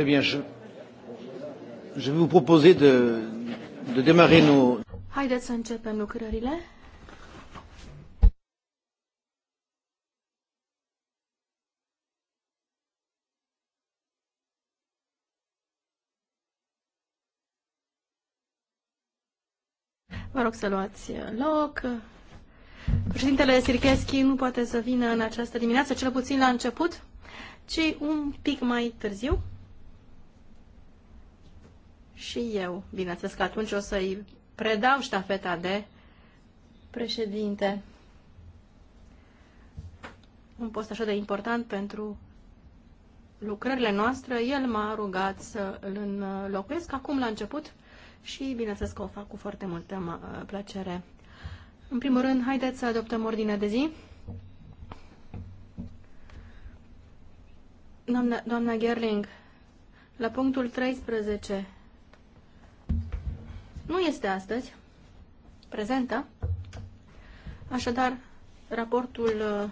Très bien, je, je vais vous proposer de, de démarrer nos... Haideți să începem lucrările. Vă rog să luați loc. Președintele Sircheschi nu poate să vină în această dimineață, cel puțin la început, ci un pic mai târziu și eu. Bineînțeles că atunci o să-i predau ștafeta de președinte. Un post așa de important pentru lucrările noastre, el m-a rugat să îl înlocuiesc acum la început și bineînțeles că o fac cu foarte multă plăcere. În primul rând, haideți să adoptăm ordinea de zi. Doamna, doamna Gerling, la punctul 13 nu este astăzi prezentă. Așadar, raportul uh,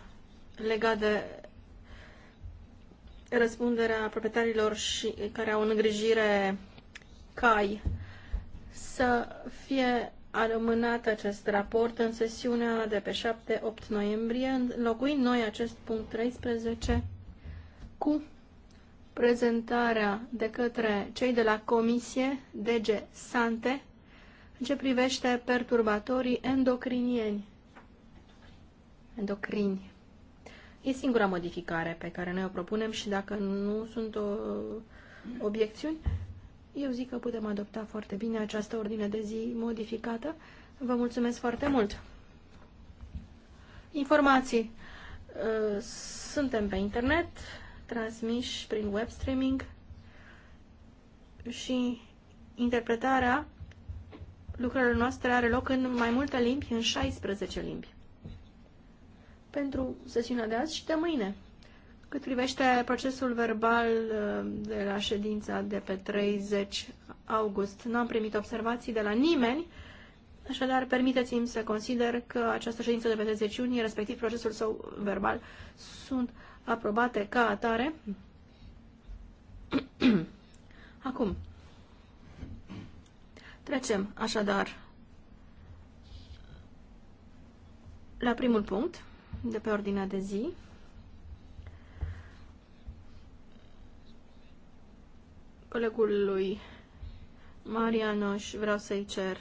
legat de răspunderea proprietarilor și care au în îngrijire cai să fie alămânat acest raport în sesiunea de pe 7-8 noiembrie, înlocuind noi acest punct 13 cu prezentarea de către cei de la Comisie DG Sante în ce privește perturbatorii endocrinieni. Endocrini. E singura modificare pe care noi o propunem și dacă nu sunt o, obiecțiuni, eu zic că putem adopta foarte bine această ordine de zi modificată. Vă mulțumesc foarte mult! Informații. Uh, suntem pe internet, transmiși prin web streaming și interpretarea lucrările noastre are loc în mai multe limbi, în 16 limbi. Pentru sesiunea de azi și de mâine. Cât privește procesul verbal uh, de la ședința de pe 30 august, nu am primit observații de la nimeni, așadar permiteți-mi să consider că această ședință de pe 30 iunie, respectiv procesul său verbal, sunt aprobate ca atare. Acum, Trecem așadar la primul punct de pe ordinea de zi. Colegul lui Marianoș vreau să-i cer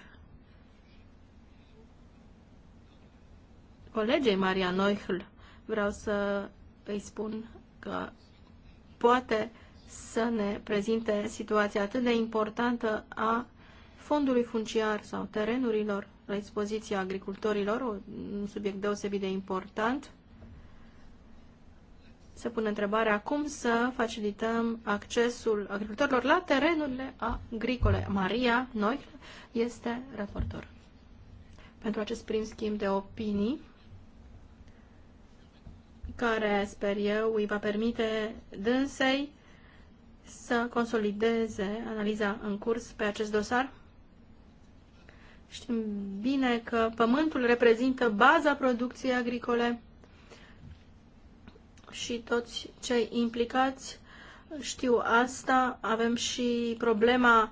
colegei Maria vreau să îi spun că poate să ne prezinte situația atât de importantă a fondului funciar sau terenurilor la expoziția agricultorilor, un subiect deosebit de important. Se pune întrebarea cum să facilităm accesul agricultorilor la terenurile agricole. Maria Noi este raportor pentru acest prim schimb de opinii care, sper eu, îi va permite dânsei să consolideze analiza în curs pe acest dosar Știm bine că pământul reprezintă baza producției agricole și toți cei implicați știu asta. Avem și problema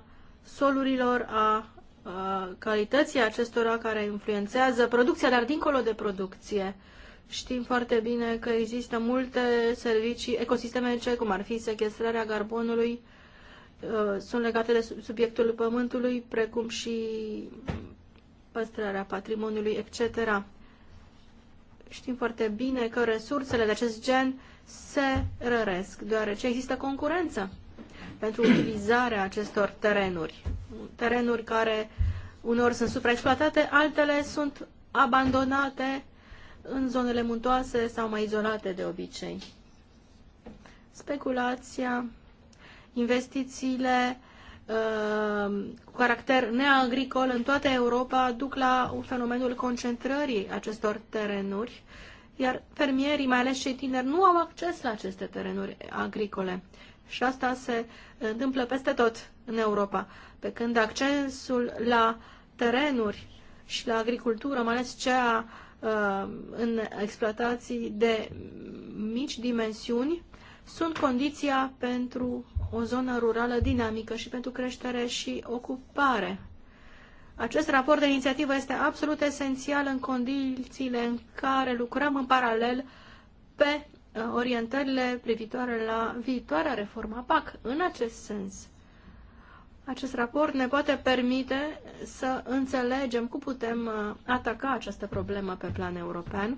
solurilor, a, a calității acestora care influențează producția, dar dincolo de producție. Știm foarte bine că există multe servicii ecosistemice, cum ar fi sequestrarea carbonului, Uh, sunt legate de subiectul pământului, precum și păstrarea patrimoniului, etc. Știm foarte bine că resursele de acest gen se răresc, deoarece există concurență pentru utilizarea acestor terenuri. Terenuri care unor sunt supraexploatate, altele sunt abandonate în zonele muntoase sau mai izolate de obicei. Speculația investițiile uh, cu caracter neagricol în toată Europa duc la fenomenul concentrării acestor terenuri, iar fermierii, mai ales cei tineri, nu au acces la aceste terenuri agricole. Și asta se întâmplă peste tot în Europa, pe când accesul la terenuri și la agricultură, mai ales cea uh, în exploatații de mici dimensiuni, sunt condiția pentru o zonă rurală dinamică și pentru creștere și ocupare. Acest raport de inițiativă este absolut esențial în condițiile în care lucrăm în paralel pe uh, orientările privitoare la viitoarea reforma PAC. În acest sens, acest raport ne poate permite să înțelegem cum putem uh, ataca această problemă pe plan european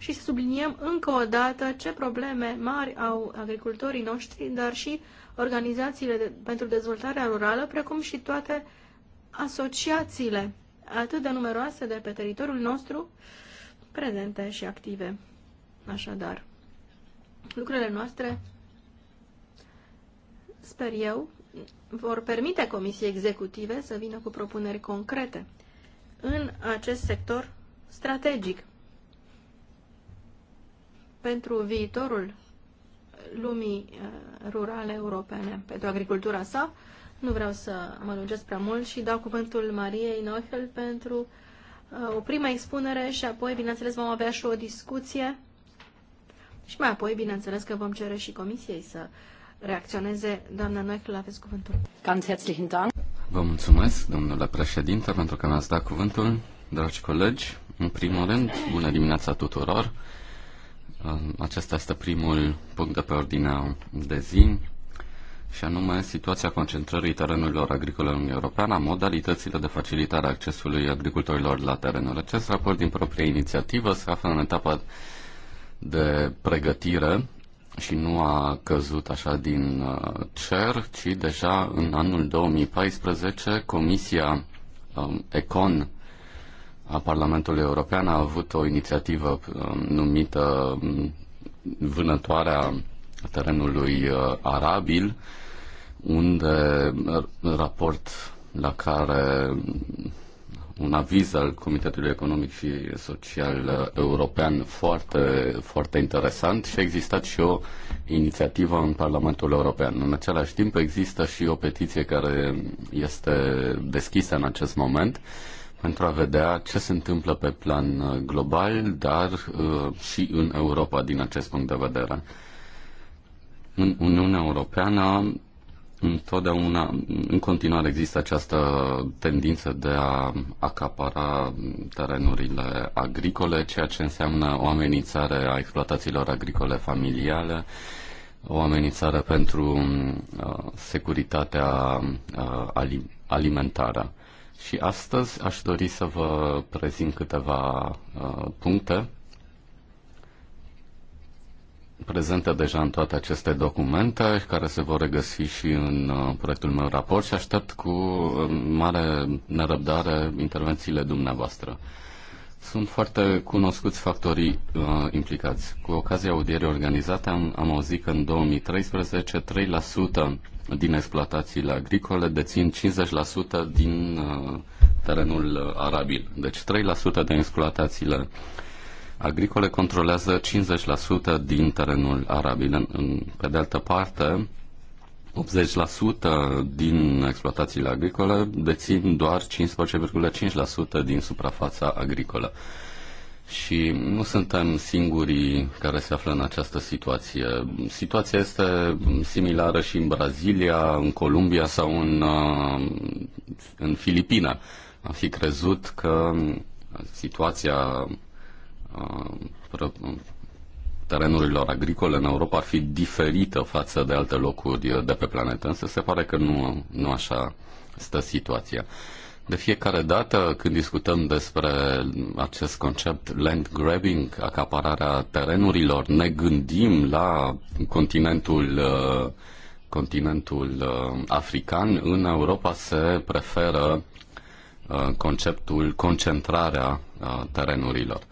și să subliniem încă o dată ce probleme mari au agricultorii noștri, dar și organizațiile de, pentru dezvoltarea rurală, precum și toate asociațiile atât de numeroase de pe teritoriul nostru, prezente și active. Așadar, lucrurile noastre, sper eu, vor permite Comisiei Executive să vină cu propuneri concrete în acest sector strategic pentru viitorul lumii uh, rurale europene, pentru agricultura sa. Nu vreau să mă lungesc prea mult și dau cuvântul Mariei Neufel pentru uh, o primă expunere și apoi, bineînțeles, vom avea și o discuție și mai apoi, bineînțeles, că vom cere și comisiei să reacționeze. Doamna Neufel, aveți cuvântul. Ganz herzlichen Dank. Vă mulțumesc, domnule președinte, pentru că mi-ați dat cuvântul. Dragi colegi, în primul rând, bună dimineața tuturor. Acesta este primul punct de pe ordinea de zi și anume situația concentrării terenurilor agricole în Uniunea Europeană, modalitățile de facilitare a accesului agricultorilor la terenuri. Acest raport din proprie inițiativă se află în etapa de pregătire și nu a căzut așa din uh, cer, ci deja în anul 2014 Comisia um, Econ a Parlamentului European a avut o inițiativă um, numită um, Vânătoarea terenului uh, arabil, unde uh, raport la care um, un aviz al Comitetului Economic și Social uh, European foarte, foarte interesant și a existat și o inițiativă în Parlamentul European. În același timp există și o petiție care este deschisă în acest moment pentru a vedea ce se întâmplă pe plan uh, global, dar uh, și în Europa din acest punct de vedere. În Uniunea Europeană întotdeauna, în continuare există această tendință de a acapara terenurile agricole, ceea ce înseamnă o amenințare a exploatațiilor agricole familiale, o amenințare pentru uh, securitatea uh, alimentară. Și astăzi aș dori să vă prezint câteva uh, puncte prezente deja în toate aceste documente, care se vor regăsi și în uh, proiectul meu raport și aștept cu uh, mare nerăbdare intervențiile dumneavoastră. Sunt foarte cunoscuți factorii uh, implicați. Cu ocazia audierii organizate am, am auzit că în 2013 3% din exploatațiile agricole dețin 50% din uh, terenul arabil. Deci 3% din exploatațiile agricole controlează 50% din terenul arabil. Pe de altă parte, 80% din exploatațiile agricole dețin doar 15,5% din suprafața agricolă și nu suntem singurii care se află în această situație. Situația este similară și în Brazilia, în Columbia sau în, uh, în Filipina. Am fi crezut că situația uh, terenurilor agricole în Europa ar fi diferită față de alte locuri de pe planetă, însă se pare că nu, nu așa stă situația. De fiecare dată când discutăm despre acest concept land grabbing, acapararea terenurilor, ne gândim la continentul uh, continentul uh, african. În Europa se preferă uh, conceptul concentrarea terenurilor.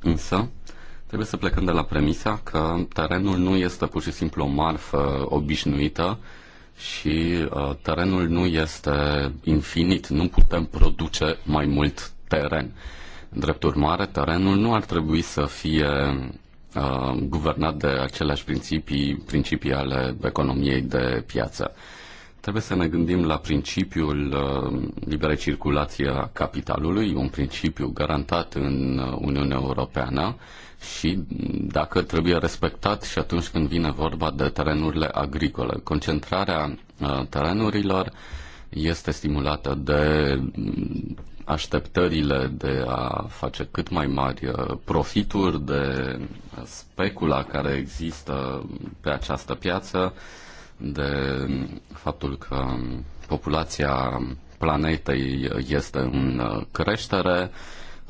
Însă, trebuie să plecăm de la premisa că terenul nu este pur și simplu o marfă obișnuită, și uh, terenul nu este infinit, nu putem produce mai mult teren. Drept urmare, terenul nu ar trebui să fie uh, guvernat de aceleași principii, principii ale economiei de piață. Trebuie să ne gândim la principiul uh, liberei circulație a capitalului, un principiu garantat în Uniunea Europeană, uh, și dacă trebuie respectat și atunci când vine vorba de terenurile agricole. Concentrarea uh, terenurilor este stimulată de mm, așteptările de a face cât mai mari uh, profituri, de uh, specula care există pe această piață, de mm, faptul că mm, populația planetei este în creștere,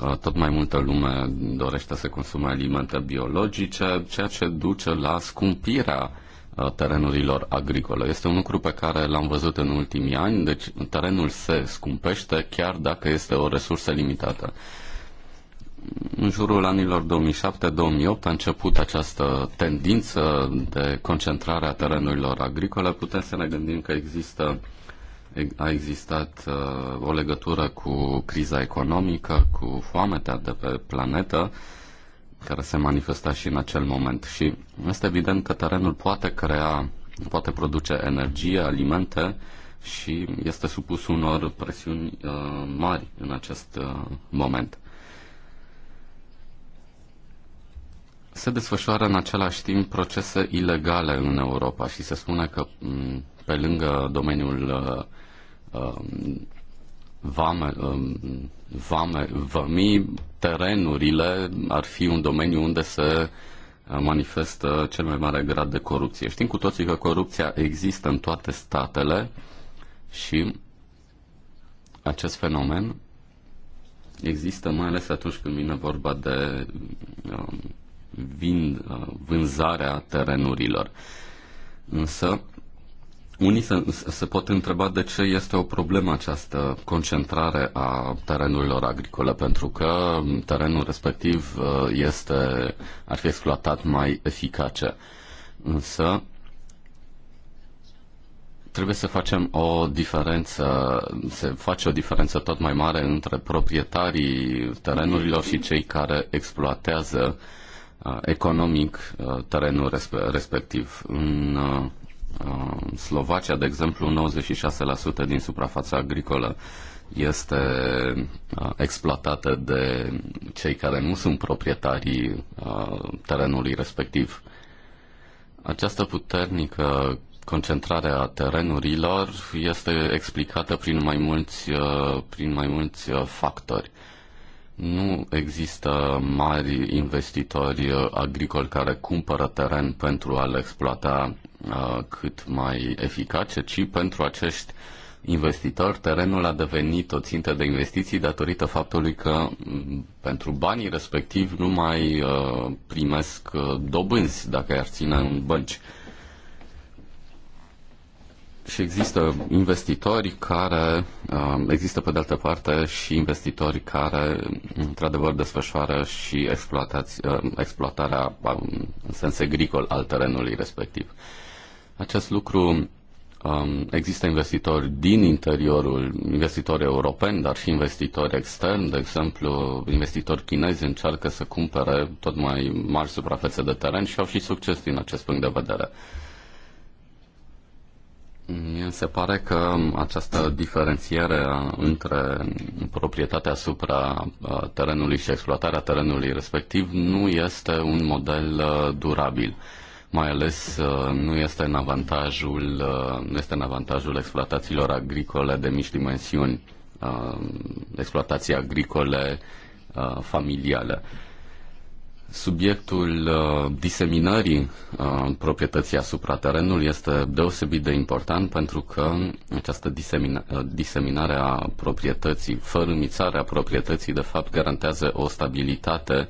Uh, tot mai multă lume dorește să consume alimente biologice, ceea ce duce la scumpirea uh, terenurilor agricole. Este un lucru pe care l-am văzut în ultimii ani, deci terenul se scumpește chiar dacă este o resursă limitată. În jurul anilor 2007-2008 a început această tendință de concentrare a terenurilor agricole. Putem să ne gândim că există uh, a existat uh, o legătură cu criza economică, cu foametea de pe planetă, care se manifesta și în acel moment. Și este evident că terenul poate crea, poate produce energie, alimente și este supus unor presiuni uh, mari în acest uh, moment. se desfășoară în același timp procese ilegale în Europa și se spune că mm, pe lângă domeniul Um, vame, um, vame, vămii, terenurile ar fi un domeniu unde se uh, manifestă cel mai mare grad de corupție. Știm cu toții că corupția există în toate statele și acest fenomen există mai ales atunci când vine vorba de um, vin, uh, vânzarea terenurilor. Însă, unii se, se pot întreba de ce este o problemă această concentrare a terenurilor agricole, pentru că terenul respectiv uh, este, ar fi exploatat mai eficace. Însă, trebuie să facem o diferență, se face o diferență tot mai mare între proprietarii terenurilor și cei care exploatează uh, economic uh, terenul respectiv. În Slovacia, de exemplu, 96% din suprafața agricolă este exploatată de cei care nu sunt proprietarii terenului respectiv. Această puternică concentrare a terenurilor este explicată prin mai mulți, prin mai mulți factori. Nu există mari investitori agricoli care cumpără teren pentru a-l exploata Uh, cât mai eficace, ci pentru acești investitori terenul a devenit o țintă de investiții datorită faptului că mm, pentru banii respectiv nu mai uh, primesc uh, dobânzi dacă i-ar ține în bănci. Și există investitori care, există pe de altă parte și investitori care într-adevăr desfășoară și exploatarea um, în sens agricol al terenului respectiv. Acest lucru um, există investitori din interiorul, investitori europeni, dar și investitori externi, de exemplu, investitori chinezi încearcă să cumpere tot mai mari suprafețe de teren și au și succes din acest punct de vedere. Mie se pare că această diferențiere între proprietatea asupra uh, terenului și exploatarea terenului respectiv nu este un model uh, durabil mai ales uh, nu este în avantajul, uh, nu este în avantajul exploatațiilor agricole de mici dimensiuni, uh, exploatații agricole familiale. Subiectul uh, diseminării uh, proprietății asupra terenului este deosebit de important pentru că această uh, diseminare a proprietății, fărâmițarea proprietății, de fapt, garantează o stabilitate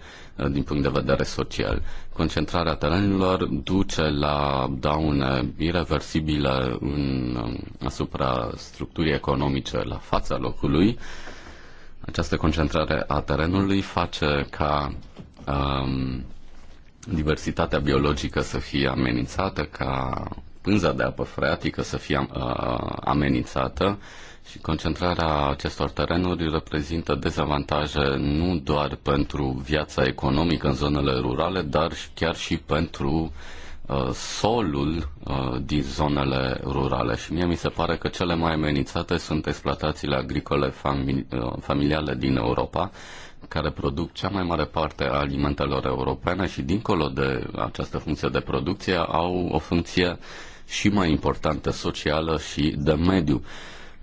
din punct de vedere social. Concentrarea terenurilor duce la daune irreversibile în, asupra structurii economice la fața locului. Această concentrare a terenului face ca um, diversitatea biologică să fie amenințată, ca pânza de apă freatică să fie uh, amenințată și concentrarea acestor terenuri reprezintă dezavantaje nu doar pentru viața economică în zonele rurale, dar chiar și pentru uh, solul uh, din zonele rurale. Și mie mi se pare că cele mai amenințate sunt exploatațiile agricole fami- uh, familiale din Europa, uh, care produc cea mai mare parte a alimentelor europene și dincolo de această funcție de producție au o funcție și mai importantă socială și de mediu.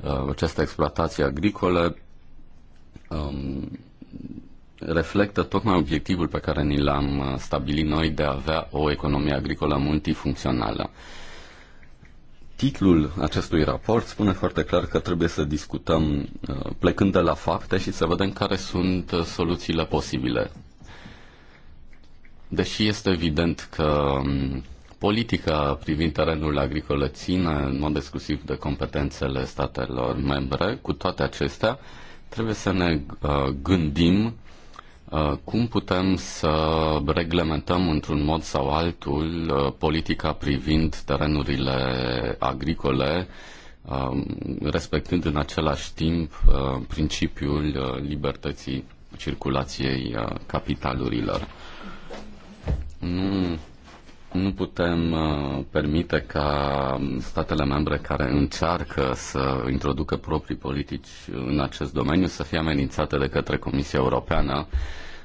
Uh, această exploatație agricolă um, reflectă tocmai obiectivul pe care ni l-am uh, stabilit noi de a avea o economie agricolă multifuncțională titlul acestui raport spune foarte clar că trebuie să discutăm uh, plecând de la fapte și să vedem care sunt uh, soluțiile posibile. Deși este evident că um, politica privind terenul agricol ține în mod exclusiv de competențele statelor membre, cu toate acestea, trebuie să ne uh, gândim Uh, cum putem să reglementăm într-un mod sau altul uh, politica privind terenurile agricole, um, respectând în același timp uh, principiul libertății circulației capitalurilor. Nu, nu putem permite ca statele membre care încearcă să introducă proprii politici în acest domeniu să fie amenințate de către Comisia Europeană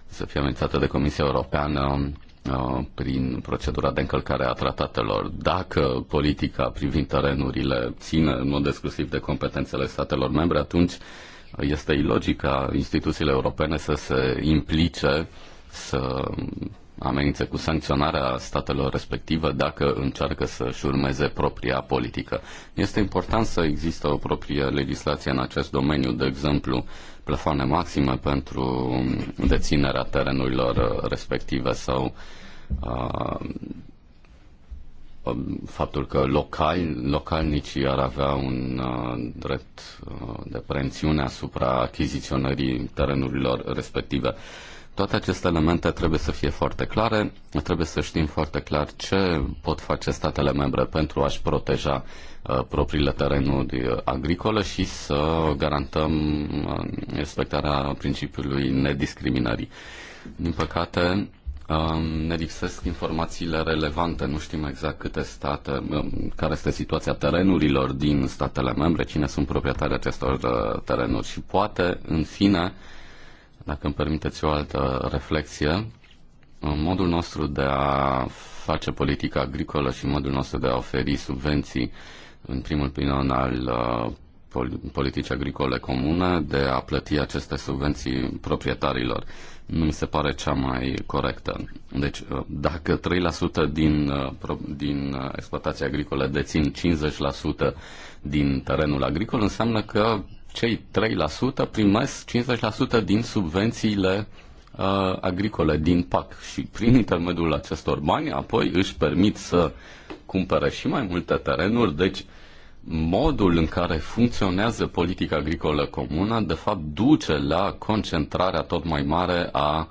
să fie amenințată de Comisia Europeană uh, prin procedura de încălcare a tratatelor. Dacă politica privind terenurile ține în mod exclusiv de competențele statelor membre, atunci este ilogic ca instituțiile europene să se implice, să amenințe cu sancționarea statelor respective dacă încearcă să-și urmeze propria politică. Este important să există o proprie legislație în acest domeniu, de exemplu, plafoane maxime pentru deținerea terenurilor respective sau a, uh, faptul că local, localnicii ar avea un uh, drept uh, de prevențiune asupra achiziționării terenurilor respective. Uh, toate aceste elemente trebuie să fie foarte clare, trebuie să știm foarte clar ce pot face statele membre pentru a-și proteja uh, propriile terenuri agricole și să garantăm uh, respectarea principiului nediscriminării. Din păcate, um, ne lipsesc informațiile relevante, nu știm exact câte state, uh, care este situația terenurilor din statele membre, cine sunt proprietarii acestor uh, terenuri și poate, în fine, dacă îmi permiteți o altă reflexie, modul nostru de a face politică agricolă și modul nostru de a oferi subvenții în primul plinon al uh, politici agricole comune de a plăti aceste subvenții proprietarilor. Nu mi se pare cea mai corectă. Deci, uh, dacă 3% din, uh, din exploatații agricole dețin 50% din terenul agricol, înseamnă că cei 3% primesc 50% din subvențiile uh, agricole, din PAC. Și prin intermediul acestor bani, apoi își permit să cumpere și mai multe terenuri, deci modul în care funcționează politica agricolă comună, de fapt, duce la concentrarea tot mai mare a,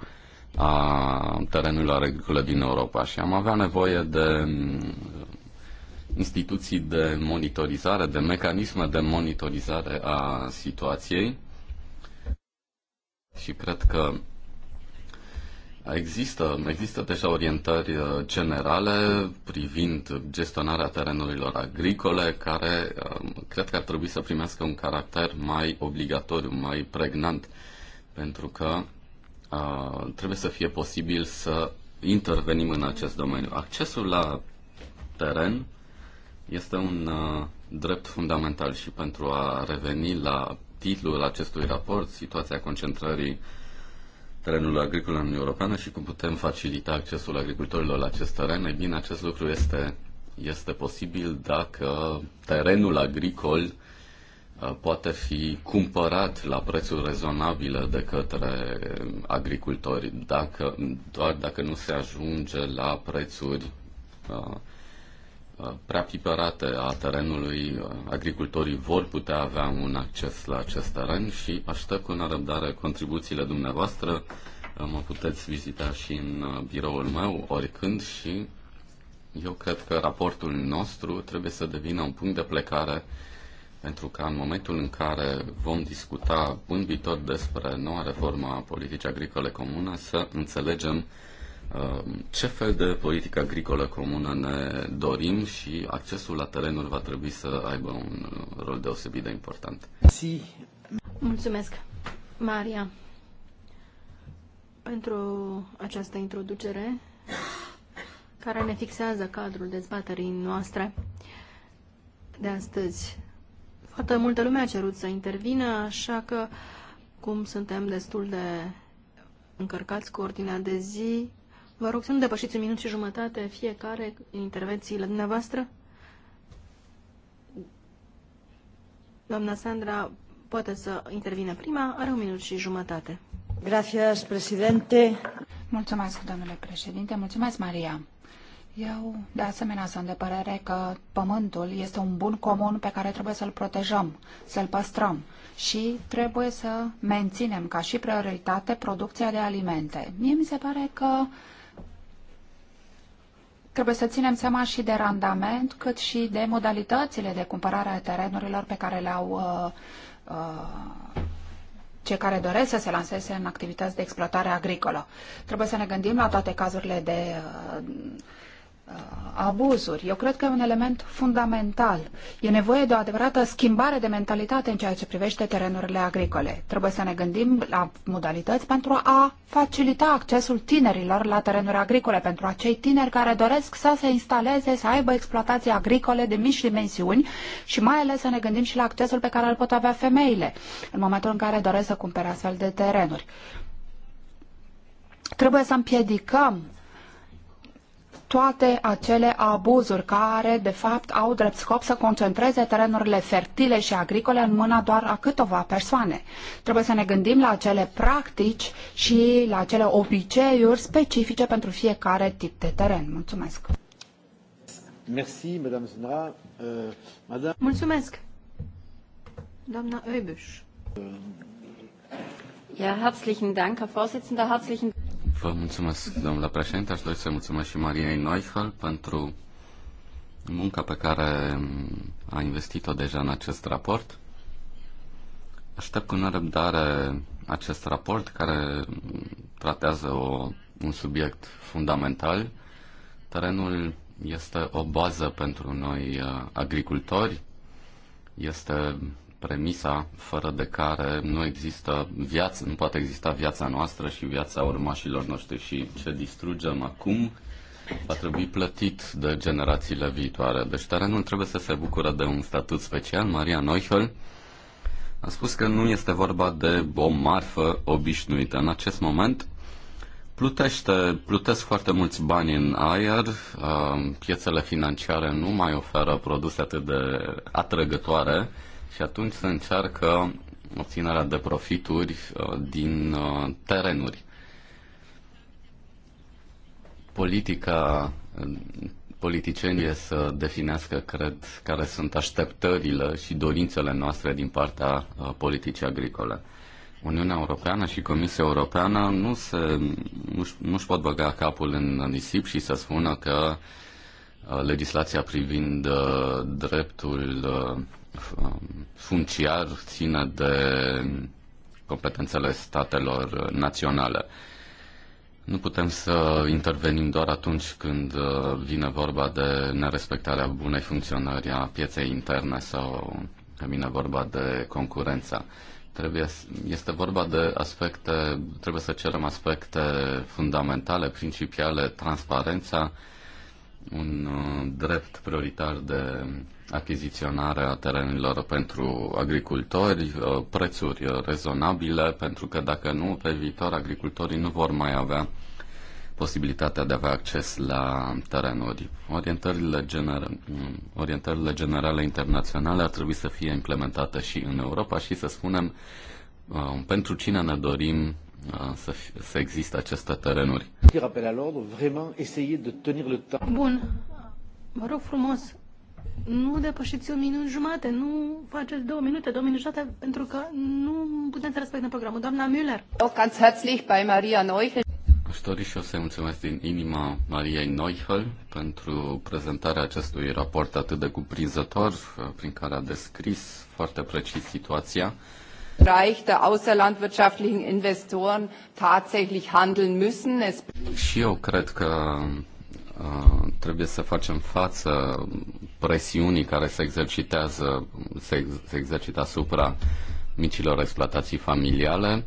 a terenurilor agricole din Europa. Și am avea nevoie de instituții de monitorizare, de mecanisme de monitorizare a situației și cred că Există, există deja orientări uh, generale privind gestionarea terenurilor agricole, care um, cred că ar trebui să primească un caracter mai obligatoriu, mai pregnant, pentru că uh, trebuie să fie posibil să intervenim în acest domeniu. Accesul la teren este un uh, drept fundamental și pentru a reveni la titlul acestui raport, situația concentrării terenului agricol în Uniunea Europeană și cum putem facilita accesul agricultorilor la acest teren, e bine, acest lucru este, este posibil dacă terenul agricol uh, poate fi cumpărat la prețuri rezonabile de către agricultori, dacă, doar dacă nu se ajunge la prețuri uh, prea piperate a terenului, agricultorii vor putea avea un acces la acest teren și aștept cu nerăbdare contribuțiile dumneavoastră. Mă puteți vizita și în uh, biroul meu oricând și eu cred că raportul nostru trebuie să devină un punct de plecare pentru că în momentul în care vom discuta în viitor despre noua reformă a politicii agricole comune să înțelegem Um, ce fel de politică agricolă comună ne dorim și accesul la terenuri va trebui să aibă un uh, rol deosebit de important. Mulțumesc, Maria, pentru această introducere care ne fixează cadrul dezbaterii noastre de astăzi. Foarte multă lume a cerut să intervină, așa că, cum suntem destul de încărcați cu ordinea de zi, Vă rog să nu depășiți un minut și jumătate fiecare intervențiile dumneavoastră. Doamna Sandra poate să intervine prima, are un minut și jumătate. Gracias, presidente. Mulțumesc, domnule președinte. Mulțumesc, Maria. Eu, de asemenea, sunt de părere că pământul este un bun comun pe care trebuie să-l protejăm, să-l păstrăm și trebuie să menținem ca și prioritate producția de alimente. Mie mi se pare că uh, Trebuie să ținem seama și de randament, cât și de modalitățile de cumpărare a terenurilor pe care le au uh, uh, cei care doresc să se lanseze în activități de exploatare agricolă. Trebuie să ne gândim la toate cazurile de uh, Uh, abuzuri. Eu cred că e un element fundamental. E nevoie de o adevărată schimbare de mentalitate în ceea ce privește terenurile agricole. Trebuie să ne gândim la modalități pentru a facilita accesul tinerilor la terenuri agricole, pentru acei tineri care doresc să se instaleze, să aibă exploatații agricole de mici dimensiuni și mai ales să ne gândim și la accesul pe care îl pot avea femeile în momentul în care doresc să cumpere astfel de terenuri. Trebuie să împiedicăm toate acele abuzuri care, de fapt, au drept scop să concentreze terenurile fertile și agricole în mâna doar a câteva persoane. Trebuie să ne gândim la acele practici și la acele obiceiuri specifice pentru fiecare tip de teren. Mulțumesc! Merci, Madame Zindra. Uh, Madame... Mulțumesc, doamna Oibuș. Uh... Ja, herzlichen Dank, Herr Vorsitzender, herzlichen Dank. Vă mulțumesc, domnule președinte. Aș dori să mulțumesc și Mariei Neufel pentru munca pe care a investit-o deja în acest raport. Aștept cu nerăbdare acest raport care tratează o, un subiect fundamental. Terenul este o bază pentru noi uh, agricultori, este premisa fără de care nu există viață, nu poate exista viața noastră și viața urmașilor noștri și ce distrugem acum va trebui plătit de generațiile viitoare. Deci terenul trebuie să se bucură de un statut special. Maria Neuchel a spus că nu este vorba de o marfă obișnuită. În acest moment Plutește, plutesc foarte mulți bani în aer, uh, piețele financiare nu mai oferă produse atât de atrăgătoare și atunci se încearcă obținerea de profituri uh, din uh, terenuri. Politica, uh, politicienii să definească, cred, care sunt așteptările și dorințele noastre din partea politicii agricole. Uniunea Europeană și Comisia Europeană nu se, nu-și, nu pot băga capul în nisip și să spună că legislația privind dreptul funciar ține de competențele statelor naționale. Nu putem să intervenim doar atunci când uh, vine vorba de nerespectarea bunei funcționări a pieței interne sau când vine vorba de concurența. Trebuie, este vorba de aspecte, trebuie să cerem aspecte fundamentale, principiale, transparența, un uh, drept prioritar de achiziționare a terenilor pentru agricultori, uh, prețuri uh, rezonabile, pentru că dacă nu, pe viitor agricultorii nu vor mai avea posibilitatea de a avea acces la terenuri. Orientările, gener- orientările generale internaționale ar trebui să fie implementate și în Europa și să spunem pentru cine ne dorim să, să existe aceste terenuri. Bun, vă rog frumos, nu depășiți un minut jumate, nu faceți două minute, două minute jumate, pentru că nu putem să respectăm programul. Doamna Müller. Aș dori și eu să-i mulțumesc din inima Mariei Neuchel pentru prezentarea acestui raport atât de cuprinzător, prin care a descris foarte precis situația. Bereich der außerlandwirtschaftlichen Investoren tatsächlich handeln müssen. Es Și eu cred că uh, trebuie să facem față presiunii care se exercitează, se, ex, se exercită asupra micilor exploatații familiale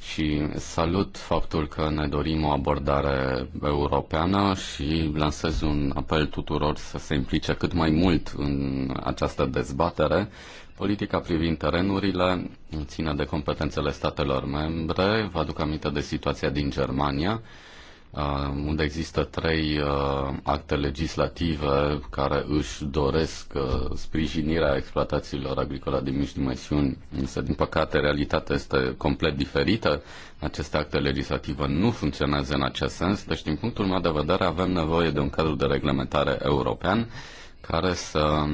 și salut faptul că ne dorim o abordare europeană și lansez un apel tuturor să se implice cât mai mult în această dezbatere Politica privind terenurile ține de competențele statelor membre. Vă aduc aminte de situația din Germania, uh, unde există trei uh, acte legislative care își doresc uh, sprijinirea exploatațiilor agricole de mici dimensiuni, însă, din păcate, realitatea este complet diferită. Aceste acte legislative nu funcționează în acest sens, deci, din punctul meu de vedere, avem nevoie de un cadru de reglementare european care să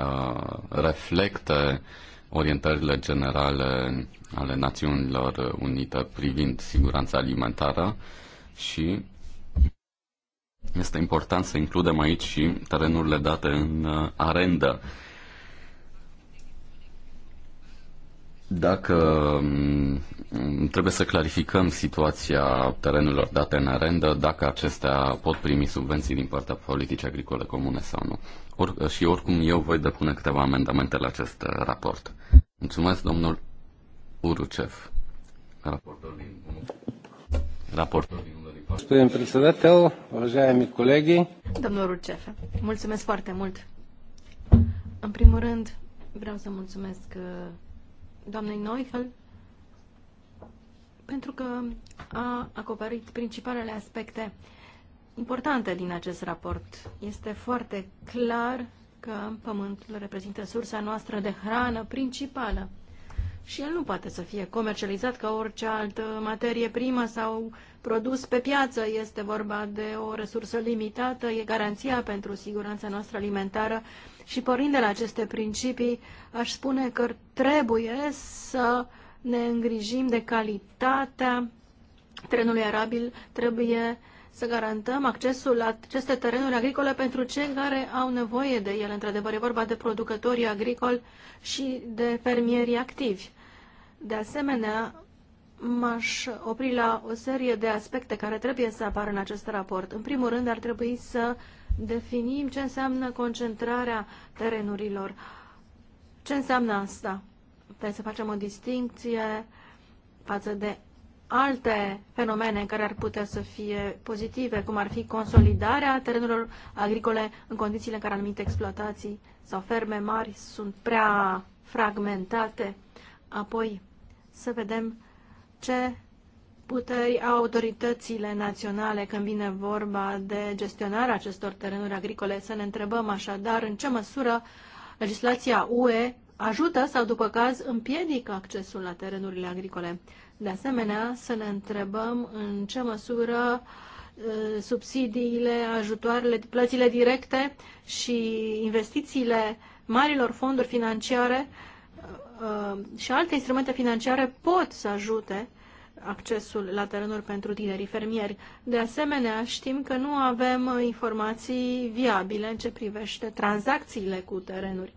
uh, reflecte orientările generale ale Națiunilor Unite privind siguranța alimentară și este important să includem aici și terenurile date în uh, arendă Dacă mm, trebuie să clarificăm situația terenurilor date în arendă, dacă acestea pot primi subvenții din partea politicii agricole comune sau nu. Or, și oricum eu voi depune câteva amendamente la acest uh, raport. Mulțumesc, domnul Urucev. Raportul din Raportul din Господин председател, уважаеми Domnul Urucev. mulțumesc foarte mult. În primul rând, vreau să mulțumesc uh, doamnei Neufel pentru că a acoperit principalele aspecte importante din acest raport. Este foarte clar că pământul reprezintă sursa noastră de hrană principală și el nu poate să fie comercializat ca orice altă materie primă sau produs pe piață. Este vorba de o resursă limitată, e garanția pentru siguranța noastră alimentară și pornind de la aceste principii, aș spune că trebuie să ne îngrijim de calitatea terenului arabil, trebuie să garantăm accesul la aceste terenuri agricole pentru cei care au nevoie de ele. Într-adevăr, e vorba de producătorii agricoli și de fermieri activi. De asemenea, m-aș opri la o serie de aspecte care trebuie să apară în acest raport. În primul rând, ar trebui să definim ce înseamnă concentrarea terenurilor. Ce înseamnă asta? Trebuie să facem o distinție față de alte fenomene care ar putea să fie pozitive, cum ar fi consolidarea terenurilor agricole în condițiile în care anumite exploatații sau ferme mari sunt prea fragmentate. Apoi să vedem ce puteri au autoritățile naționale când vine vorba de gestionarea acestor terenuri agricole. Să ne întrebăm așadar în ce măsură legislația UE ajută sau, după caz, împiedică accesul la terenurile agricole. De asemenea, să ne întrebăm în ce măsură ă, subsidiile, ajutoarele, plățile directe și investițiile marilor fonduri financiare ă, și alte instrumente financiare pot să ajute accesul la terenuri pentru tinerii fermieri. De asemenea, știm că nu avem informații viabile în ce privește tranzacțiile cu terenuri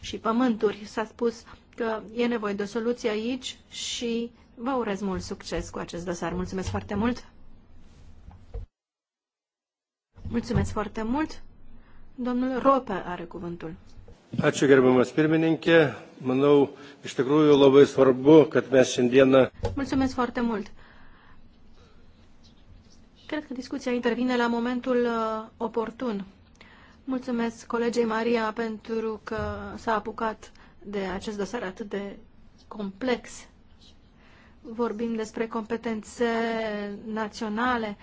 și pământuri. S-a spus că e nevoie de o soluție aici și vă urez mult succes cu acest dosar. Mulțumesc foarte mult! Mulțumesc foarte mult! Domnul Rope are cuvântul. Ačiū gerbiamas pirmininkė. Manau, iš tikrųjų labai svarbu, kad mes šiandieną. Mulțumesc foarte mult. Cred că discuția intervine la momentul uh, oportun. Mulțumesc colegei Maria pentru că s-a apucat de acest dosar atât de complex. Vorbim despre competențe naționale,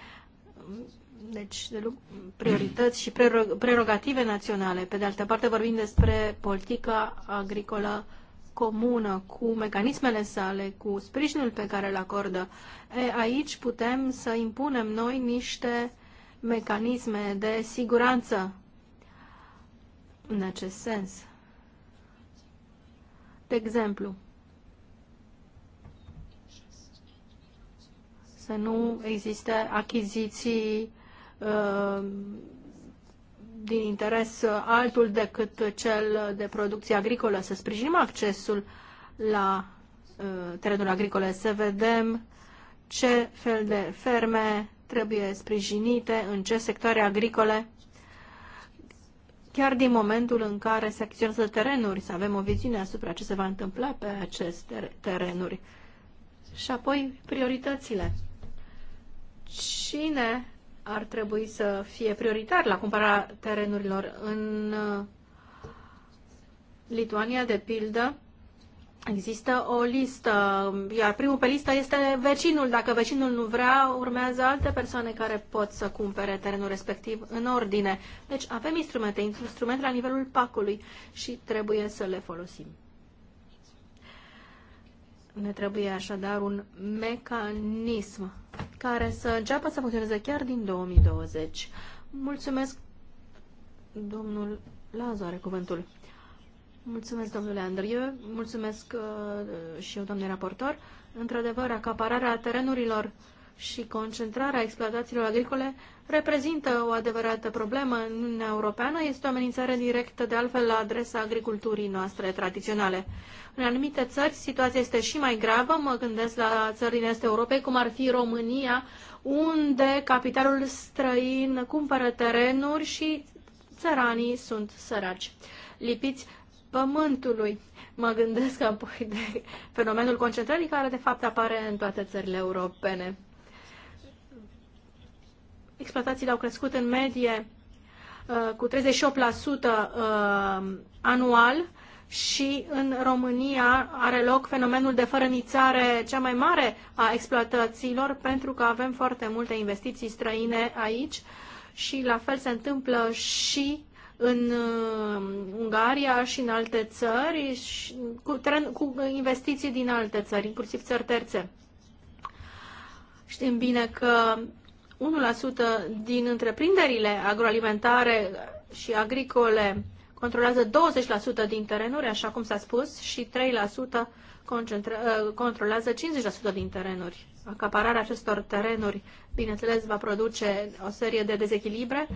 deci de priorități și prerogative naționale. Pe de altă parte vorbim despre politica agricolă comună, cu mecanismele sale, cu sprijinul pe care îl acordă. E, aici putem să impunem noi niște mecanisme de siguranță în acest sens. De exemplu, să nu existe achiziții Uh, din interes altul decât cel de producție agricolă, să sprijinim accesul la uh, terenul agricole, să vedem ce fel de ferme trebuie sprijinite, în ce sectoare agricole, chiar din momentul în care se acționează terenuri, să avem o viziune asupra ce se va întâmpla pe aceste terenuri. Și apoi prioritățile. Cine ar trebui să fie prioritar la cumpărarea terenurilor. În uh, Lituania, de pildă, există o listă, iar primul pe listă este vecinul. Dacă vecinul nu vrea, urmează alte persoane care pot să cumpere terenul respectiv în ordine. Deci avem instrumente, instrumente la nivelul pacului și trebuie să le folosim. Ne trebuie așadar un mecanism care să înceapă să funcționeze chiar din 2020. Mulțumesc, domnul Lazo are cuvântul. Mulțumesc, domnule Andrieu. mulțumesc uh, și eu, domnule raportor. Într-adevăr, acapararea terenurilor uh, și concentrarea exploatațiilor agricole reprezintă o adevărată problemă în Uniunea Europeană, este o amenințare directă de altfel la adresa agriculturii noastre tradiționale. În anumite țări situația este și mai gravă, mă gândesc la țări din Est Europei, cum ar fi România, unde capitalul străin cumpără terenuri și țăranii sunt săraci, lipiți pământului. Mă gândesc apoi de fenomenul concentrării care de fapt apare în toate țările europene exploatațiile au crescut în medie uh, cu 38% uh, anual și în România are loc fenomenul de fărănițare cea mai mare a exploatațiilor pentru că avem foarte multe investiții străine aici și la fel se întâmplă și în uh, Ungaria și în alte țări, cu, cu investiții din alte țări, inclusiv țări terțe. Știm bine că 1% din întreprinderile agroalimentare și agricole controlează 20% din terenuri, așa cum s-a spus, și 3% ă, controlează 50% din terenuri. Acapararea acestor terenuri, bineînțeles, va produce o serie de dezechilibre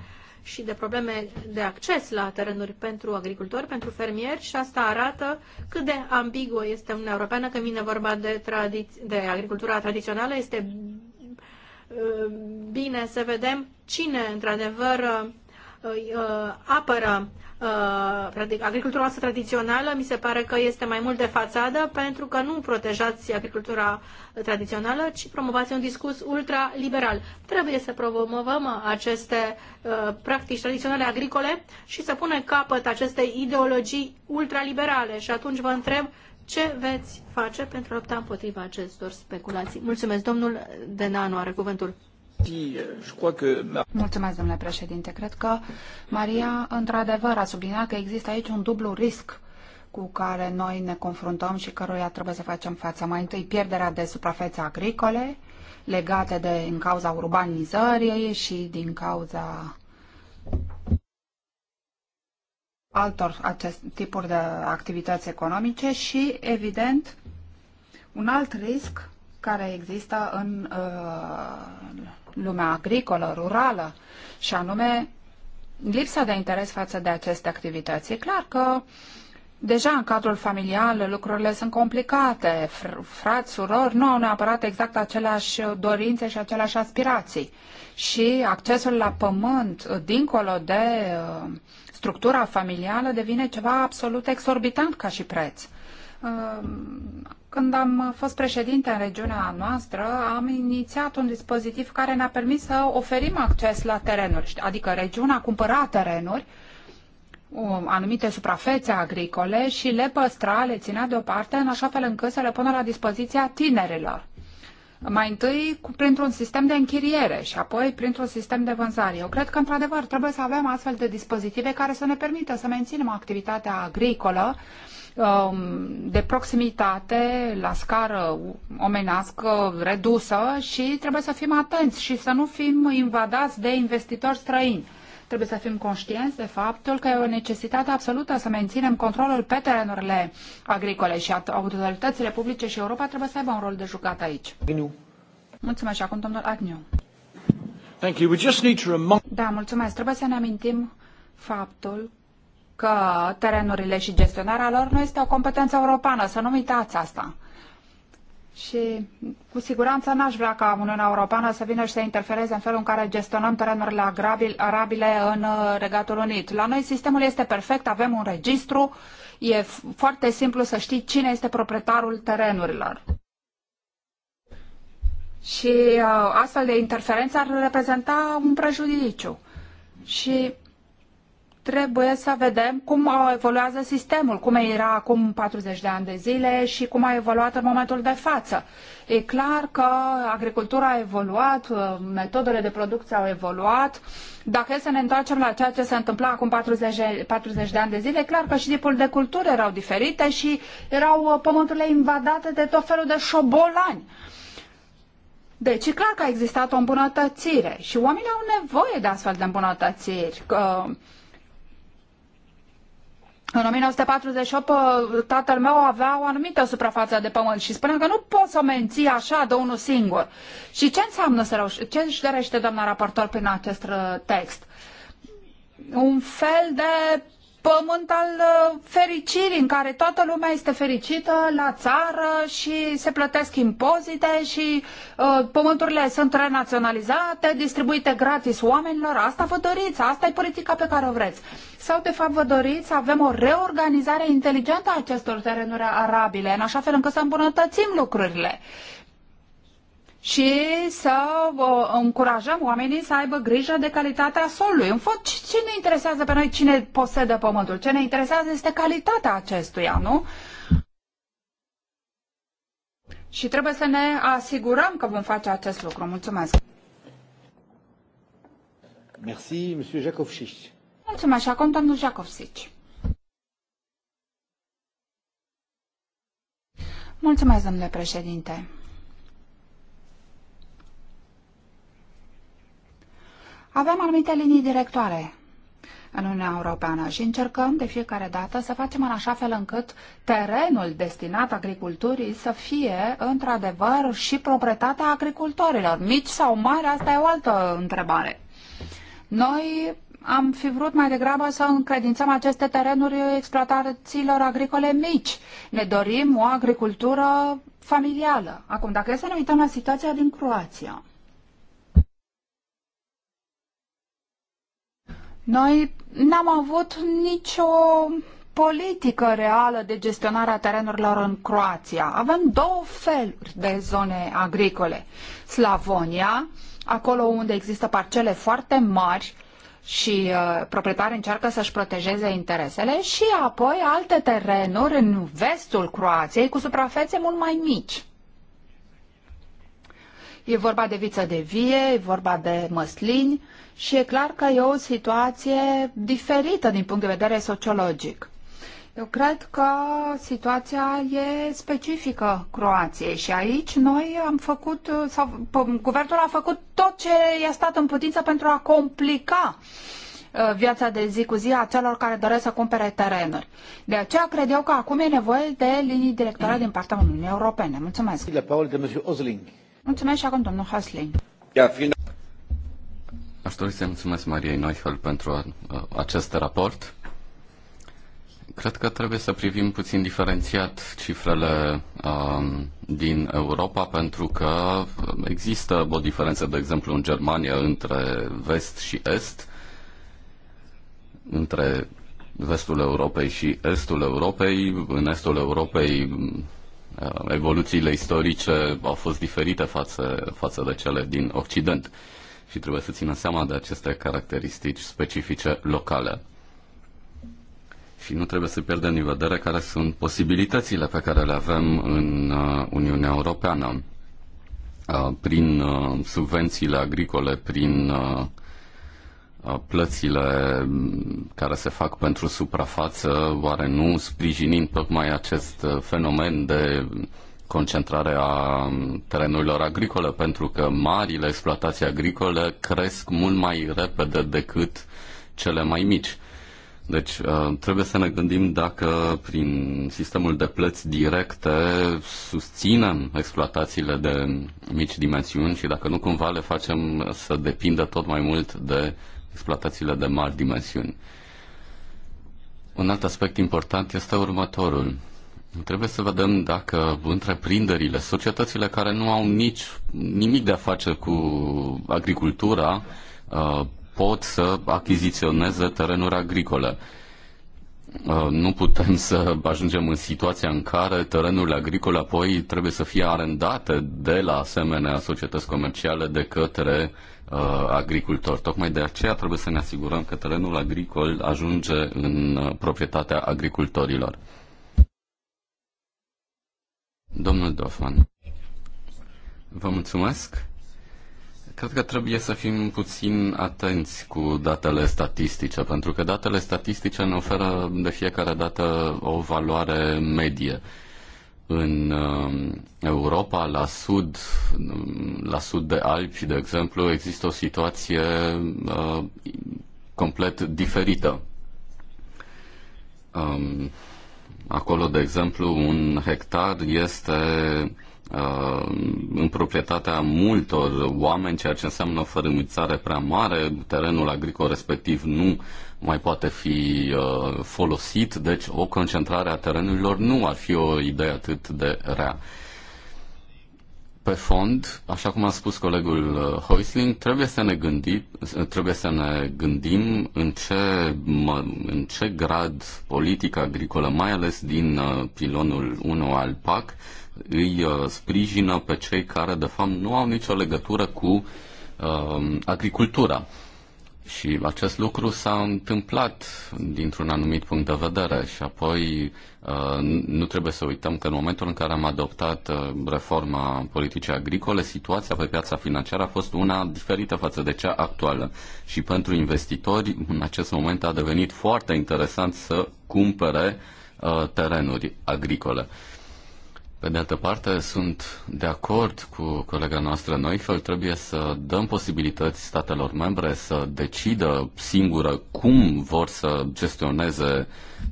și de probleme de acces la terenuri pentru agricultori, pentru fermieri și asta arată cât de ambiguă este Uniunea Europeană când vine vorba de, de agricultura tradițională. Este bine să vedem cine, într-adevăr, ă, apără ă, agricultura noastră tradițională. Mi se pare că este mai mult de fațadă pentru că nu protejați agricultura tradițională, ci promovați un discurs ultraliberal. Trebuie să promovăm aceste ă, practici tradiționale agricole și să punem capăt acestei ideologii ultraliberale. Și atunci vă întreb ce veți face pentru a lupta împotriva acestor speculații? Mulțumesc, domnul Denanu are cuvântul. Mulțumesc, domnule președinte. Cred că Maria, într-adevăr, a subliniat că există aici un dublu risc cu care noi ne confruntăm și căruia trebuie să facem față. Mai întâi, pierderea de suprafețe agricole legate de, în cauza urbanizării și din cauza altor acest tipuri de activități economice și, evident, un alt risc care există în uh, lumea agricolă, rurală, și anume lipsa de interes față de aceste activități. E clar că deja în cadrul familial lucrurile sunt complicate, Fr- frați, surori nu au neapărat exact aceleași dorințe și aceleași aspirații. Și accesul la pământ, dincolo de uh, structura familială devine ceva absolut exorbitant ca și preț. Uh, când am fost președinte în regiunea noastră, am inițiat un dispozitiv care ne-a permis să oferim acces la terenuri, adică regiunea cumpăra terenuri, anumite suprafețe agricole și le păstra, le ținea deoparte în așa fel încât să le pună la dispoziția tinerilor mai întâi cu, printr-un sistem de închiriere și apoi printr-un sistem de vânzare. Eu cred că, într-adevăr, trebuie să avem astfel de dispozitive care să ne permită să menținem activitatea agricolă um, de proximitate, la scară omenească redusă și trebuie să fim atenți și să nu fim invadați de investitori străini Trebuie să fim conștienți de faptul că e o necesitate absolută să menținem controlul pe terenurile agricole și autoritățile publice și Europa trebuie să aibă un rol de jucat aici. Agniu. Mulțumesc și acum domnul Agnew. Thank you. We just need to remind... Da, mulțumesc. Trebuie să ne amintim faptul că terenurile și gestionarea lor nu este o competență europeană. Să nu uitați asta. Și cu siguranță n-aș vrea ca Uniunea Europeană să vină și să interfereze în felul în care gestionăm terenurile arabile în uh, Regatul Unit. La noi sistemul este perfect, avem un registru, e foarte simplu să știi cine este proprietarul terenurilor. Și uh, astfel de interferențe ar reprezenta un prejudiciu. Și trebuie să vedem cum evoluează sistemul, cum era acum 40 de ani de zile și cum a evoluat în momentul de față. E clar că agricultura a evoluat, uh, metodele de producție au evoluat. Dacă e să ne întoarcem la ceea ce se întâmpla acum 40, 40 de ani de zile, e clar că și tipul de culturi erau diferite și erau uh, pământurile invadate de tot felul de șobolani. Deci e clar că a existat o îmbunătățire și oamenii au nevoie de astfel de îmbunătățiri. Că, uh, în 1948 uh, tatăl meu avea o anumită suprafață de pământ și spunea că nu poți să o menții așa de unul singur. Și ce înseamnă să reuși, ce își dorește doamna raportor prin acest uh, text? Un fel de pământ al uh, fericirii, în care toată lumea este fericită la țară și se plătesc impozite și uh, pământurile sunt renaționalizate, distribuite gratis oamenilor. Asta vă doriți, asta e politica pe care o vreți. Sau, de fapt, vă doriți să avem o reorganizare inteligentă a acestor terenuri arabile, în așa fel încât să îmbunătățim lucrurile și să uh, încurajăm oamenii să aibă grijă de calitatea solului. În fond, ce ne interesează pe noi cine posedă pământul? Ce ne interesează este calitatea acestuia, nu? Și trebuie să ne asigurăm că vom face acest lucru. Mulțumesc! Merci, monsieur Jacovcic. Mulțumesc și acum domnul Jacovcic. Mulțumesc, domnule președinte. Avem anumite linii directoare în Uniunea Europeană și încercăm de fiecare dată să facem în așa fel încât terenul destinat agriculturii să fie într-adevăr și proprietatea agricultorilor. Mici sau mari, asta e o altă întrebare. Noi am fi vrut mai degrabă să încredințăm aceste terenuri exploatațiilor agricole mici. Ne dorim o agricultură familială. Acum, dacă e să ne uităm la situația din Croația, Noi n-am avut nicio politică reală de gestionare a terenurilor în Croația. Avem două feluri de zone agricole. Slavonia, acolo unde există parcele foarte mari și uh, proprietarii încearcă să-și protejeze interesele și apoi alte terenuri în vestul Croației cu suprafețe mult mai mici. E vorba de viță de vie, e vorba de măslini, uh, și e clar că e o situație diferită din punct de vedere sociologic. Eu cred că situația e specifică Croației și aici noi am făcut, sau guvernul a făcut tot ce i-a stat în putință pentru a complica uh, viața de zi cu zi a celor care doresc să cumpere terenuri. De aceea cred eu că acum e nevoie de linii directoare din partea Uniunii Europene. Mulțumesc. Mulțumesc și acum domnul Hasling. Aș dori să-i mulțumesc Mariei Neuchel pentru uh, acest raport. Cred că trebuie să privim puțin diferențiat cifrele um, din Europa, pentru că există o diferență, de exemplu, în Germania între vest și est, între vestul Europei și estul Europei. În estul Europei uh, evoluțiile istorice au fost diferite față, față de cele din Occident și trebuie să țină seama de aceste caracteristici specifice locale. Și nu trebuie să pierdem din vedere care sunt posibilitățile pe care le avem în uh, Uniunea Europeană uh, prin uh, subvențiile agricole, prin plățile mm, care se fac pentru suprafață, oare nu sprijinind tocmai acest fenomen de concentrare a terenurilor agricole, pentru că marile exploatații agricole cresc mult mai repede decât cele mai mici. Deci uh, trebuie să ne gândim dacă prin sistemul de plăți directe susținem exploatațiile de mici dimensiuni și dacă nu cumva le facem să depindă tot mai mult de exploatațiile de mari dimensiuni. Un alt aspect important este următorul. Trebuie să vedem dacă întreprinderile, societățile care nu au nici nimic de a face cu agricultura, uh, pot să achiziționeze terenuri agricole. Uh, nu putem să ajungem în situația în care terenurile agricole apoi trebuie să fie arendate de la asemenea societăți comerciale de către uh, agricultori. Tocmai de aceea trebuie să ne asigurăm că terenul agricol ajunge în proprietatea agricultorilor. Domnul Dofan, vă mulțumesc. Cred că trebuie să fim puțin atenți cu datele statistice, pentru că datele statistice ne oferă de fiecare dată o valoare medie. În um, Europa, la sud, um, la sud de Alpi, de exemplu, există o situație uh, complet diferită. Um, Acolo, de exemplu, un hectar este uh, în proprietatea multor oameni, ceea ce înseamnă o fărâmițare prea mare, terenul agricol respectiv nu mai poate fi uh, folosit, deci o concentrare a terenurilor nu ar fi o idee atât de rea pe fond, așa cum a spus colegul uh, Hoisling, trebuie să ne gândim, uh, trebuie să ne gândim în ce, în ce grad politica agricolă, mai ales din uh, pilonul 1 al PAC, îi sprijină pe cei care de fapt nu au nicio legătură cu uh, agricultura. Și acest lucru s-a întâmplat dintr-un anumit punct de vedere și apoi uh, nu trebuie să uităm că în momentul în care am adoptat uh, reforma politicii agricole, situația pe piața financiară a fost una diferită față de cea actuală și pentru investitori în acest moment a devenit foarte interesant să cumpere uh, terenuri agricole. Pe de altă parte, sunt de acord cu colega noastră Noifel, trebuie să dăm posibilități statelor membre să decidă singură cum vor să gestioneze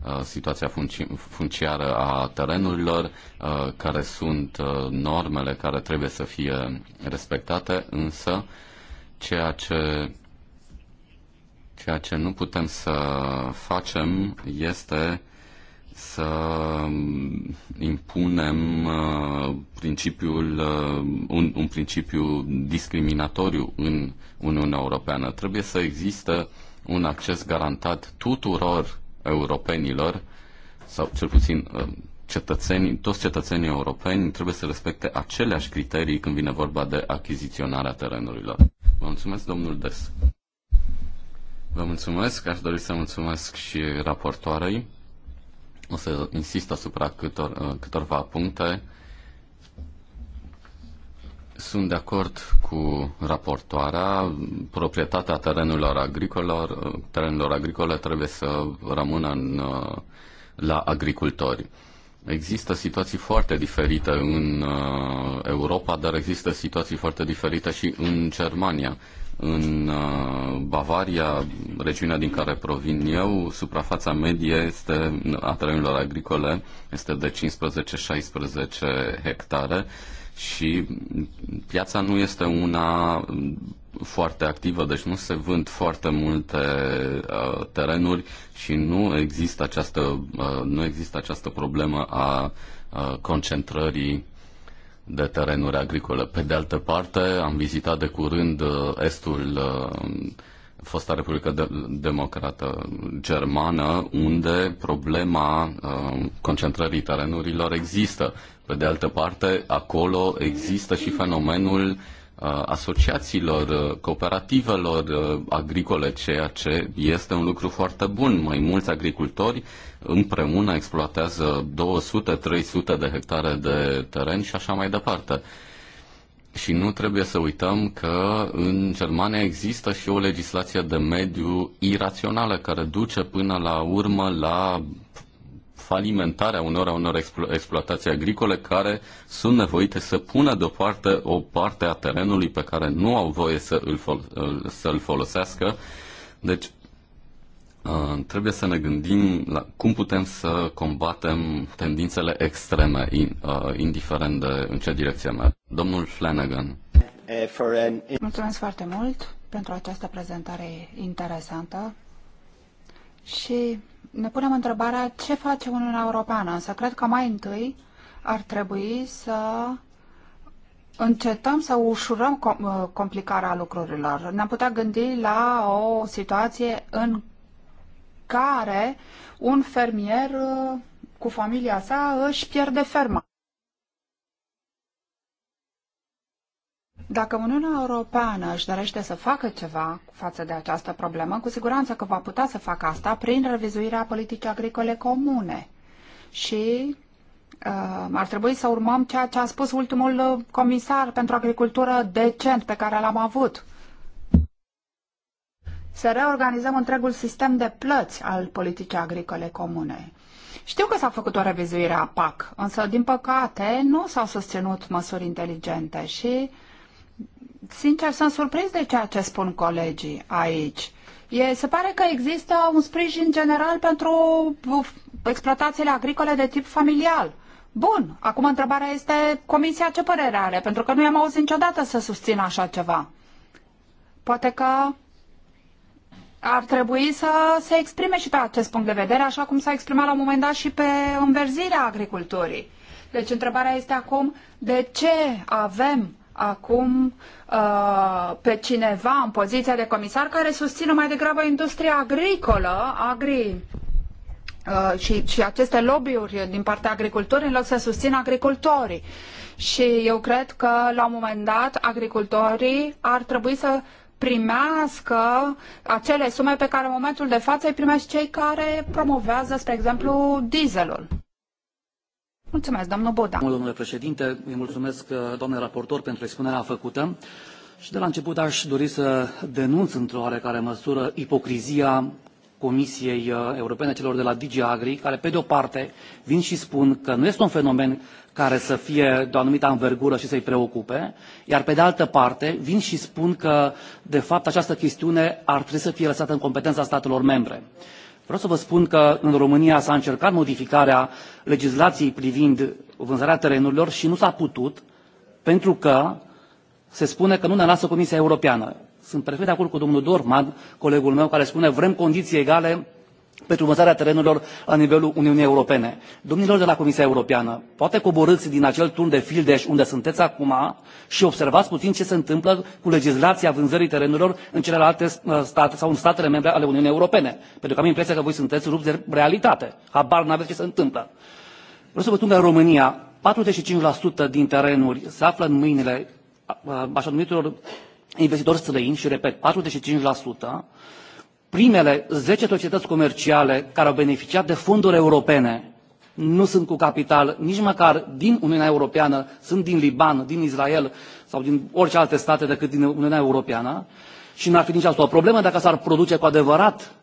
uh, situația funci- funciară a terenurilor, uh, care sunt uh, normele care trebuie să fie respectate, însă ceea ce, ceea ce nu putem să facem este să impunem uh, principiul, uh, un, un principiu discriminatoriu în Uniunea Europeană. Trebuie să existe un acces garantat tuturor europenilor, sau cel puțin uh, cetățenii, toți cetățenii europeni trebuie să respecte aceleași criterii când vine vorba de achiziționarea terenurilor. Vă mulțumesc, domnul Des. Vă mulțumesc, aș dori să mulțumesc și raportoarei o să insist asupra câtor, uh, câtorva puncte. Sunt de acord cu raportoarea. Proprietatea terenurilor agricolor, uh, terenurilor agricole trebuie să rămână în, uh, la agricultori. Există situații foarte diferite în Europa, dar există situații foarte diferite și în Germania. În uh, Bavaria, regiunea din care provin eu, suprafața medie este, a terenurilor agricole este de 15-16 hectare și piața nu este una foarte activă, deci nu se vând foarte multe uh, terenuri și nu există această, uh, nu există această problemă a uh, concentrării de terenuri agricole. Pe de altă parte, am vizitat de curând uh, estul uh, fosta Republică de- Democrată Germană, unde problema uh, concentrării terenurilor există. Pe de altă parte, acolo există și fenomenul asociațiilor, cooperativelor agricole, ceea ce este un lucru foarte bun. Mai mulți agricultori împreună exploatează 200-300 de hectare de teren și așa mai departe. Și nu trebuie să uităm că în Germania există și o legislație de mediu irațională care duce până la urmă la falimentare a unor, a unor explo- exploatații agricole care sunt nevoite să pună deoparte o parte a terenului pe care nu au voie să îl, fol- să-l folosească. Deci, trebuie să ne gândim la cum putem să combatem tendințele extreme, indiferent de în ce direcție merg. Domnul Flanagan. Eh, Mulțumesc foarte mult pentru această prezentare interesantă și ne punem întrebarea ce face Uniunea Europeană, însă cred că mai întâi ar trebui să încetăm să ușurăm uh, complicarea lucrurilor. Ne-am putea gândi la o situație în care un fermier uh, cu familia sa își pierde ferma. Dacă Uniunea Europeană își dorește să facă ceva față de această problemă, cu siguranță că va putea să facă asta prin revizuirea politicii agricole comune. Și uh, ar trebui să urmăm ceea ce a spus ultimul uh, comisar pentru agricultură decent pe care l-am avut. Să reorganizăm întregul sistem de plăți al politicii agricole comune. Știu că s-a făcut o revizuire a PAC, însă, din păcate, nu s-au susținut măsuri inteligente și uh, sincer, sunt surprins de ceea ce spun colegii aici. E, se pare că există un sprijin general pentru exploatațiile agricole de tip familial. Bun, acum întrebarea este comisia ce părere are, pentru că nu i-am auzit niciodată să susțină așa ceva. Poate că ar trebui să se exprime și pe acest punct de vedere, așa cum s-a exprimat la un moment dat și pe înverzirea agriculturii. Deci întrebarea este acum de ce avem acum uh, pe cineva în poziția de comisar care susține mai degrabă industria agricolă, agri, uh, și, și aceste lobby-uri din partea agricultorilor, în loc să susțină agricultorii. Și eu cred că la un moment dat agricultorii ar trebui să primească acele sume pe care în momentul de față îi primesc cei care promovează, spre exemplu, dieselul. Mulțumesc, domnul Boda. domnule președinte, îi mulțumesc, uh, doamnei raportor, pentru expunerea făcută. Și de la început aș dori să denunț într-o oarecare măsură ipocrizia Comisiei uh, Europene, celor de la DG Agri, care pe de o parte vin și spun că nu este un fenomen care să fie de o anumită anvergură și să-i preocupe, iar pe de altă parte vin și spun că, de fapt, această chestiune ar trebui să fie lăsată în competența statelor membre. Vreau să vă spun că în România s-a încercat modificarea legislației privind vânzarea terenurilor și nu s-a putut pentru că se spune că nu ne lasă Comisia Europeană. Sunt perfect de acord cu domnul Dorman, colegul meu, care spune vrem condiții egale pentru vânzarea terenurilor la nivelul Uniunii Europene. Domnilor de la Comisia Europeană, poate coborâți din acel turn de fildeș unde sunteți acum și observați puțin ce se întâmplă cu legislația vânzării terenurilor în celelalte uh, state sau în statele membre ale Uniunii Europene. Pentru că am impresia că voi sunteți rupți de realitate. Habar n-aveți ce se întâmplă. Vreau să vă spun că în România 45% din terenuri se află în mâinile uh, așa numitelor investitori străini și, repet, 45%, primele zece societăți comerciale care au beneficiat de fonduri europene nu sunt cu capital nici măcar din Uniunea Europeană, sunt din Liban, din Israel sau din orice alte state decât din Uniunea Europeană și n-ar fi nici asta o problemă dacă s-ar produce cu adevărat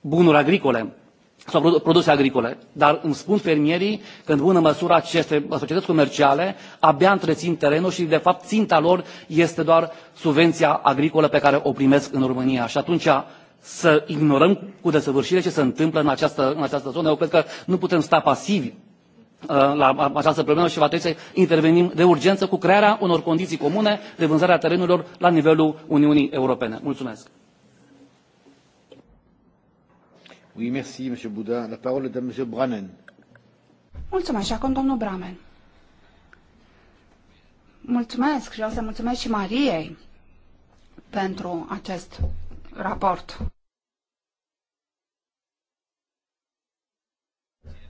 bunuri agricole sau produse agricole. Dar îmi spun fermierii că în bună măsură aceste societăți comerciale abia întrețin terenul și de fapt ținta lor este doar subvenția agricolă pe care o primesc în România. Și atunci să ignorăm cu desăvârșire ce se întâmplă în această, în această zonă. Eu cred că nu putem sta pasivi uh, la această problemă și va trebui să intervenim de urgență cu crearea unor condiții comune de vânzare a terenurilor la nivelul Uniunii Europene. Mulțumesc! Oui, merci, La parole est à Mulțumesc. Și acum domnul Bramen. Mulțumesc și vreau să mulțumesc și Mariei pentru acest raport.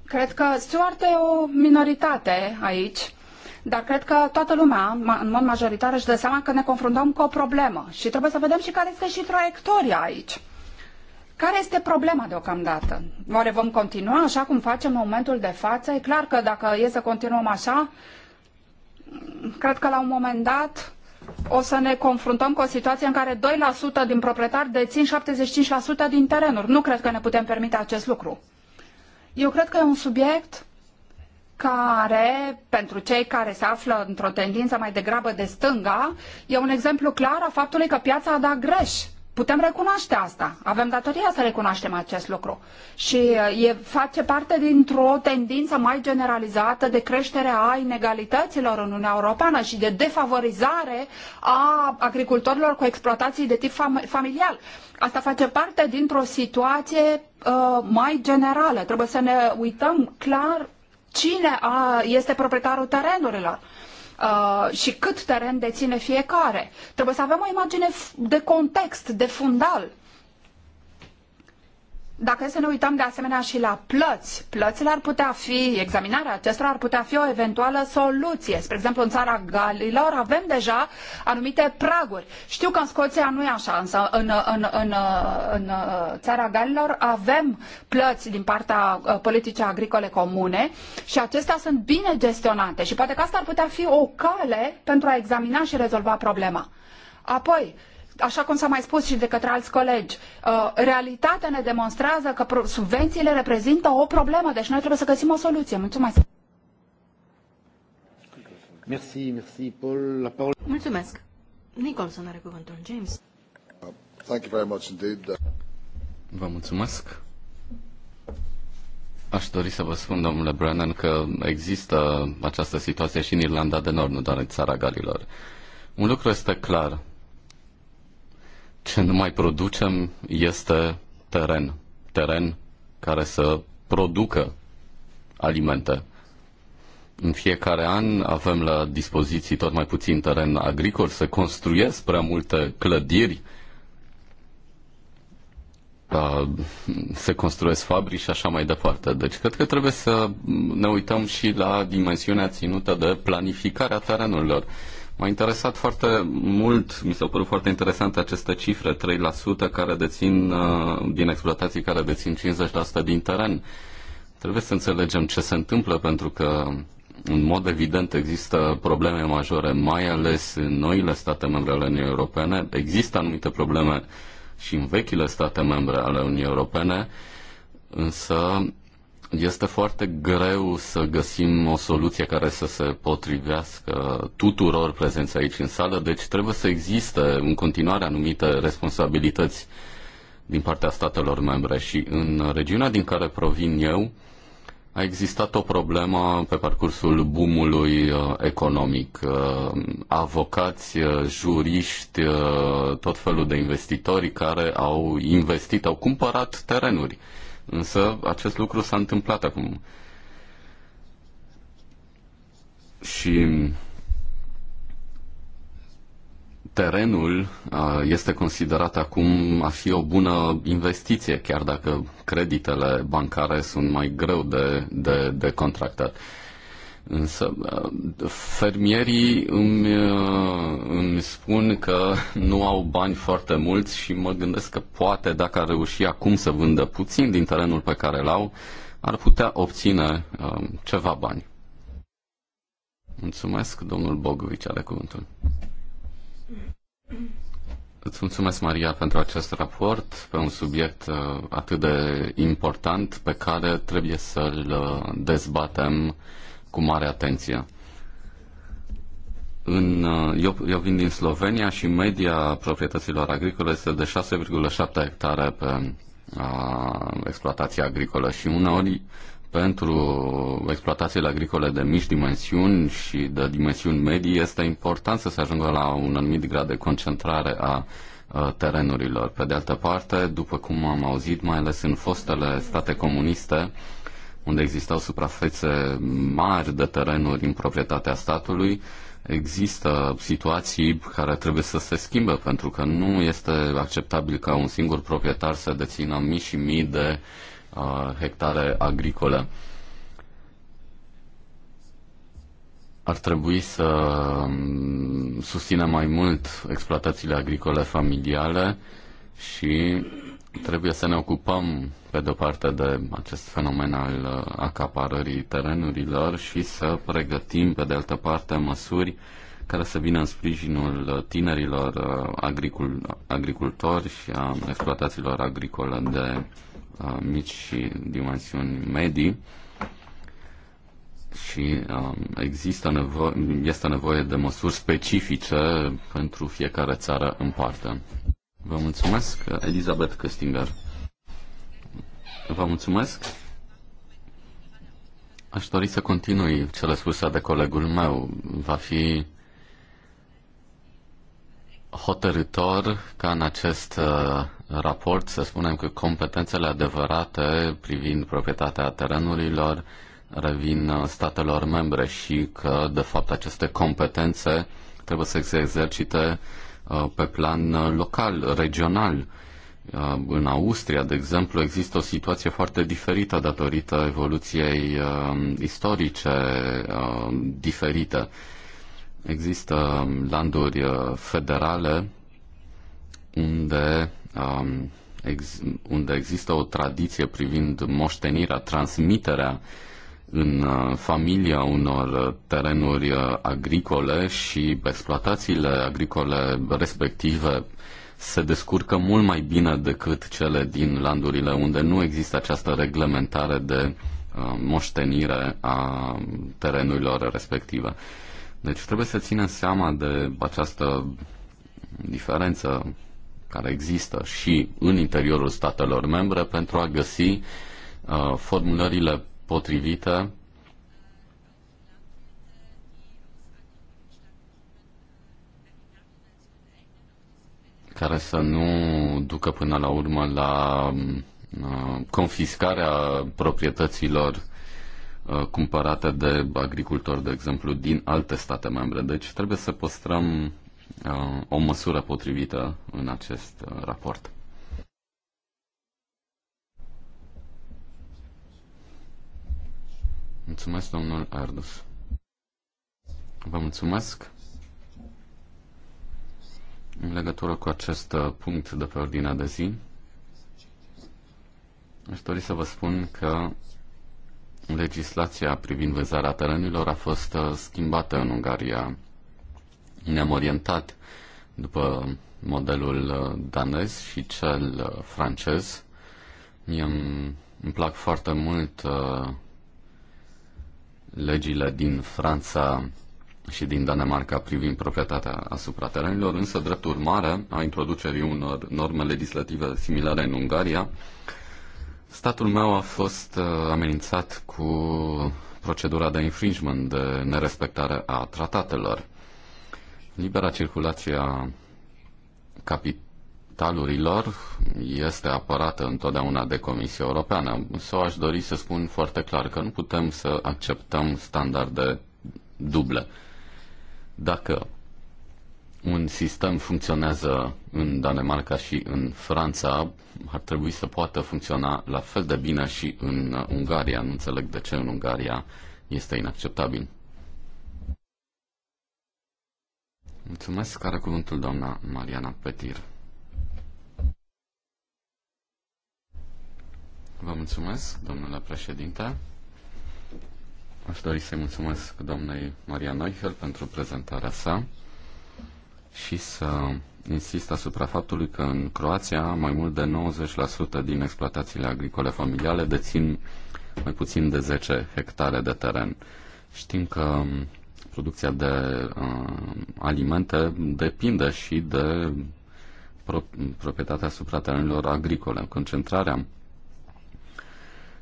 Cred că Stuart e o minoritate aici, dar cred că toată lumea, în mod majoritar, își dă seama că ne confruntăm cu o problemă și trebuie să vedem și care este și traiectoria aici. Care este problema deocamdată? Oare vom continua așa cum facem în momentul de față? E clar că dacă e să continuăm așa, cred că la un moment dat o să ne confruntăm cu o situație în care 2% din proprietari dețin 75% din terenuri. Nu cred că ne putem permite acest lucru. Eu cred că e un subiect care, pentru cei care se află într-o tendință mai degrabă de stânga, e un exemplu clar a faptului că piața a dat greș Putem recunoaște asta. Avem datoria să recunoaștem acest lucru. Și e, face parte dintr-o tendință mai generalizată de creștere a inegalităților în Uniunea Europeană și de defavorizare a agricultorilor cu exploatații de tip fam familial. Asta face parte dintr-o situație uh, mai generală. Trebuie să ne uităm clar cine a, este proprietarul terenurilor uh, și cât teren deține fiecare. Trebuie să avem o imagine de context, de fundal dacă să ne uităm de asemenea și la plăți, plățile ar putea fi, examinarea acestora ar putea fi o eventuală soluție. Spre exemplu, în țara Galilor avem deja anumite praguri. Știu că în Scoția nu e așa, însă în, în, în, în țara Galilor avem plăți din partea uh, politicii agricole comune și acestea sunt bine gestionate și poate că asta ar putea fi o cale pentru a examina și rezolva problema. Apoi, așa cum s-a mai spus și de către alți colegi, uh, realitatea ne demonstrează că subvențiile reprezintă o problemă, deci noi trebuie să găsim o soluție. Mulțumesc! Merci, merci, Paul. La parole... Mulțumesc. Nicholson are cuvântul. James. Thank you very much indeed. Vă mulțumesc. Aș dori să vă spun, domnule Brennan, că există această situație și în Irlanda de Nord, nu doar în țara Galilor. Un lucru este clar ce nu mai producem este teren. Teren care să producă alimente. În fiecare an avem la dispoziție tot mai puțin teren agricol, se construiesc prea multe clădiri, se construiesc fabrici și așa mai departe. Deci cred că trebuie să ne uităm și la dimensiunea ținută de planificarea terenurilor. M-a interesat foarte mult, mi s a părut foarte interesantă aceste cifre, 3% care dețin, uh, din exploatații care dețin 50% din teren. Trebuie să înțelegem ce se întâmplă, pentru că în mod evident există probleme majore, mai ales în noile state membre ale Uniunii Europene. Există anumite probleme și în vechile state membre ale Uniunii Europene, însă este foarte greu să găsim o soluție care să se potrivească tuturor prezenți aici în sală, deci trebuie să existe în continuare anumite responsabilități din partea statelor membre și în regiunea din care provin eu a existat o problemă pe parcursul boomului uh, economic. Uh, avocați, uh, juriști, tot felul de investitori care au investit, au cumpărat terenuri Însă acest lucru s-a întâmplat acum. Și terenul este considerat acum a fi o bună investiție, chiar dacă creditele bancare sunt mai greu de, de, de contractat. Însă fermierii îmi, îmi spun că nu au bani foarte mulți și mă gândesc că poate dacă ar reuși acum să vândă puțin din terenul pe care îl au, ar putea obține um, ceva bani. Mulțumesc, domnul Bogovici are cuvântul. Îți mulțumesc, Maria, pentru acest raport, pe un subiect uh, atât de important pe care trebuie să-l uh, dezbatem cu mare atenție. În, uh, eu, eu vin din Slovenia și media proprietăților agricole este de 6,7 hectare pe a, uh, exploatație agricolă și uneori pentru exploatațiile agricole de mici dimensiuni și de dimensiuni medii este important să se ajungă la un anumit grad de concentrare a uh, terenurilor. Pe de altă parte, după cum am auzit, mai ales în fostele state comuniste, unde existau suprafețe mari de terenuri în proprietatea statului, există situații care trebuie să se schimbe, pentru că nu este acceptabil ca un singur proprietar să dețină mii și mii de uh, hectare agricole. Ar trebui să um, susținem mai mult exploatațiile agricole familiale și Trebuie să ne ocupăm, pe de-o parte, de acest fenomen al uh, acaparării terenurilor și să pregătim, pe de altă parte, măsuri care să vină în sprijinul uh, tinerilor uh, agricul, agricultori și a exploatațiilor agricole de a, mici și dimensiuni medii. Și a, um, există nevo- este nevoie de măsuri specifice pentru fiecare țară în parte. Vă mulțumesc, Elizabeth Köstinger. Vă mulțumesc. Aș dori să continui cele spuse de colegul meu. Va fi hotărător ca în acest uh, raport să spunem că competențele adevărate privind proprietatea terenurilor revin uh, statelor membre și că, de fapt, aceste competențe trebuie să se exercite Uh, pe plan uh, local, regional. Uh, în Austria, de exemplu, există o situație foarte diferită datorită evoluției um, istorice um, diferite. Există landuri federale unde, um, unde există o tradiție privind moștenirea, transmiterea uh, în uh, familia unor uh, terenuri uh, agricole și exploatațiile agricole respective se descurcă mult mai bine decât cele din landurile unde nu există această reglementare de moștenire a terenurilor respective. Deci trebuie să ținem seama de această diferență care există și în interiorul statelor membre pentru a găsi formulările potrivită care să nu ducă până la urmă la uh, confiscarea proprietăților uh, cumpărate de agricultori, de exemplu, din alte state membre. Deci trebuie să păstrăm uh, o măsură potrivită în acest raport. Mulțumesc, domnul Ardus. Vă mulțumesc. În legătură cu acest uh, punct de pe ordinea de zi, aș dori să vă spun că legislația privind vânzarea terenilor a fost uh, schimbată în Ungaria. Ne-am orientat după modelul uh, danez și cel francez. Mie îmi, îmi plac foarte mult legile din Franța și din Danemarca privind proprietatea asupra terenilor, însă drept urmare a introducerii unor norme legislative similare în Ungaria, statul meu a fost uh, amenințat cu procedura de infringement, de nerespectare a tratatelor. Libera circulație a capitalului metalurilor este apărată întotdeauna de Comisia Europeană. Să aș dori să spun foarte clar că nu putem să acceptăm standarde duble. Dacă un sistem funcționează în Danemarca și în Franța, ar trebui să poată funcționa la fel de bine și în Ungaria. Nu înțeleg de ce în Ungaria este inacceptabil. Mulțumesc. Care cuvântul doamna Mariana Petir? Vă mulțumesc, domnule președinte. Aș dori să-i mulțumesc doamnei Maria Neuchel pentru prezentarea sa și să insist asupra faptului că în Croația mai mult de 90% din exploatațiile agricole familiale dețin mai puțin de 10 hectare de teren. Știm că um, producția de uh, alimente depinde și de pro- proprietatea asupra terenilor agricole. Concentrarea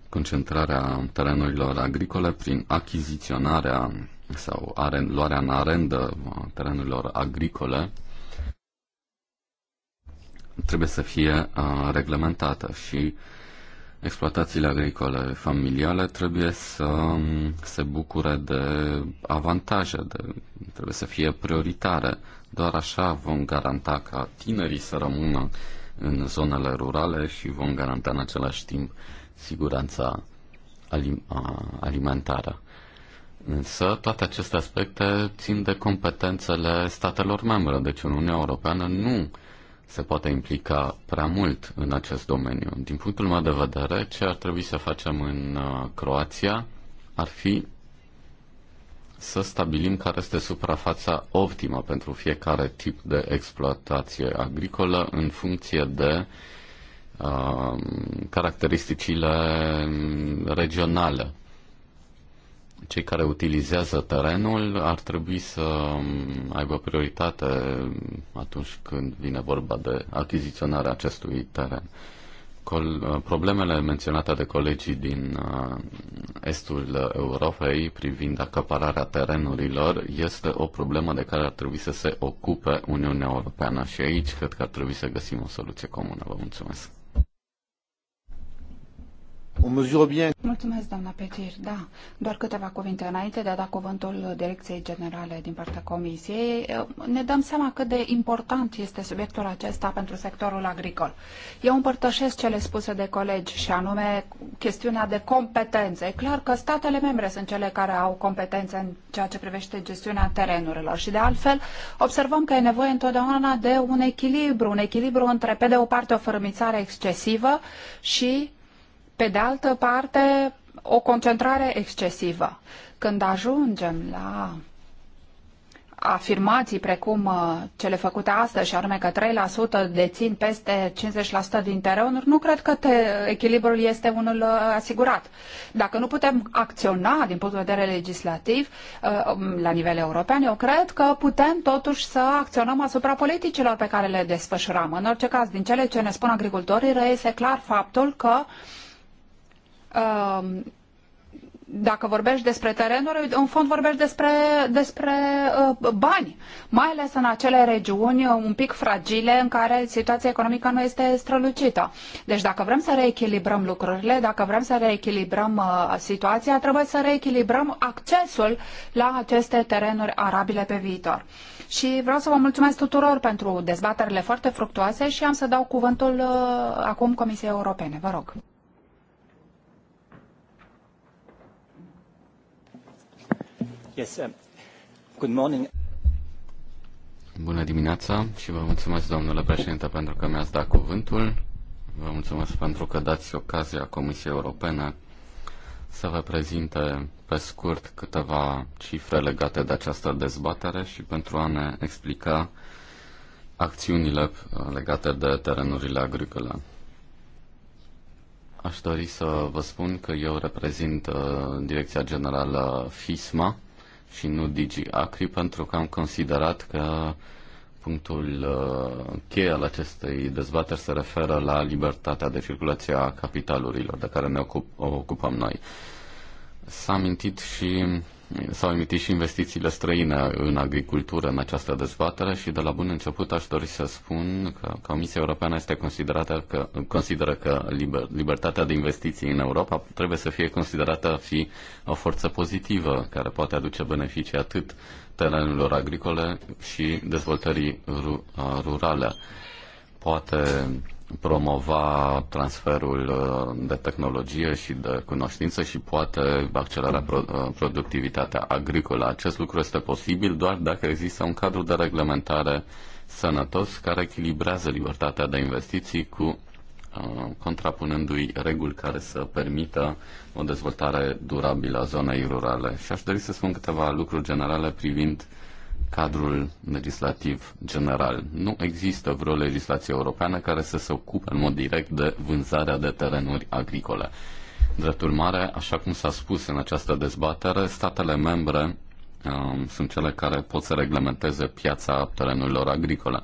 concentrarea terenurilor agricole prin achiziționarea sau aren, luarea în arendă a terenurilor agricole trebuie să fie a, reglementată și exploatațiile agricole familiale trebuie să se bucure de avantaje, de, trebuie să fie prioritare. Doar așa vom garanta ca tinerii să rămână în zonele rurale și vom garanta în același timp uh, siguranța alimentară. Însă toate aceste aspecte țin de competențele statelor membre, deci Uniunea Europeană nu se poate implica prea mult în acest domeniu. Din punctul meu de vedere, ce ar trebui să facem în uh, Croația ar fi să stabilim care este suprafața optimă pentru fiecare tip de exploatație agricolă în funcție de uh, Um, caracteristicile regionale. Cei care utilizează terenul ar trebui să um, aibă prioritate atunci când vine vorba de achiziționarea acestui teren. Uh, problemele menționate de colegii din uh, estul Europei privind acapararea terenurilor este o problemă de care ar trebui să se ocupe Uniunea Europeană și aici cred că ar trebui să găsim o soluție comună. Vă mulțumesc! Mulțumesc, doamna Petir. Da, doar câteva cuvinte înainte de a da cuvântul Direcției Generale din partea Comisiei. Ne dăm seama cât de important este subiectul acesta pentru sectorul agricol. Eu împărtășesc cele spuse de colegi și anume chestiunea de competențe. E clar că statele membre sunt cele care au competențe în ceea ce privește gestiunea terenurilor și de altfel observăm că e nevoie întotdeauna de un echilibru, un echilibru între pe de o parte o fărâmițare excesivă și pe de altă parte, o concentrare excesivă. Când ajungem la afirmații precum uh, cele făcute astăzi, și anume că 3% dețin peste 50% din terenuri, nu cred că te, echilibrul este unul uh, asigurat. Dacă nu putem acționa din punct de vedere legislativ uh, um, la nivel european, eu cred că putem totuși să acționăm asupra politicilor pe care le desfășurăm. În orice caz, din cele ce ne spun agricultorii, reiese clar faptul că uh, Um, dacă vorbești despre terenuri, în fond vorbești despre, despre uh, bani, mai ales în acele regiuni un pic fragile în care situația economică nu este strălucită. Deci dacă vrem să reechilibrăm lucrurile, dacă vrem să reechilibrăm uh, situația, trebuie să reechilibrăm accesul la aceste terenuri arabile pe viitor. Și vreau să vă mulțumesc tuturor pentru dezbaterile foarte fructuoase și am să dau cuvântul uh, acum Comisiei Europene. Vă rog. Yes, um, good morning. Bună dimineața și vă mulțumesc, domnule președinte, pentru că mi-ați dat cuvântul. Vă mulțumesc pentru că dați ocazia Comisiei Europene să vă prezinte pe scurt câteva cifre legate de această dezbatere și pentru a ne explica acțiunile uh, legate de terenurile agricole. Aș dori să vă spun că eu reprezint uh, Direcția Generală FISMA, și nu Digi Acri, pentru că am considerat că punctul uh, cheie al acestei dezbateri se referă la libertatea de circulație a capitalurilor de care ne ocup- ocupăm noi. S-a amintit și S-au emitit și investițiile străine în agricultură în această dezbatere și de la bun început aș dori să spun că Comisia Europeană este considerată că, consideră că liber, libertatea de investiții în Europa trebuie să fie considerată a fi o forță pozitivă care poate aduce beneficii atât terenurilor agricole și dezvoltării rurale. Poate promova transferul uh, de tehnologie și de cunoștință și poate accelera uh, productivitatea agricolă. Acest lucru este posibil doar dacă există un cadru de reglementare sănătos care echilibrează libertatea de investiții cu uh, contrapunându-i reguli care să permită o dezvoltare durabilă a zonei rurale. Și aș dori să spun câteva lucruri generale privind cadrul legislativ general. Nu există vreo legislație europeană care să se ocupe în mod direct de vânzarea de terenuri agricole. Drept urmare, așa cum s-a spus în această dezbatere, statele membre um, sunt cele care pot să reglementeze piața terenurilor agricole.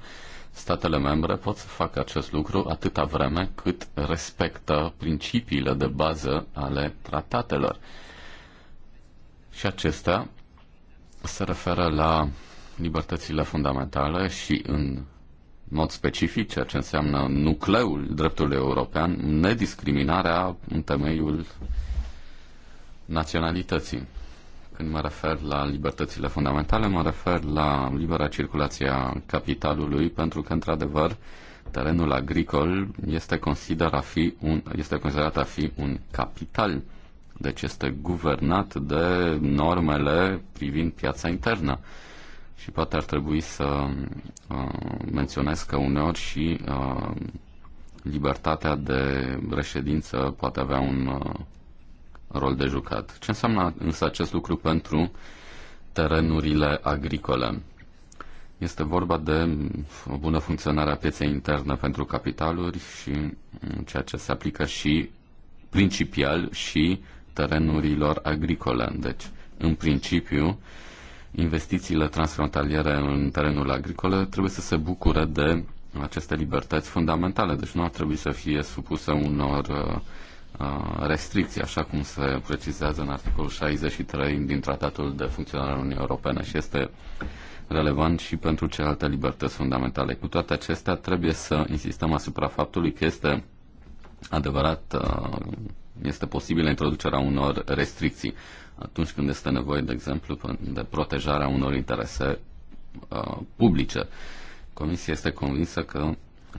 Statele membre pot să facă acest lucru atâta vreme cât respectă principiile de bază ale tratatelor. Și acestea se referă la libertățile fundamentale și în mod specific, ceea ce înseamnă nucleul dreptului european, nediscriminarea în temeiul naționalității. Când mă refer la libertățile fundamentale, mă refer la libera circulație a capitalului, pentru că, într-adevăr, terenul agricol este considerat a fi un, este considerat a fi un capital, deci este guvernat de normele privind piața internă și poate ar trebui să uh, menționez că uneori și uh, libertatea de reședință poate avea un uh, rol de jucat. Ce înseamnă însă acest lucru pentru terenurile agricole? Este vorba de o bună funcționare a pieței interne pentru capitaluri și mm, ceea ce se aplică și principial și terenurilor agricole. Deci, în principiu, uh, investițiile transfrontaliere în terenul agricol trebuie să se bucure de aceste libertăți fundamentale, deci nu ar trebui să fie supuse unor uh, uh, restricții, așa cum se precizează în articolul 63 din Tratatul de Funcționare a Uniunii Europene și este relevant și pentru celelalte libertăți fundamentale. Cu toate acestea, trebuie să insistăm asupra faptului că este adevărat, uh, este posibilă introducerea unor restricții atunci când este nevoie, de exemplu, de protejarea unor interese uh, publice. Comisia este convinsă că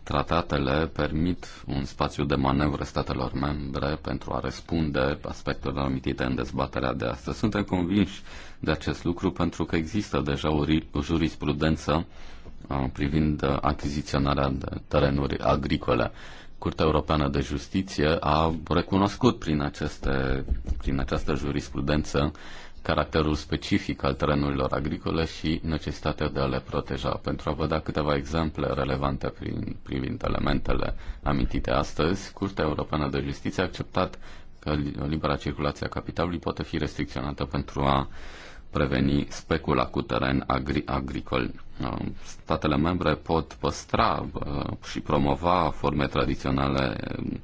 tratatele permit un spațiu de manevră statelor membre pentru a răspunde aspectelor amintite în dezbaterea de astăzi. Suntem convinși de acest lucru pentru că există deja o, o jurisprudență uh, privind uh, achiziționarea de terenuri agricole. Curtea Europeană de Justiție a recunoscut prin, aceste, prin această jurisprudență caracterul specific al terenurilor agricole și necesitatea de a le proteja. Pentru a vă da câteva exemple relevante prin, privind elementele amintite astăzi, Curtea Europeană de Justiție a acceptat că libera circulație a capitalului poate fi restricționată pentru a preveni specula cu teren agri- agricol. Uh, statele membre pot păstra uh, și promova forme tradiționale um,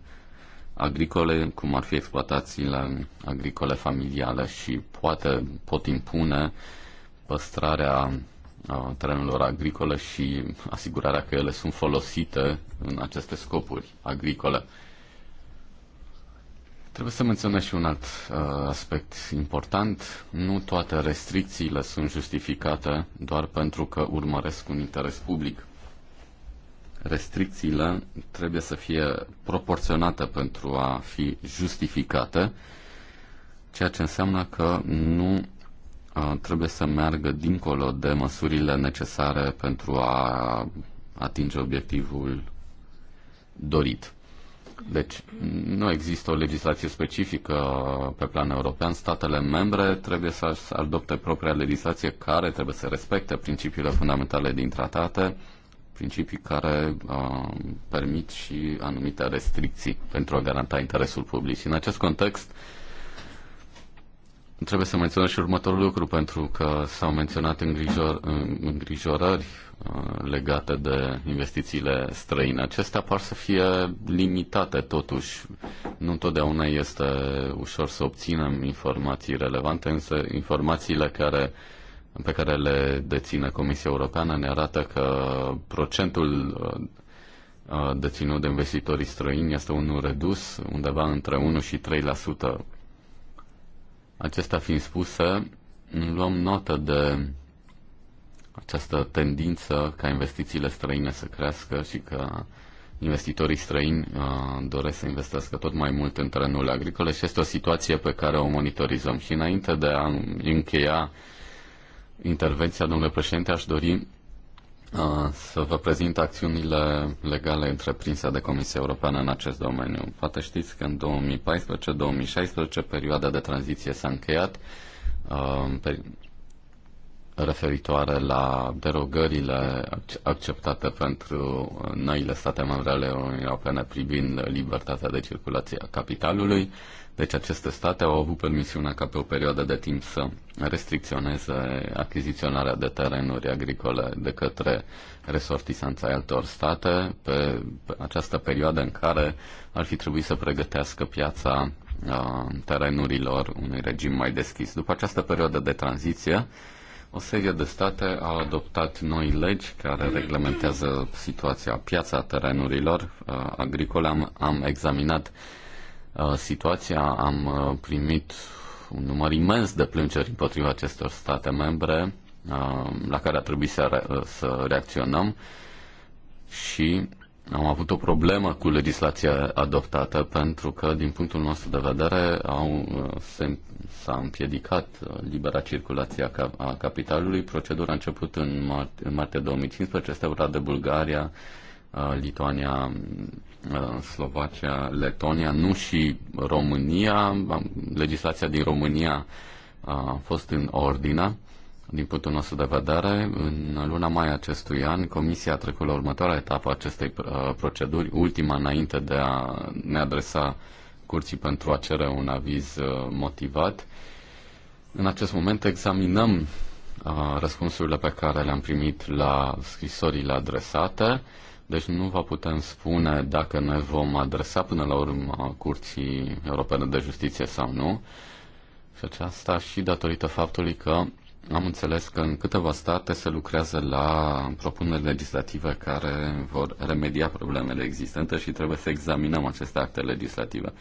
agricole, cum ar fi exploatațiile agricole familiale și poate pot impune păstrarea uh, terenurilor agricole și asigurarea că ele sunt folosite în aceste scopuri agricole. Trebuie să menționez și un alt uh, aspect important. Nu toate restricțiile sunt justificate doar pentru că urmăresc un interes public. Restricțiile trebuie să fie proporționate pentru a fi justificate, ceea ce înseamnă că nu uh, trebuie să meargă dincolo de măsurile necesare pentru a atinge obiectivul dorit. Deci nu există o legislație specifică pe plan european. Statele membre trebuie să adopte propria legislație care trebuie să respecte principiile fundamentale din tratate, principii care uh, permit și anumite restricții pentru a garanta interesul public. Și în acest context trebuie să menționăm și următorul lucru, pentru că s-au menționat îngrijor, îngrijorări legate de investițiile străine. Acestea par să fie limitate totuși. Nu întotdeauna este ușor să obținem informații relevante, însă informațiile care, pe care le deține Comisia Europeană ne arată că procentul uh, uh, deținut de investitorii străini este unul redus, undeva între 1 și 3%. Acestea fiind spuse, luăm notă de această tendință ca investițiile străine să crească și că investitorii străini uh, doresc să investească tot mai mult în terenul agricole și este o situație pe care o monitorizăm. Și înainte de a încheia intervenția, domnule președinte, aș dori uh, să vă prezint acțiunile legale întreprinse de Comisia Europeană în acest domeniu. Poate știți că în 2014-2016 perioada de tranziție s-a încheiat. Uh, referitoare la derogările acceptate pentru noile state membre ale Uniunii Europene privind libertatea de circulație a capitalului. Deci aceste state au avut permisiunea ca pe o perioadă de timp să restricționeze achiziționarea de terenuri agricole de către resortisanța altor state pe această perioadă în care ar fi trebuit să pregătească piața terenurilor unui regim mai deschis. După această perioadă de tranziție, o serie de state au adoptat noi legi care reglementează situația piața terenurilor uh, agricole. Am, am examinat uh, situația, am uh, primit un număr imens de plângeri împotriva acestor state membre uh, la care a trebuit să, re- să reacționăm și am avut o problemă cu legislația adoptată pentru că, din punctul nostru de vedere, au, se, s-a împiedicat libera circulație a, a capitalului. Procedura a început în, mart, în martie 2015, este de Bulgaria, Lituania, Slovacia, Letonia, nu și România. Legislația din România a fost în ordine din punctul nostru de vedere. În luna mai acestui an, Comisia a trecut la următoarea etapă a acestei uh, proceduri, ultima înainte de a ne adresa curții pentru a cere un aviz uh, motivat. În acest moment examinăm uh, răspunsurile pe care le-am primit la scrisorile adresate, deci nu vă putem spune dacă ne vom adresa până la urmă Curții Europene de Justiție sau nu. Și aceasta și datorită faptului că am înțeles că în câteva state se lucrează la propuneri legislative care vor remedia problemele existente și trebuie să examinăm aceste acte legislative.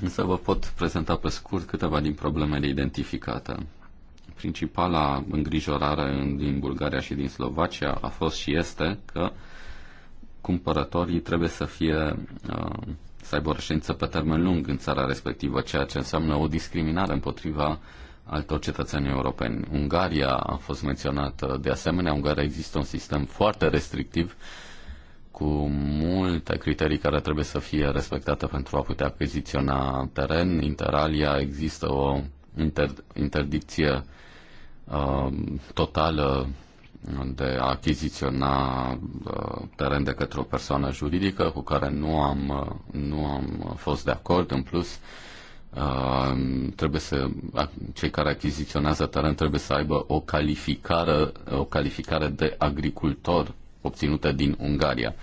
Însă vă pot prezenta pe scurt câteva din problemele identificate. Principala îngrijorare din Bulgaria și din Slovacia a fost și este că cumpărătorii trebuie să fie uh, să aibă o reședință pe termen lung în țara respectivă, ceea ce înseamnă o discriminare împotriva altor cetățeni europeni. Ungaria a fost menționată de asemenea. Ungaria există un sistem foarte restrictiv cu multe criterii care trebuie să fie respectate pentru a putea achiziționa teren. Interalia există o inter- interdicție uh, totală de a achiziționa uh, teren de către o persoană juridică cu care nu am, uh, nu am fost de acord. În plus, uh, trebuie să, cei care achiziționează teren trebuie să aibă o calificare, o calificare de agricultor obținută din Ungaria.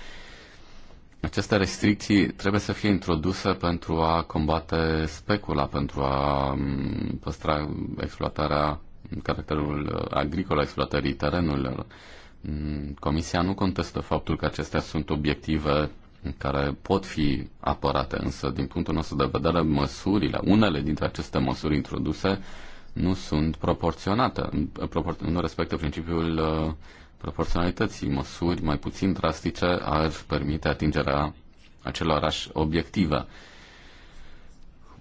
Aceste restricții trebuie să fie introduse pentru a combate specula, pentru a păstra exploatarea, caracterul uh, agricol a exploatării terenurilor. Mm, Comisia nu contestă faptul că acestea sunt obiective care pot fi apărate, însă din punctul nostru de vedere măsurile, unele dintre aceste măsuri introduse nu sunt proporționate, nu respectă principiul uh, proporționalității. Măsuri mai puțin drastice ar permite atingerea acelorași obiective.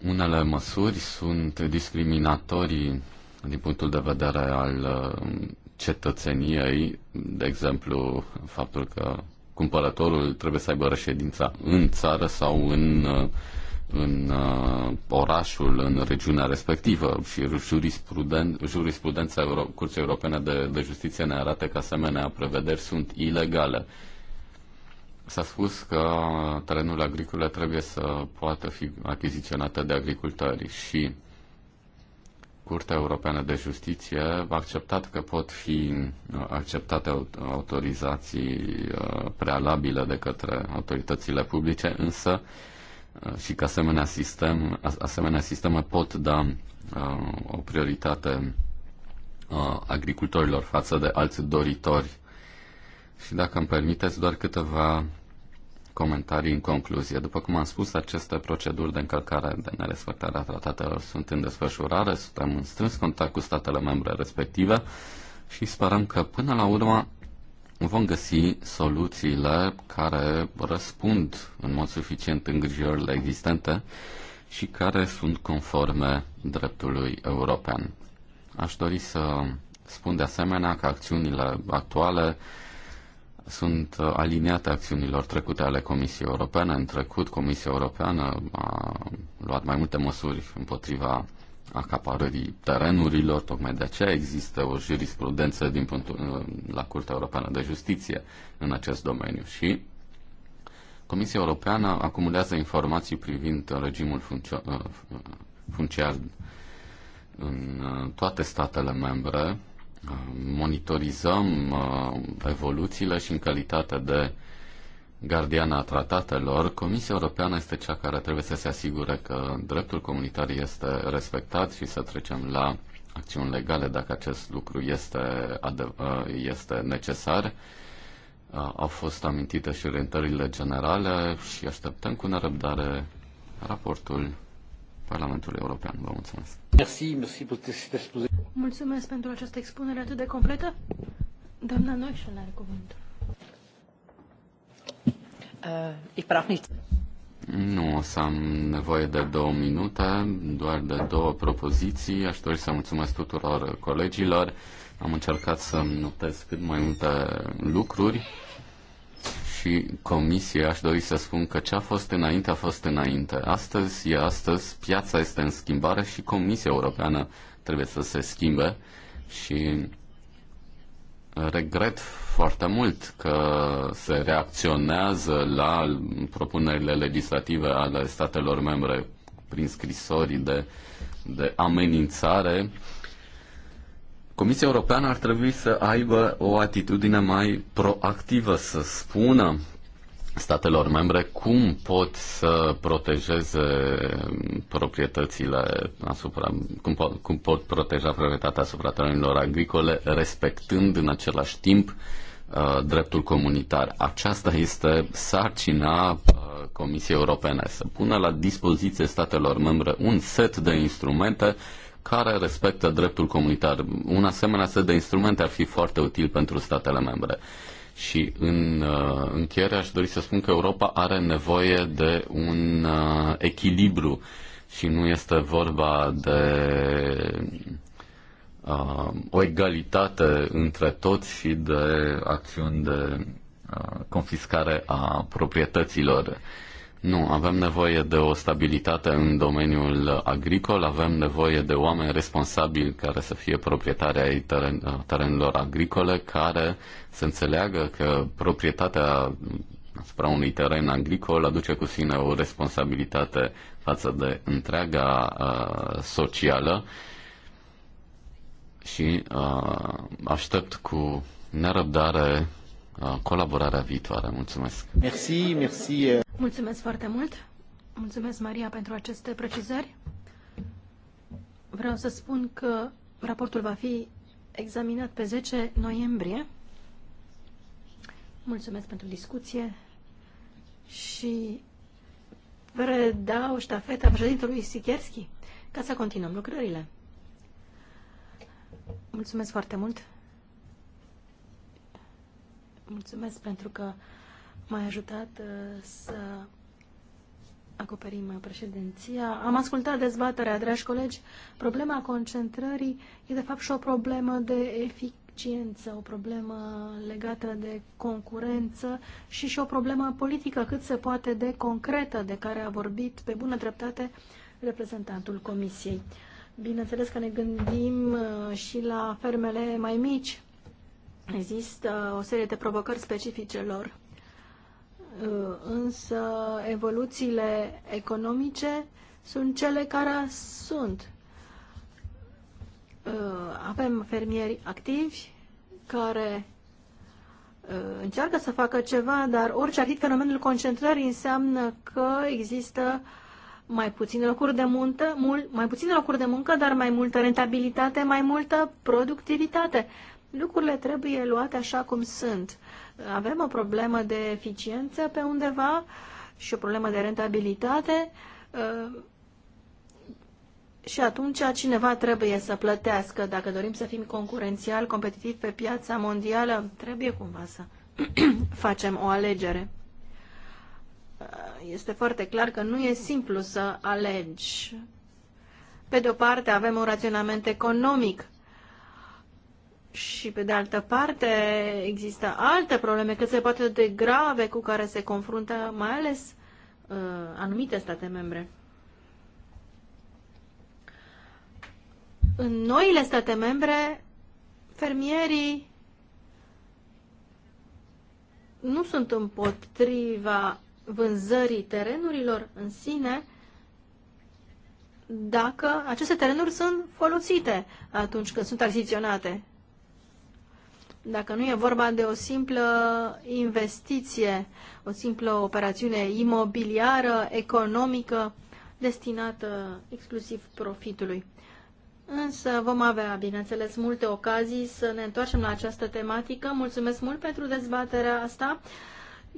Unele măsuri sunt discriminatorii din punctul de vedere al uh, cetățeniei, de exemplu, faptul că cumpărătorul trebuie să aibă reședința în țară sau în, uh, în uh, orașul, în regiunea respectivă. Și jurisprudența, jurisprudența Euro- Curții Europene de, de Justiție ne arată că asemenea prevederi sunt ilegale. S-a spus că terenul agricole trebuie să poată fi achiziționată de agricultori și Curtea Europeană de Justiție a acceptat că pot fi uh, acceptate autorizații uh, prealabile de către autoritățile publice, însă uh, și că asemenea, sistem, asemenea sisteme pot da o prioritate agricultorilor față de alți doritori. Și dacă îmi permiteți doar câteva comentarii în concluzie. După cum am spus, aceste proceduri de încălcare de nerespectare a tratatelor sunt în desfășurare, suntem în strâns contact cu statele membre respective și sperăm că până la urmă vom găsi soluțiile care răspund în mod suficient îngrijorile existente și care sunt conforme dreptului european. Aș dori să spun de asemenea că acțiunile actuale sunt uh, aliniate acțiunilor trecute ale Comisiei Europene. În trecut, Comisia Europeană a luat mai multe măsuri împotriva acaparării terenurilor, tocmai de aceea există o jurisprudență din punctul, uh, la Curtea Europeană de Justiție în acest domeniu și Comisia Europeană acumulează informații privind regimul uh, funciar în toate statele membre monitorizăm uh, evoluțiile și în calitate de gardiana a tratatelor, Comisia Europeană este cea care trebuie să se asigure că dreptul comunitar este respectat și să trecem la acțiuni legale dacă acest lucru este, uh, este necesar. Uh, au fost amintite și orientările generale și așteptăm cu nerăbdare raportul Parlamentul European. Vă mulțumesc. Mulțumesc pentru această expunere atât de completă. Doamna Noișel are cuvântul. Uh, nu o să am nevoie de două minute, doar de două propoziții. Aș dori să mulțumesc tuturor colegilor. Am încercat să notez cât mai multe lucruri și Comisie, aș dori să spun că ce a fost înainte a fost înainte. Astăzi e astăzi, piața este în schimbare și Comisia Europeană trebuie să se schimbe și regret foarte mult că se reacționează la propunerile legislative ale statelor membre prin scrisori de, de amenințare Comisia Europeană ar trebui să aibă o atitudine mai proactivă, să spună statelor membre cum pot să protejeze proprietățile asupra, cum, po- cum pot proteja proprietatea asupra terenurilor agricole, respectând în același timp uh, dreptul comunitar. Aceasta este sarcina uh, Comisiei Europene, să pună la dispoziție statelor membre un set de instrumente care respectă dreptul comunitar. Un asemenea set de instrumente ar fi foarte util pentru statele membre. Și în uh, încheiere aș dori să spun că Europa are nevoie de un uh, echilibru și nu este vorba de uh, o egalitate între toți și de acțiuni de uh, confiscare a proprietăților. Uh, nu, avem nevoie de o stabilitate în domeniul agricol, avem nevoie de oameni responsabili care să fie proprietari ai teren, terenilor agricole, care să înțeleagă că proprietatea asupra unui teren agricol aduce cu sine o responsabilitate față de întreaga uh, socială și uh, aștept cu nerăbdare colaborarea viitoare. Mulțumesc! Merci, merci. Mulțumesc foarte mult! Mulțumesc, Maria, pentru aceste precizări. Vreau să spun că raportul va fi examinat pe 10 noiembrie. Mulțumesc pentru discuție și predau ștafeta președintelui Sikierski ca să continuăm lucrările. Mulțumesc foarte mult! Mulțumesc pentru că m-ai ajutat uh, să acoperim uh, președinția. Am ascultat dezbaterea, dragi colegi. Problema concentrării e de fapt și o problemă de eficiență, o problemă legată de concurență și și o problemă politică cât se poate de concretă, de care a vorbit pe bună dreptate reprezentantul Comisiei. Bineînțeles că ne gândim uh, și la fermele mai mici, Există o serie de provocări specifice lor, uh, însă evoluțiile economice sunt cele care sunt. Uh, avem fermieri activi care uh, încearcă să facă ceva, dar orice ar fi fenomenul concentrării înseamnă că există mai puține locuri de muncă, mult, mai puține locuri de muncă, dar mai multă rentabilitate, mai multă productivitate lucrurile trebuie luate așa cum sunt. Avem o problemă de eficiență pe undeva și o problemă de rentabilitate uh, și atunci cineva trebuie să plătească. Dacă dorim să fim concurențial, competitiv pe piața mondială, trebuie cumva să facem o alegere. Uh, este foarte clar că nu e simplu să alegi. Pe de o parte avem un raționament economic și pe de altă parte există alte probleme cât se poate de grave cu care se confruntă mai ales uh, anumite state membre. În noile state membre, fermierii nu sunt împotriva vânzării terenurilor în sine, dacă aceste terenuri sunt folosite atunci când sunt achiziționate dacă nu e vorba de o simplă investiție, o simplă operațiune imobiliară, economică, destinată exclusiv profitului. Însă vom avea, bineînțeles, multe ocazii să ne întoarcem la această tematică. Mulțumesc mult pentru dezbaterea asta.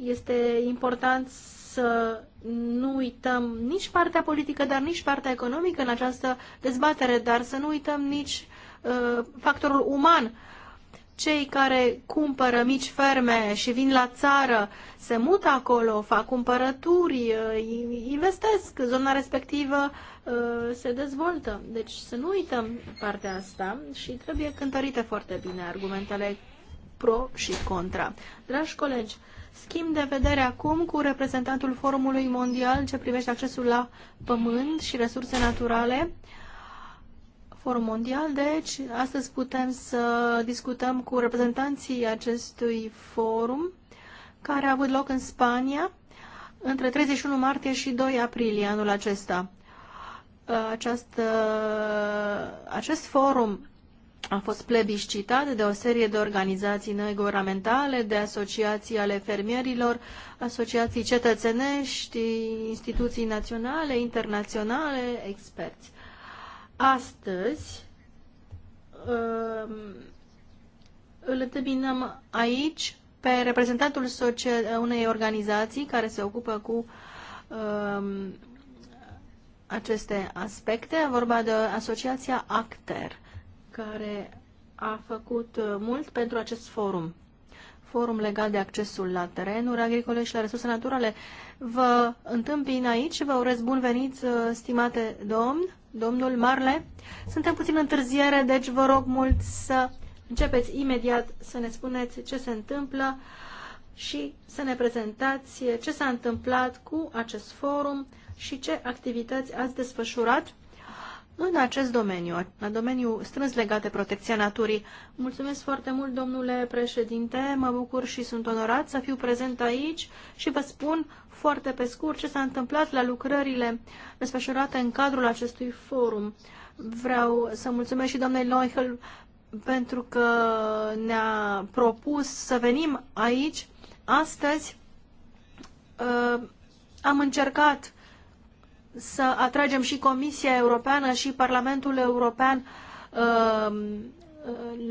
Este important să nu uităm nici partea politică, dar nici partea economică în această dezbatere, dar să nu uităm nici uh, factorul uman cei care cumpără mici ferme și vin la țară, se mută acolo, fac cumpărături, uh, investesc, zona respectivă uh, se dezvoltă. Deci să nu uităm partea asta și trebuie cântărite foarte bine argumentele pro și contra. Dragi colegi, schimb de vedere acum cu reprezentantul Forumului Mondial ce privește accesul la pământ și resurse naturale. Forum Mondial, deci astăzi putem să discutăm cu reprezentanții acestui forum care a avut loc în Spania între 31 martie și 2 aprilie anul acesta. Această, acest forum a fost plebiscitat de o serie de organizații neguvernamentale, de asociații ale fermierilor, asociații cetățenești, instituții naționale, internaționale, experți astăzi um, îl întâlnim aici pe reprezentantul unei organizații care se ocupă cu um, aceste aspecte. Vorba de Asociația Acter, care a făcut mult pentru acest forum. Forum legat de accesul la terenuri agricole și la resurse naturale. Vă întâmpin aici și vă urez bun venit, stimate domn domnul Marle. Suntem puțin întârziere, deci vă rog mult să începeți imediat să ne spuneți ce se întâmplă și să ne prezentați ce s-a întâmplat cu acest forum și ce activități ați desfășurat în acest domeniu, în domeniul strâns legat de protecția naturii. Mulțumesc foarte mult, domnule președinte, mă bucur și sunt onorat să fiu prezent aici și vă spun foarte pe scurt ce s-a întâmplat la lucrările desfășurate în cadrul acestui forum. Vreau să mulțumesc și domnului Loihel pentru că ne-a propus să venim aici astăzi. Uh, am încercat să atragem și Comisia Europeană și Parlamentul European um,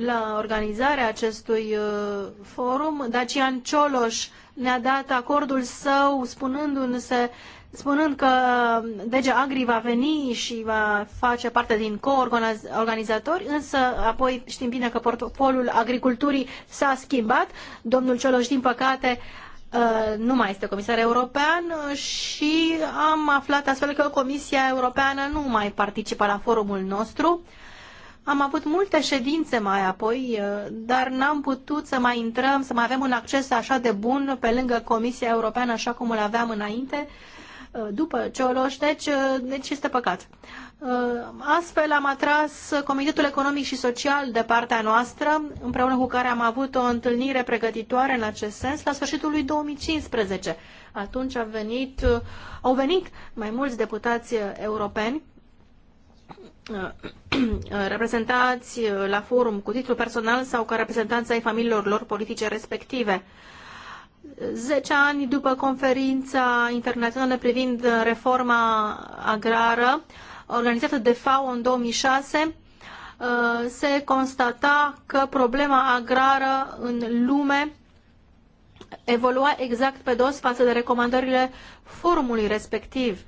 la organizarea acestui uh, forum. Dacian Cioloș ne-a dat acordul său spunându ne spunând că um, DG Agri va veni și va face parte din co-organizatori, însă apoi știm bine că portofoliul agriculturii s-a schimbat. Domnul Cioloș, din păcate, Uh, nu mai este comisar european uh, și am aflat astfel că Comisia Europeană nu mai participă la forumul nostru. Am avut multe ședințe mai apoi, uh, dar n-am putut să mai intrăm, să mai avem un acces așa de bun pe lângă Comisia Europeană așa cum îl aveam înainte, după Cioloș, deci, deci este păcat. Uh, astfel am atras Comitetul Economic și Social de partea noastră, împreună cu care am avut o întâlnire pregătitoare în acest sens la sfârșitul lui 2015. Atunci a venit, uh, au venit mai mulți deputați uh, europeni reprezentați la forum cu titlu personal sau ca reprezentanți ai familiilor lor politice respective. Zece ani după conferința internațională privind reforma agrară, organizată de FAO în 2006, uh, se constata că problema agrară în lume evolua exact pe dos față de recomandările forumului respectiv.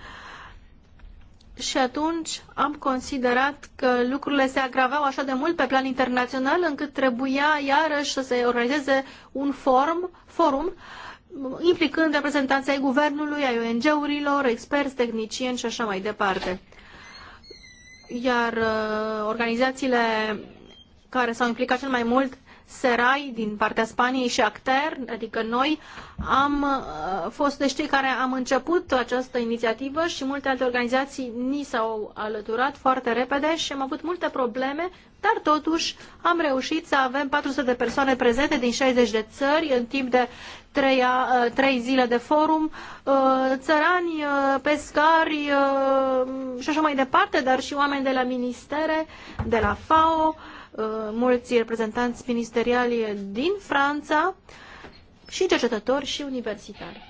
Și atunci am considerat că lucrurile se agravau așa de mult pe plan internațional încât trebuia iarăși să se organizeze un forum, forum implicând reprezentanții ai guvernului, ai ONG-urilor, experți, tehnicieni și așa mai departe iar uh, organizațiile care s-au implicat cel mai mult Serai din partea Spaniei și Acter, adică noi am uh, fost de cei care am început această inițiativă și multe alte organizații ni s-au alăturat foarte repede și am avut multe probleme, dar totuși am reușit să avem 400 de persoane prezente din 60 de țări în timp de trei, uh, trei zile de forum, uh, țărani, pescari și așa mai departe, dar și oameni de la ministere, de la FAO, Uh, mulți reprezentanți ministeriali din Franța și cercetători și universitari.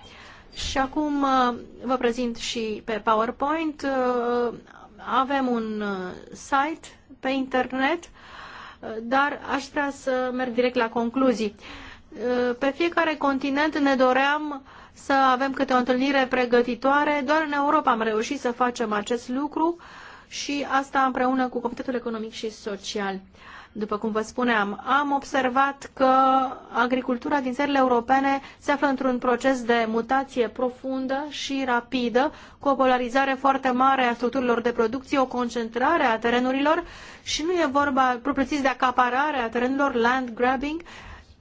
Și acum uh, vă prezint și pe PowerPoint. Uh, avem un site pe internet, dar aș vrea să merg direct la concluzii. Pe fiecare continent ne doream să avem câte o întâlnire pregătitoare. Doar în Europa am reușit să facem acest lucru și asta împreună cu Comitetul Economic și Social. După cum vă spuneam, am observat că agricultura din țările europene se află într-un proces de mutație profundă și rapidă, cu o polarizare foarte mare a structurilor de producție, o concentrare a terenurilor și nu e vorba propriu-zis de acaparare a terenurilor, land grabbing,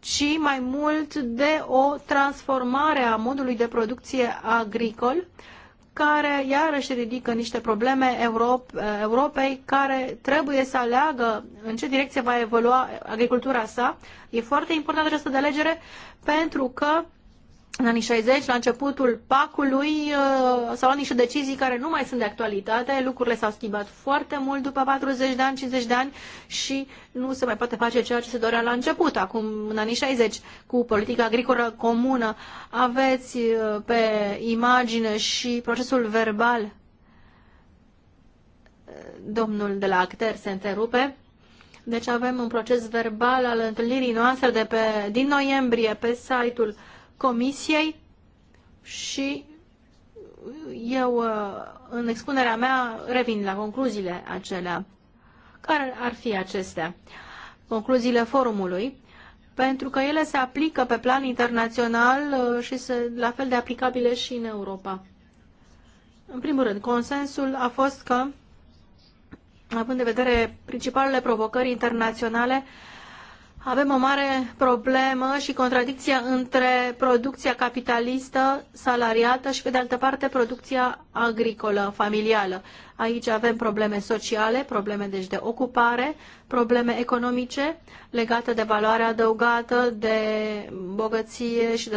ci mai mult de o transformare a modului de producție agricol uh, care iarăși ridică niște probleme Europei care trebuie să aleagă în ce direcție va evolua agricultura sa. E foarte importantă această delegere pentru că în anii 60, la începutul pacului, uh, s-au luat niște decizii care nu mai sunt de actualitate, lucrurile s-au schimbat foarte mult după 40 de ani, 50 de ani și nu se mai poate face ceea ce se dorea la început, acum în anii 60, cu politica agricolă comună. Aveți uh, pe imagine și procesul verbal. Uh, domnul de la Acter se întrerupe. Deci avem un proces verbal al întâlnirii noastre de pe, din noiembrie pe site-ul uh, Comisiei și eu, uh, în expunerea mea, revin la concluziile acelea. Care ar fi acestea? Concluziile forumului, pentru că ele se aplică pe plan internațional uh, și sunt la fel de aplicabile și în Europa. În primul rând, consensul a fost că, având de vedere principalele provocări internaționale, avem o mare problemă și contradicția între producția capitalistă, salariată și, pe de altă parte, producția agricolă, familială. Aici avem probleme sociale, probleme deci de ocupare, probleme economice legate de valoarea adăugată, de bogăție și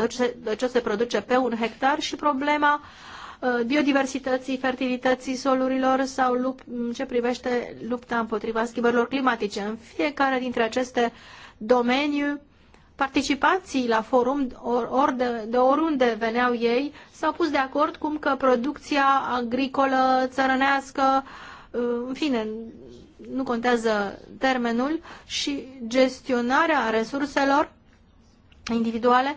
de ce se produce pe un hectar și problema uh, biodiversității, fertilității solurilor sau lup, ce privește lupta împotriva schimbărilor climatice. În fiecare dintre aceste uh, domeniu, participanții la forum, or de, de oriunde veneau ei, s-au pus de acord cum că producția agricolă, țărănească, în fine, nu contează termenul, și gestionarea resurselor individuale,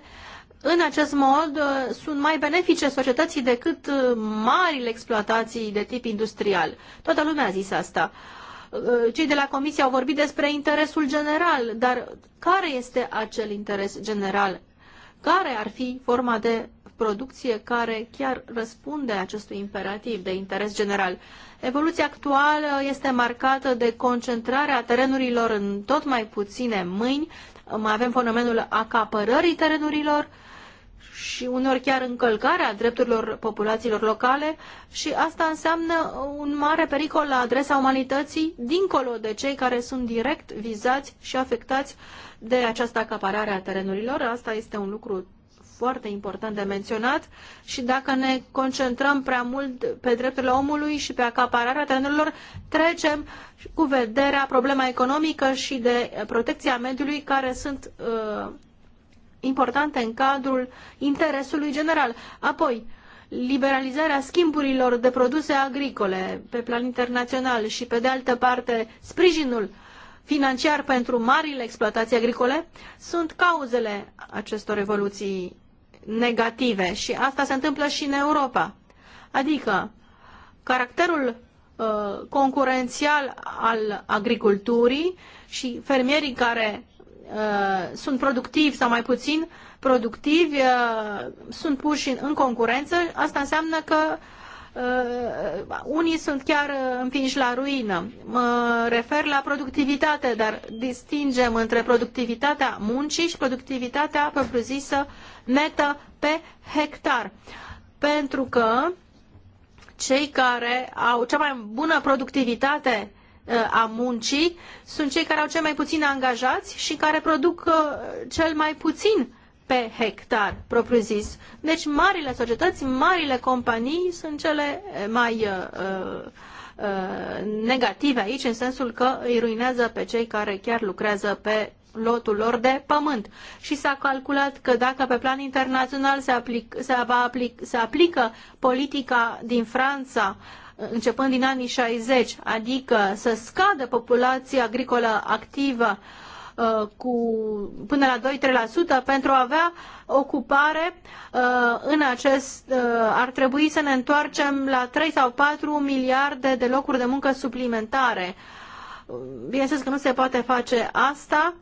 în acest mod uh, sunt mai benefice societății decât uh, marile exploatații de tip industrial. Toată lumea a zis asta. Uh, Uh, cei de la Comisie au vorbit despre interesul general, dar care este acel interes general? Care ar fi forma de producție care chiar răspunde acestui imperativ de interes general? Evoluția actuală este marcată de concentrarea terenurilor în tot mai puține mâini, mai avem fenomenul acapărării terenurilor, uh, și unor chiar încălcarea drepturilor populațiilor locale și asta înseamnă un mare pericol la adresa umanității dincolo de cei care sunt direct vizați și afectați de această acaparare a terenurilor. Asta este un lucru foarte important de menționat și dacă ne concentrăm prea mult pe drepturile omului și pe acapararea terenurilor, trecem cu vederea problema economică și de protecția mediului care sunt uh, importante în cadrul interesului general. Apoi, liberalizarea schimburilor de produse agricole pe plan internațional și, pe de altă parte, sprijinul financiar pentru marile exploatații agricole sunt cauzele acestor evoluții negative și asta se întâmplă și în Europa. Adică, caracterul uh, concurențial al agriculturii și fermierii care uh, sunt productivi sau mai puțin productivi, uh, sunt puși în, în concurență, asta înseamnă că uh, unii sunt chiar uh, împinși la ruină. Mă refer la productivitate, dar distingem între productivitatea muncii și productivitatea propriu-zisă netă pe hectar. Pentru că cei care au cea mai bună productivitate a muncii sunt cei care au cei mai puțin angajați și care produc uh, cel mai puțin pe hectar, propriu zis. Deci marile societăți, marile companii sunt cele mai uh, uh, negative aici, în sensul că îi ruinează pe cei care chiar lucrează pe lotul lor de pământ. Și s-a calculat că dacă pe plan internațional se, aplic, se, aplic, se aplică politica din Franța, uh, începând din anii 60, adică să scadă populația agricolă activă uh, cu până la 2-3% pentru a avea ocupare uh, în acest uh, ar trebui să ne întoarcem la 3 sau 4 miliarde de locuri de muncă suplimentare. Bineînțeles că nu se poate face asta,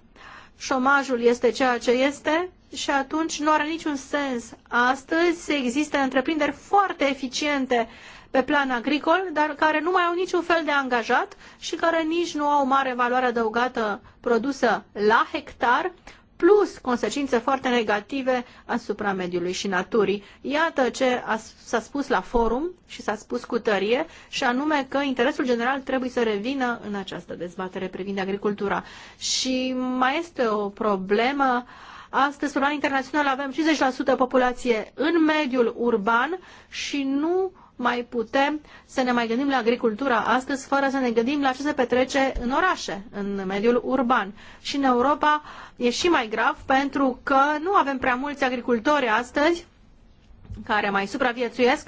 șomajul este ceea ce este și atunci nu are niciun sens. Astăzi există întreprinderi foarte eficiente pe plan agricol, dar care nu mai au niciun fel de angajat și care nici nu au mare valoare adăugată produsă la hectar, plus consecințe foarte negative asupra mediului și naturii. Iată ce s-a spus la forum și s-a spus cu tărie, și anume că interesul general trebuie să revină în această dezbatere privind agricultura. Și mai este o problemă. Astăzi, pe plan internațional, avem 50% populație în mediul urban și nu mai putem să ne mai gândim la agricultura astăzi fără să ne gândim la ce se petrece în orașe, în mediul urban. Și în Europa e și mai grav pentru că nu avem prea mulți agricultori astăzi care mai supraviețuiesc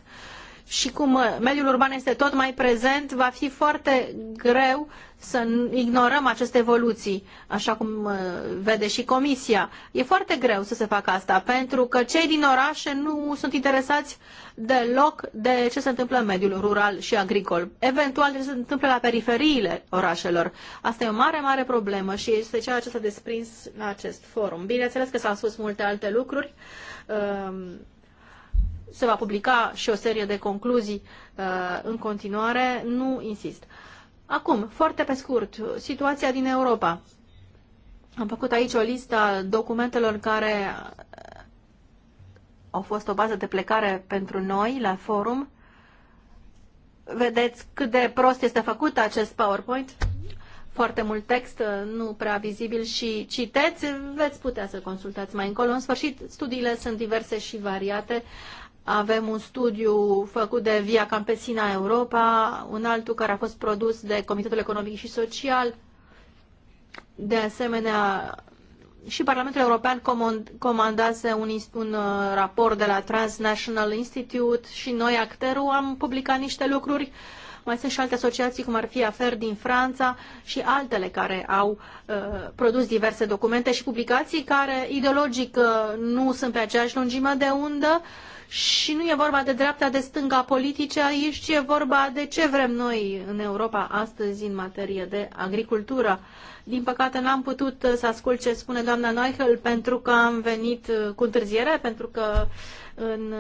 și cum uh, mediul urban este tot mai prezent, va fi foarte greu să ignorăm aceste evoluții, așa cum uh, vede și Comisia. E foarte greu să se facă asta, pentru că cei din orașe nu sunt interesați deloc de ce se întâmplă în mediul rural și agricol. Eventual ce se întâmplă la periferiile orașelor. Asta e o mare, mare problemă și este ceea ce s-a desprins la acest forum. Bineînțeles că s-au spus multe alte lucruri um, se va publica și o serie de concluzii uh, în continuare, nu insist. Acum, foarte pe scurt, situația din Europa. Am făcut aici o listă a documentelor care au fost o bază de plecare pentru noi la forum. Vedeți cât de prost este făcut acest PowerPoint? Foarte mult text, nu prea vizibil și citeți, veți putea să consultați mai încolo. În sfârșit, studiile sunt diverse și variate. Avem un studiu făcut de Via Campesina Europa, un altul care a fost produs de Comitetul Economic și Social. De asemenea, și Parlamentul European comandase un, un uh, raport de la Transnational Institute și noi, Acteru, am publicat niște lucruri. Mai sunt și alte asociații, cum ar fi Afer din Franța și altele care au uh, produs diverse documente și publicații care ideologic uh, nu sunt pe aceeași lungime de undă. Uh, și nu e vorba de dreapta, de stânga politice, aici e vorba de ce vrem noi în Europa astăzi în materie de agricultură. Din păcate n-am putut să ascult ce spune doamna Neuchel pentru că am venit cu întârziere, pentru că în,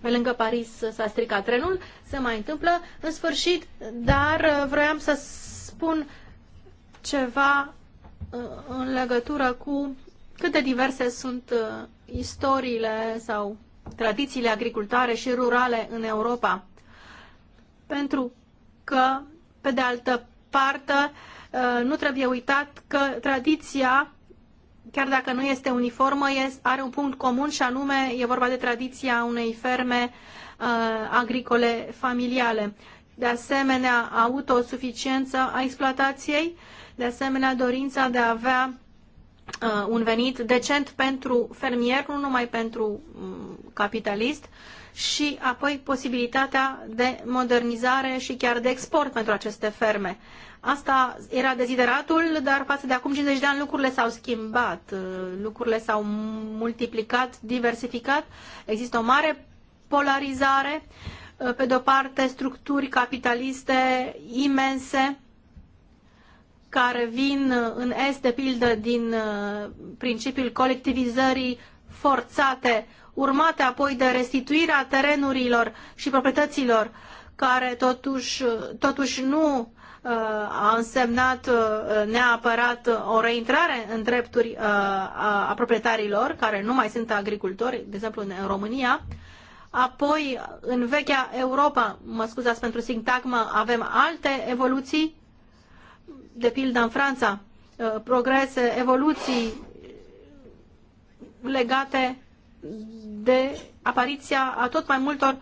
pe lângă Paris s-a stricat trenul, se mai întâmplă în sfârșit, dar vroiam să spun ceva uh, în legătură cu cât de diverse sunt uh, istoriile sau tradițiile agricultare și rurale în Europa. Pentru că, pe de altă parte, uh, nu trebuie uitat că tradiția, chiar dacă nu este uniformă, are un punct comun și anume e vorba de tradiția unei ferme uh, agricole familiale. De asemenea, autosuficiență a exploatației, de asemenea, dorința de a avea Uh, un venit decent pentru fermier, nu numai pentru mm, capitalist, și apoi posibilitatea de modernizare și chiar de export pentru aceste ferme. Asta era dezideratul, dar față de acum 50 de ani lucrurile s-au schimbat, uh, lucrurile s-au multiplicat, diversificat, există o mare polarizare, uh, pe de o parte structuri capitaliste imense, care vin uh, în Est, de pildă, din uh, principiul colectivizării forțate, urmate apoi de restituirea terenurilor și proprietăților, care totuși, uh, totuși nu a însemnat neapărat o reintrare în drepturi a proprietarilor, care nu mai sunt agricultori, de exemplu în România. Apoi, în vechea Europa, mă scuzați pentru sintagmă, avem alte evoluții de pildă în Franța, uh, progrese, evoluții legate de apariția a tot mai multor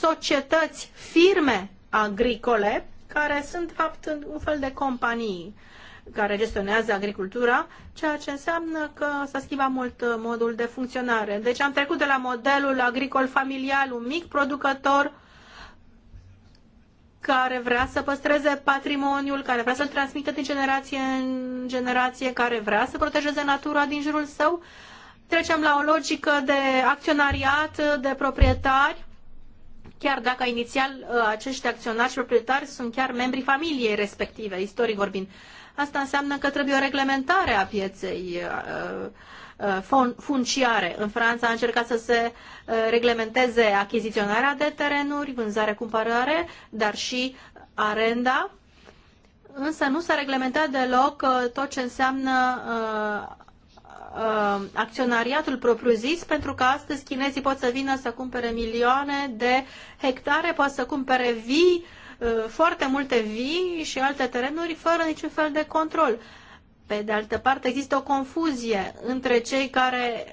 societăți, firme agricole, care sunt, de fapt, un fel de companii care gestionează agricultura, ceea ce înseamnă că s-a schimbat mult uh, modul de funcționare. Deci am trecut de la modelul agricol familial, un mic producător, care vrea să păstreze patrimoniul, care vrea să-l transmită din generație în generație, care vrea să protejeze natura din jurul său. Trecem la o logică de acționariat, de proprietari, chiar dacă inițial uh, acești acționari și proprietari sunt chiar membrii familiei respective, istoric vorbind. Asta înseamnă că trebuie o reglementare a pieței uh, funciare. În Franța a încercat să se uh, reglementeze achiziționarea de terenuri, vânzare-cumpărare, dar și arenda. Însă nu s-a reglementat deloc uh, tot ce înseamnă uh, acționariatul propriu-zis, pentru că astăzi chinezii pot să vină să cumpere milioane de hectare, pot să cumpere vii, foarte multe vii și alte terenuri fără niciun fel de control. Pe de altă parte, există o confuzie între cei care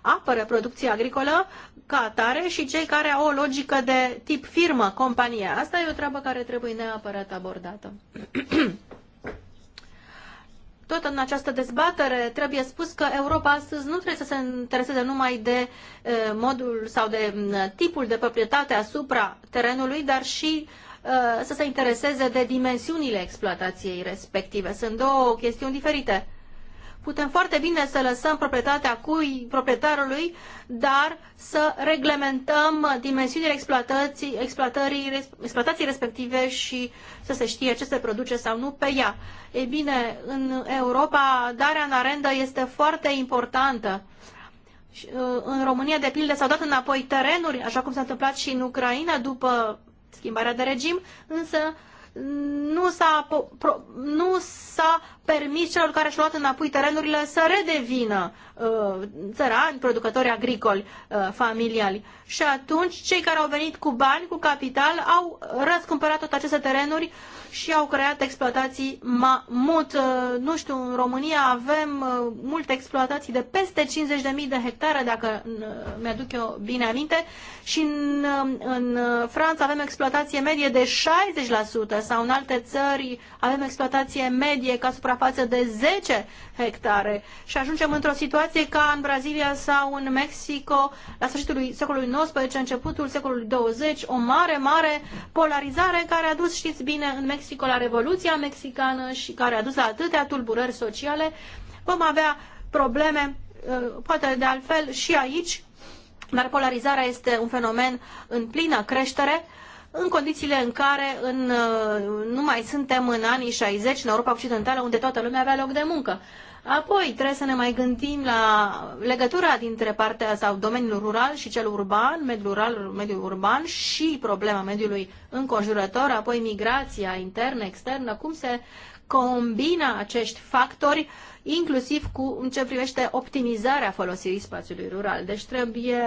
apără producția agricolă ca atare și cei care au o logică de tip firmă, companie. Asta e o treabă care trebuie neapărat abordată. Tot în această dezbatere trebuie spus că Europa astăzi nu trebuie să se intereseze numai de eh, modul sau de mm, tipul de proprietate asupra terenului, dar și Uh, să se intereseze de dimensiunile exploatației respective. Sunt două chestiuni diferite. Putem foarte bine să lăsăm proprietatea cui proprietarului, dar să reglementăm dimensiunile exploatației, exploatării, exploatației respective și să se știe ce se produce sau nu pe ea. Ei bine, în Europa, darea în arendă este foarte importantă uh, în România, de pildă, s-au dat înapoi terenuri, așa cum s-a întâmplat și în Ucraina după schimbarea de regim, însă nu s-a, nu s-a permis celor care și-au luat înapoi terenurile să redevină uh, țărani, producători agricoli, uh, familiali. Și atunci cei care au venit cu bani, cu capital, au răscumpărat toate aceste terenuri și au creat exploatații mamut. Uh, nu știu, în România avem uh, multe exploatații de peste 50.000 de hectare, dacă uh, mi-aduc eu bine aminte, și în, uh, în uh, Franța avem exploatație medie de 60% sau în alte țări avem exploatație medie ca suprafață de 10 hectare și ajungem într-o situație ca în Brazilia sau în Mexico la sfârșitul secolului XIX, începutul secolului 20, o mare, mare polarizare care a dus, știți bine, în Mexico la Revoluția Mexicană și care a dus la atâtea tulburări sociale. Vom avea probleme, uh, poate de altfel și aici, dar polarizarea este un fenomen în plină creștere în condițiile în care în, uh, nu mai suntem în anii 60 în Europa Occidentală, unde toată lumea avea loc de muncă. Apoi trebuie să ne mai gândim la legătura dintre partea sau domeniul rural și cel urban, mediul rural, mediul urban și problema mediului înconjurător, apoi migrația internă, externă, cum se uh, combina acești factori, inclusiv cu în ce privește optimizarea folosirii spațiului rural. Deci trebuie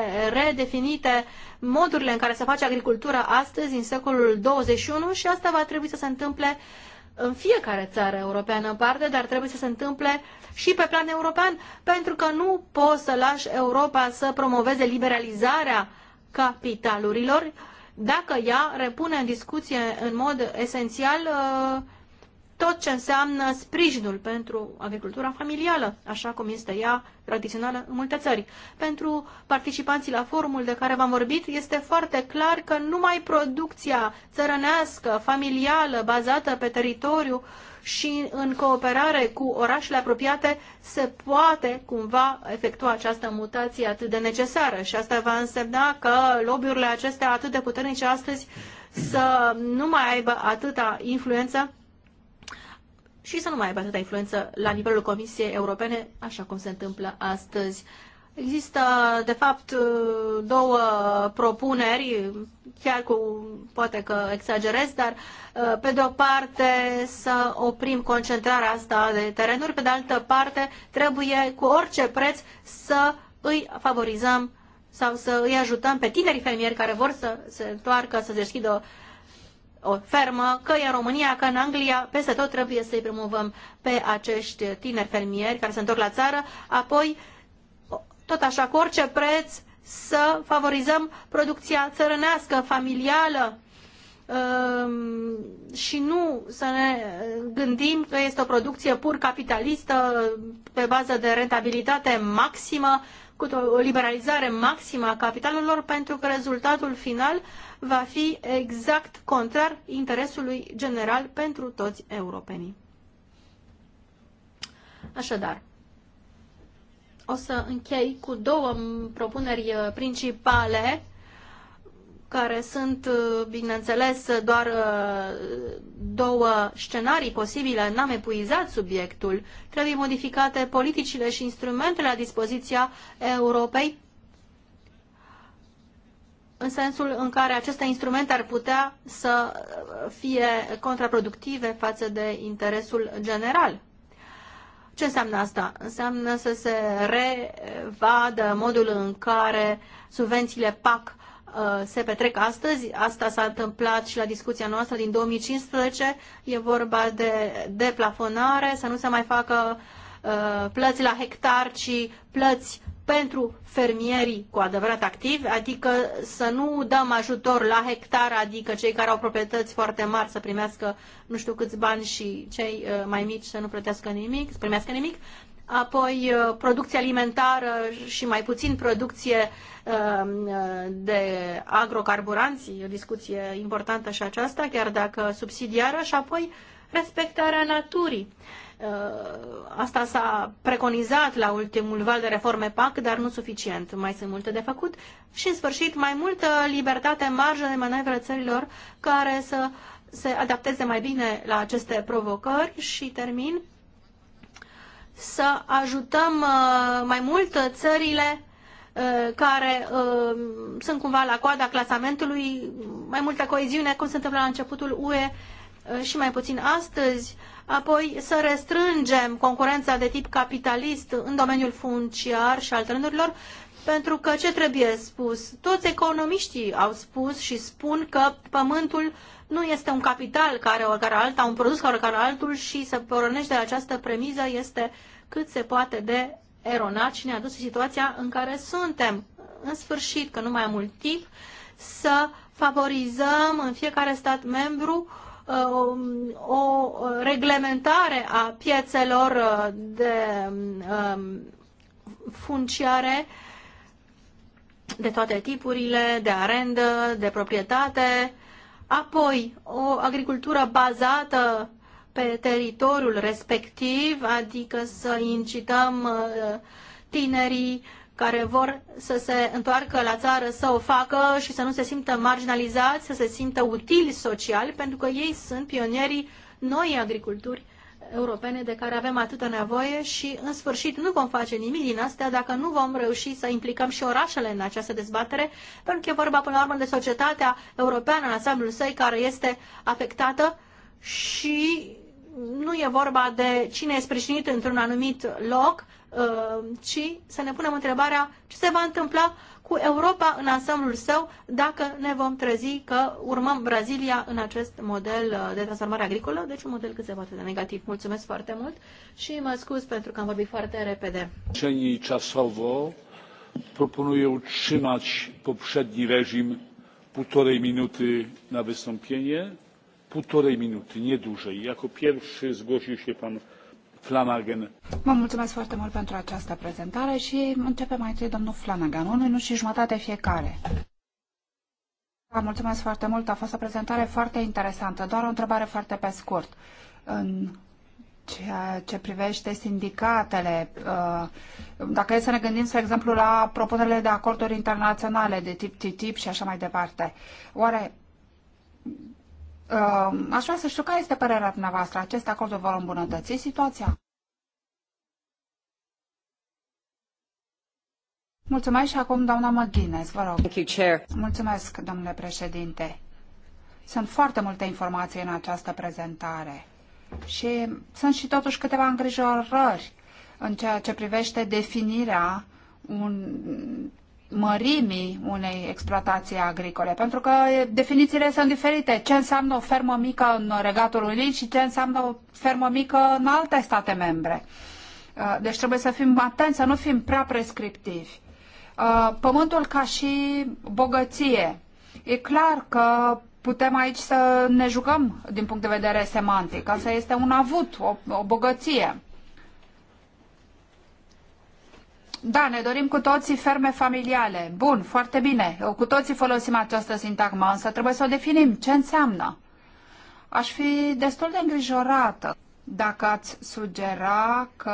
redefinite modurile în care se face agricultura astăzi, în secolul 21 și asta va trebui să se întâmple în fiecare țară europeană în parte, dar trebuie să se întâmple și pe plan european, pentru că nu poți să lași Europa să promoveze liberalizarea capitalurilor dacă ea repune în discuție în mod esențial uh, tot ce înseamnă sprijinul pentru agricultura familială, așa cum este ea tradițională în multe țări. Pentru participanții la forumul de care v-am vorbit, este foarte clar că numai producția țărănească, familială, bazată pe teritoriu și în cooperare cu orașele apropiate, se poate cumva efectua această mutație atât de necesară. Și asta va însemna că lobby-urile acestea atât de puternice astăzi să nu mai aibă atâta influență și să nu mai aibă atâta influență la nivelul Comisiei Europene, așa cum se întâmplă astăzi. Există, de fapt, două propuneri, chiar cu, poate că exagerez, dar pe de o parte să oprim concentrarea asta de terenuri, pe de altă parte trebuie cu orice preț să îi favorizăm sau să îi ajutăm pe tinerii fermieri care vor să se întoarcă, să deschidă o fermă, că e în România, că în Anglia, peste tot trebuie să-i promovăm pe acești tineri fermieri care se întorc la țară, apoi, tot așa, cu orice preț, să favorizăm producția țărănească, familială ehm, și nu să ne gândim că este o producție pur capitalistă pe bază de rentabilitate maximă, cu o liberalizare maximă a capitalelor, pentru că rezultatul final va fi exact contrar interesului general pentru toți europenii. Așadar, o să închei cu două propuneri principale care sunt, bineînțeles, doar două scenarii posibile, n-am epuizat subiectul, trebuie modificate politicile și instrumentele la dispoziția Europei în sensul în care aceste instrumente ar putea să fie contraproductive față de interesul general. Ce înseamnă asta? Înseamnă să se revadă modul în care subvențiile PAC uh, se petrec astăzi. Asta s-a întâmplat și la discuția noastră din 2015. E vorba de deplafonare, să nu se mai facă uh, plăți la hectar, ci plăți pentru fermierii cu adevărat activi, adică să nu dăm ajutor la hectar, adică cei care au proprietăți foarte mari să primească nu știu câți bani și cei uh, mai mici să nu plătească nimic, să primească nimic, apoi uh, producție alimentară și mai puțin producție um, uh, de agrocarburanți, o discuție importantă și aceasta, chiar dacă subsidiară, și apoi respectarea naturii. Uh, asta s-a preconizat la ultimul val de reforme PAC, dar nu suficient. Mai sunt multe de făcut și, în sfârșit, mai multă libertate în marjă de manevră țărilor care să se adapteze mai bine la aceste provocări și termin să ajutăm uh, mai mult uh, țările uh, care sunt cumva la coada clasamentului, mai multă coeziune, cum se întâmplă la începutul UE și mai puțin astăzi, apoi să restrângem concurența de tip capitalist în domeniul funciar și al trendurilor pentru că ce trebuie spus? Toți economiștii au spus și spun că pământul nu este un capital care oricare alta, un produs care oricare altul și să pornești de această premiză este cât se poate de eronat și ne-a dus situația în care suntem. În sfârșit, că nu mai am mult timp, să favorizăm în fiecare stat membru uh, o reglementare a piețelor uh, de um, funciare de toate tipurile, de arendă, de proprietate, apoi o agricultură bazată pe teritoriul respectiv, adică să incităm uh, tinerii care vor să se întoarcă la țară să o facă și să nu se simtă marginalizați, să se simtă utili social, pentru că ei sunt pionierii noi agriculturi europene de care avem atâta nevoie și, în sfârșit, nu vom face nimic din astea dacă nu vom reuși să implicăm și orașele în această dezbatere, pentru că e vorba, până la urmă, de societatea europeană în ansamblul săi care este afectată și nu e vorba de cine e sprijinit într-un anumit loc, uh, ci să ne punem întrebarea ce se va întâmpla cu Europa în ansamblul său dacă ne vom trezi că urmăm Brazilia în acest model uh, de transformare agricolă, deci un model cât se poate de negativ. Mulțumesc foarte mult și mă scuz pentru că am vorbit foarte repede. czasowo proponuję utrzymać poprzedni reżim półtorej minuty na wystąpienie, półtorej minuty, nie dłużej. Jako pierwszy zgłosił się pan Flanagan. Vă mulțumesc foarte mult pentru această prezentare și începem mai întâi domnul Flanagan, unul nu și jumătate fiecare. Vă da, mulțumesc foarte mult, a fost o prezentare foarte interesantă. Doar o întrebare foarte pe scurt. În ceea ce privește sindicatele, uh, dacă e să ne gândim, spre exemplu, la propunerile de acorduri internaționale de tip TTIP și așa mai departe, oare Ehm, aș vrea să știu care este părerea dumneavoastră. Acest acord va îmbunătăți situația? Mulțumesc și acum doamna McGuinness, vă rog. Thank you, Chair. Mulțumesc, domnule președinte. Sunt foarte multe informații în această prezentare și sunt și totuși câteva îngrijorări în ceea ce privește definirea un, mărimii unei exploatații agricole, pentru că definițiile sunt diferite. Ce înseamnă o fermă mică în Regatul Unit și ce înseamnă o fermă mică în alte state membre. Uh, deci trebuie să fim atenți, să nu fim prea prescriptivi. Uh, pământul ca și bogăție. E clar că putem aici să ne jucăm din punct de vedere semantic. Asta este un avut, o, o bogăție. Da, ne dorim cu toții ferme familiale. Bun, foarte bine. Cu toții folosim această sintagmă, însă trebuie să o definim. Ce înseamnă? Aș fi destul de îngrijorată dacă ați sugera că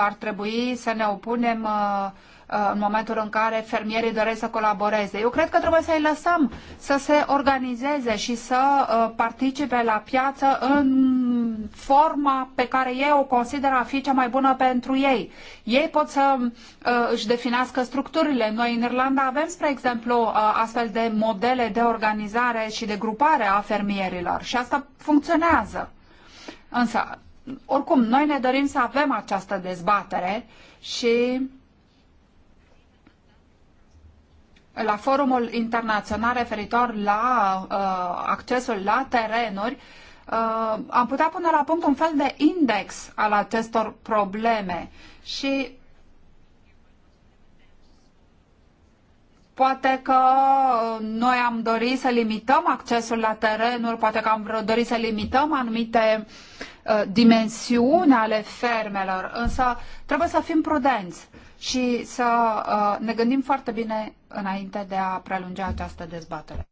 ar trebui să ne opunem uh, Uh, în momentul în care fermierii doresc să colaboreze. Eu cred că trebuie să-i lăsăm să se organizeze și să uh, participe la piață în forma pe care ei o consideră a fi cea mai bună pentru ei. Ei pot să uh, își definească structurile. Noi în Irlanda avem, spre exemplu, astfel de modele de organizare și de grupare a fermierilor și asta funcționează. Însă, oricum, noi ne dorim să avem această dezbatere și la forumul internațional referitor la uh, accesul la terenuri, uh, am putea pune la punct un fel de index al acestor probleme și poate că noi am dorit să limităm accesul la terenuri, poate că am dorit să limităm anumite uh, dimensiuni ale fermelor, însă trebuie să fim prudenți. Uh, și să uh, ne gândim foarte bine înainte de a prelungi această dezbatere.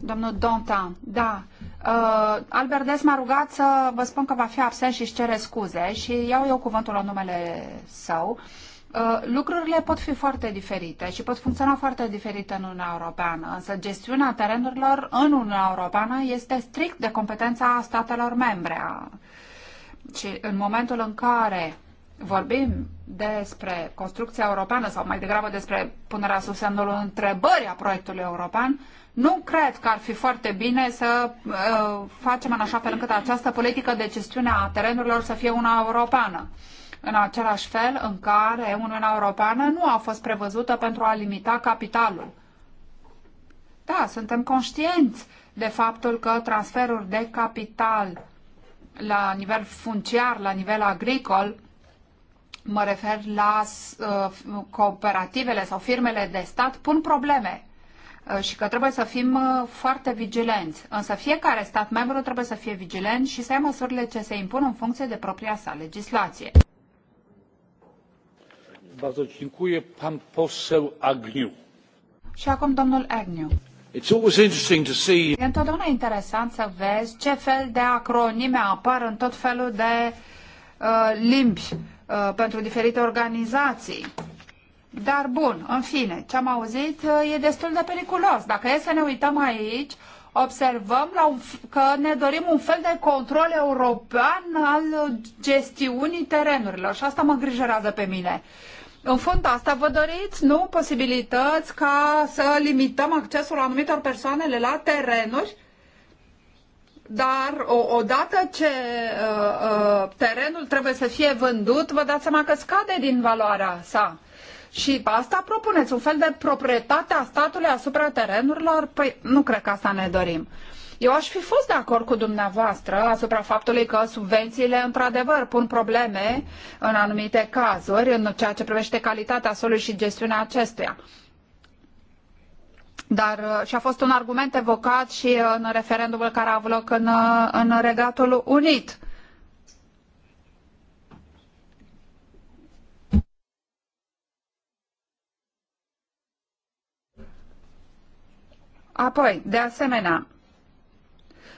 Domnul Donta, da. Uh, Albert Des m-a rugat să vă spun că va fi absent și își cere scuze și iau eu cuvântul la numele său. Uh, Uh, lucrurile pot fi foarte diferite și pot funcționa foarte diferit în Uniunea Europeană, însă gestiunea terenurilor în Uniunea Europeană este strict de competența statelor membre. Și în momentul în care vorbim despre construcția europeană sau mai degrabă despre punerea sub semnul întrebării a proiectului european, nu cred că ar fi foarte bine să uh, facem în așa fel încât această politică de gestiune a terenurilor să fie una europeană. Uh, în același fel în care Uniunea Europeană nu a fost prevăzută pentru a limita capitalul. Da, suntem conștienți de faptul că transferul de capital la nivel funciar, la nivel agricol, mă refer la uh, cooperativele sau firmele de stat, pun probleme uh, și că trebuie să fim uh, foarte vigilenți. Însă fiecare stat membru trebuie să fie vigilent și să ia măsurile ce se impun în funcție de propria sa legislație. Și acum domnul Agnew. It's always interesting to see... E întotdeauna interesant să vezi ce fel de acronime apar în tot felul de uh, limbi uh, pentru diferite organizații. Dar bun, în fine, ce am auzit uh, e destul de periculos. Dacă e să ne uităm aici, observăm la un, că ne dorim un fel de control european al gestiunii terenurilor și asta mă îngrijorează pe mine. Uh, în fond, asta vă doriți, nu? Posibilități ca să limităm accesul anumitor persoanele la terenuri dar o, odată ce uh, uh, terenul trebuie să fie vândut, vă dați seama că scade din valoarea sa. Și asta propuneți, un fel de proprietate a statului asupra terenurilor? Păi nu cred că asta ne dorim. Eu aș fi fost de acord cu dumneavoastră asupra faptului că subvențiile, într-adevăr, pun probleme în anumite cazuri, în ceea ce privește calitatea solului și gestiunea acestuia. Dar uh, și a fost un argument evocat și uh, în referendumul care a avut loc în, uh, în Regatul Unit. Apoi, de asemenea,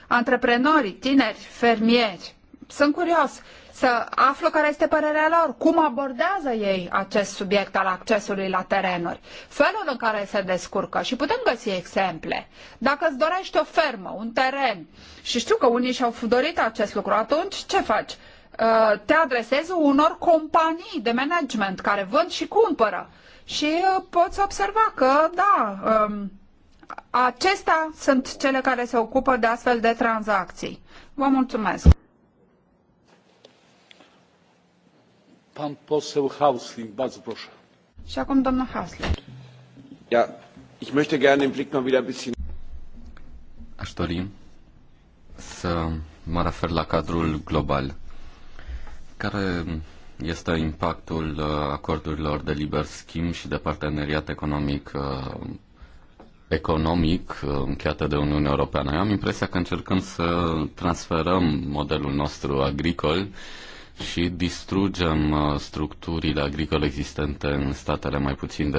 antreprenorii, tineri, fermieri. Sunt curios să aflu care este părerea lor, cum abordează ei acest subiect al accesului la terenuri, felul în care se descurcă și putem găsi exemple. Dacă îți dorești o fermă, un teren și știu că unii și-au dorit acest lucru, atunci ce faci? Uh, te adresezi unor companii de management care vând și cumpără și uh, poți observa că, da, um, Acestea sunt cele care se ocupă de astfel de tranzacții. Vă mulțumesc. Pan poseł Hausling, bardzo proszę. Și acum domnul Hausling. Ja, ich möchte gerne den Blick mal wieder ein bisschen... Aș dori să mă refer la cadrul global. Care este impactul uh, acordurilor de liber schimb și de parteneriat economic uh, economic uh, încheiată de Uniunea Europeană. Eu am impresia că încercăm să transferăm modelul nostru agricol și distrugem uh, structurile agricole existente în statele mai puțin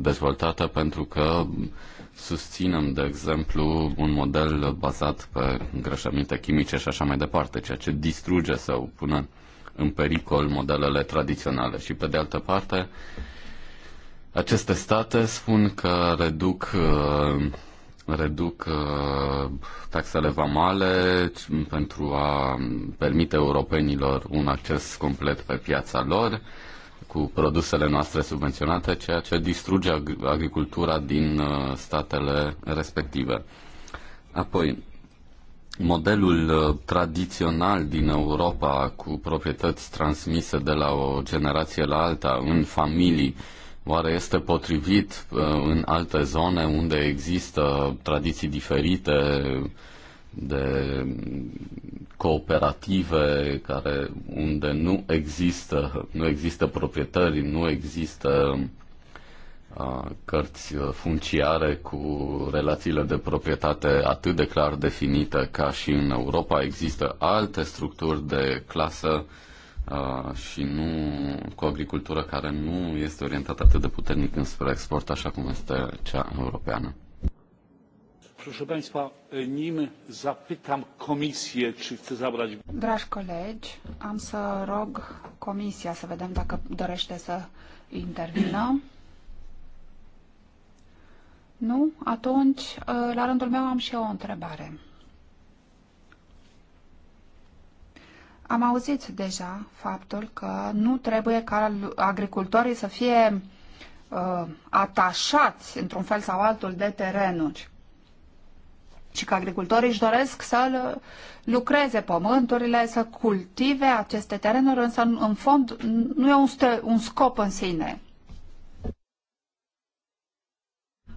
dezvoltate pentru că susținem, de exemplu, un model bazat pe îngrășăminte chimice și așa mai departe, ceea ce distruge sau pune în pericol modelele tradiționale. Și pe de altă parte, aceste state spun că reduc, uh, reduc uh, taxele vamale pentru a permite europenilor un acces complet pe piața lor cu produsele noastre subvenționate, ceea ce distruge agricultura din uh, statele respective. Apoi, modelul tradițional din Europa cu proprietăți transmise de la o generație la alta în familii Oare este potrivit uh, în alte zone unde există tradiții diferite de cooperative care, unde nu există, nu există proprietări, nu există uh, cărți uh, funciare cu relațiile de proprietate atât de clar definite ca și în Europa. Există alte structuri de clasă Uh, și nu cu o agricultură care nu este orientată atât de puternic înspre export, așa cum este cea europeană. Proszę Państwa, nim zapytam Komisję, czy chce zabrać... Dragi colegi, am să rog Comisia să vedem dacă dorește să intervină. Nu? Atunci, uh, la rândul meu am și eu o întrebare. Am auzit deja faptul că nu trebuie ca agricultorii să fie uh, atașați într-un fel sau altul de terenuri și că agricultorii își doresc să lucreze pământurile, să cultive aceste terenuri, însă în fond nu e un, un scop în sine.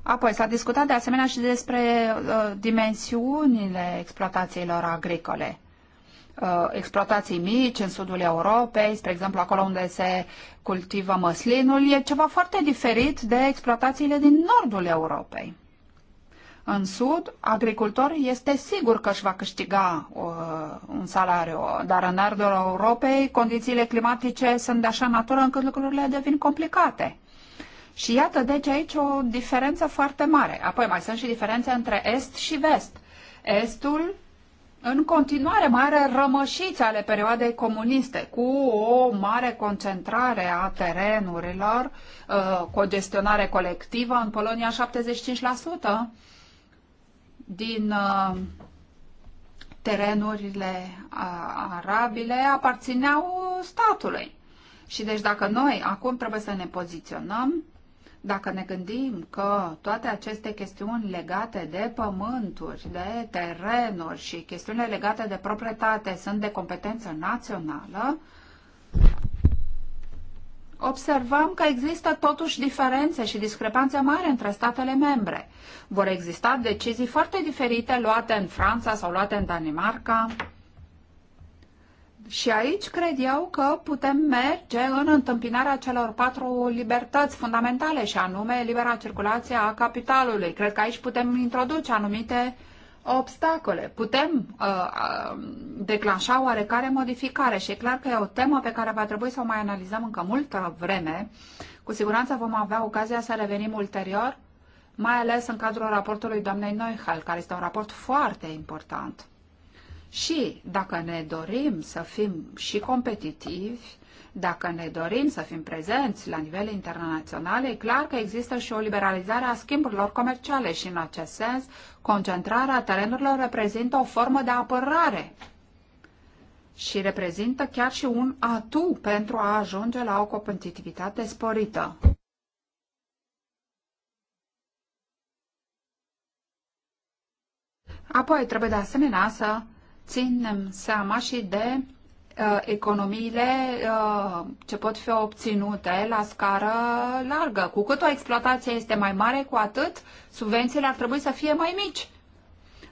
Apoi s-a discutat de asemenea și despre uh, dimensiunile exploatațiilor agricole. Uh, exploatații mici în sudul Europei, spre exemplu acolo unde se cultivă măslinul, e ceva foarte diferit de exploatațiile din nordul Europei. În sud, agricultorul este sigur că își va câștiga uh, un salariu, dar în nordul Europei condițiile climatice sunt de așa natură încât lucrurile devin complicate. Și iată, deci aici o diferență foarte mare. Apoi mai sunt și diferențe între est și vest. Estul în continuare mai are rămășiți ale perioadei comuniste, cu o mare concentrare a terenurilor, uh, cu o gestionare colectivă, în Polonia 75% din uh, terenurile uh, arabile aparțineau statului. Și deci dacă noi acum trebuie să ne poziționăm, dacă ne gândim că toate aceste chestiuni legate de pământuri, de terenuri și chestiunile legate de proprietate sunt de competență națională, observăm că există totuși diferențe și discrepanțe mari între statele membre. Vor exista decizii foarte diferite luate în Franța sau luate în Danimarca și aici cred eu că putem merge în întâmpinarea celor patru libertăți fundamentale și anume libera circulație a capitalului. Cred că aici putem introduce anumite obstacole. Putem uh, uh, declanșa oarecare modificare și e clar că e o temă pe care va trebui să o mai analizăm încă multă vreme. Cu siguranță vom avea ocazia să revenim ulterior, mai ales în cadrul raportului doamnei Neuhal, care este un raport foarte important. Și dacă ne dorim să fim și competitivi, dacă ne dorim să fim prezenți la nivel internațional, e clar că există și o liberalizare a schimburilor comerciale și, în acest sens, concentrarea terenurilor reprezintă o formă de apărare și reprezintă chiar și un atu pentru a ajunge la o competitivitate sporită. Apoi, trebuie de asemenea să ținem seama și de uh, economiile uh, ce pot fi obținute la scară largă. Cu cât o exploatație este mai mare, cu atât subvențiile ar trebui să fie mai mici.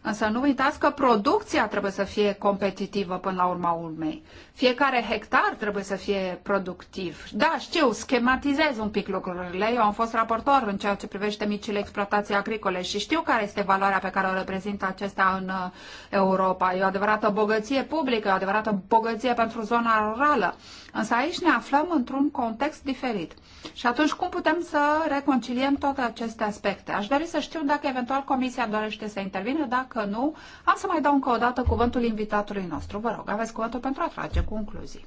Însă nu uitați că producția trebuie să fie competitivă până la urma urmei. Fiecare hectar trebuie să fie productiv. Da, știu, schematizez un pic lucrurile. Eu am fost raportor în ceea ce privește micile exploatații agricole și știu care este valoarea pe care o reprezintă acestea în uh, Europa. E o adevărată bogăție publică, e o adevărată bogăție pentru zona rurală. Însă aici ne aflăm într-un context diferit. Și atunci cum putem să reconciliem toate aceste aspecte? Aș dori să știu dacă eventual Comisia dorește să intervină, dacă dacă nu, am să mai dau încă o dată cuvântul invitatului nostru. Vă rog, aveți cuvântul pentru a trage concluzii.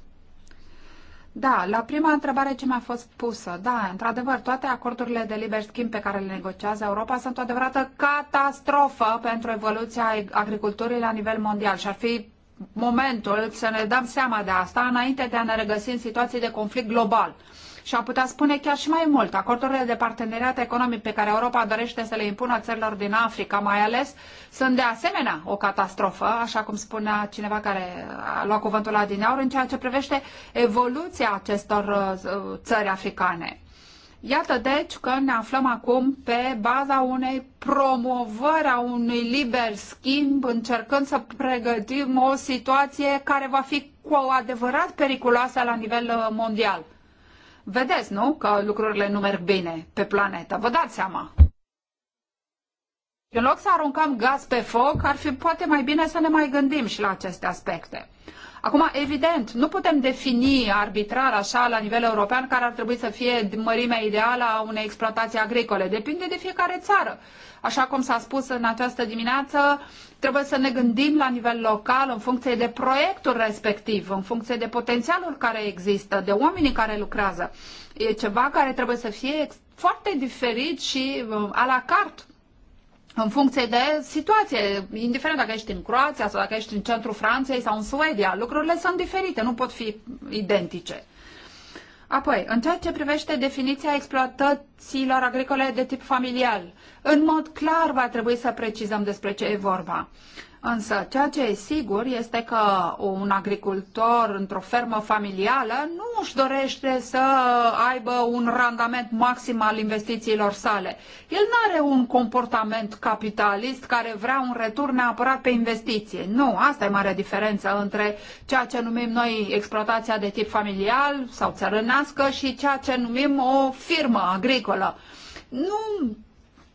Da, la prima întrebare ce mi-a fost pusă, da, într-adevăr, toate acordurile de liber schimb pe care le negociază Europa sunt o adevărată catastrofă pentru evoluția agriculturii la nivel mondial și ar fi momentul să ne dăm seama de asta înainte de a ne regăsi în situații de conflict global și a putea spune chiar și mai mult. Acordurile de parteneriat economic pe care Europa dorește să le impună țărilor din Africa, mai ales, sunt de asemenea o catastrofă, așa cum spunea cineva care a luat cuvântul la în ceea ce privește evoluția acestor uh, țări africane. Iată deci că ne aflăm acum pe baza unei promovări a unui liber schimb, încercând să pregătim o situație care va fi cu adevărat periculoasă la nivel uh, mondial. Vedeți, nu, că lucrurile nu merg bine pe planetă. Vă dați seama. În loc să aruncăm gaz pe foc, ar fi poate mai bine să ne mai gândim și la aceste aspecte. Acum, evident, nu putem defini arbitrar așa la nivel european care ar trebui să fie mărimea ideală a unei exploatații agricole. Depinde de fiecare țară. Așa cum s-a spus în această dimineață, trebuie să ne gândim la nivel local în funcție de proiectul respectiv, în funcție de potențialul care există, de oamenii care lucrează. E ceva care trebuie să fie foarte diferit și uh, a la carte în funcție de situație, indiferent dacă ești în Croația sau dacă ești în centrul Franței sau în Suedia, lucrurile sunt diferite, nu pot fi identice. Apoi, în ceea ce privește definiția exploatațiilor agricole de tip familial, în mod clar va trebui să precizăm despre ce e vorba. Uh, Însă, ceea ce e sigur este că un agricultor într-o fermă familială nu își dorește să aibă un randament maxim al investițiilor sale. El nu are un comportament capitalist care vrea un retur neapărat pe investiție. Nu, asta e mare diferență între ceea ce numim noi exploatația de tip familial sau țărânească și ceea ce numim o firmă agricolă. Nu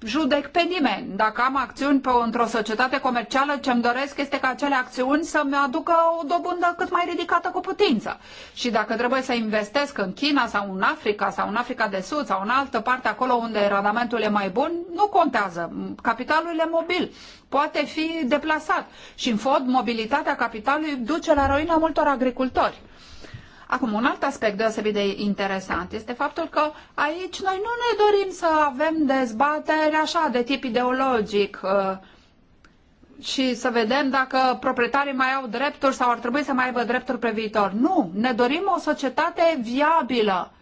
judec pe nimeni. Dacă am acțiuni pe, într-o societate comercială, ce-mi doresc este ca acele acțiuni să-mi aducă o dobândă cât mai ridicată cu putință. Și dacă trebuie să investesc în China sau în Africa sau în Africa de Sud sau în altă parte, acolo unde randamentul e mai bun, nu contează. Capitalul e mobil, poate fi deplasat și în fond mobilitatea capitalului duce la ruina multor agricultori. Acum, un alt aspect deosebit de interesant este faptul că aici noi nu ne dorim să avem dezbateri așa de tip ideologic uh, și să vedem dacă proprietarii mai au drepturi sau ar trebui să mai aibă drepturi pe viitor. Nu, ne dorim o societate viabilă,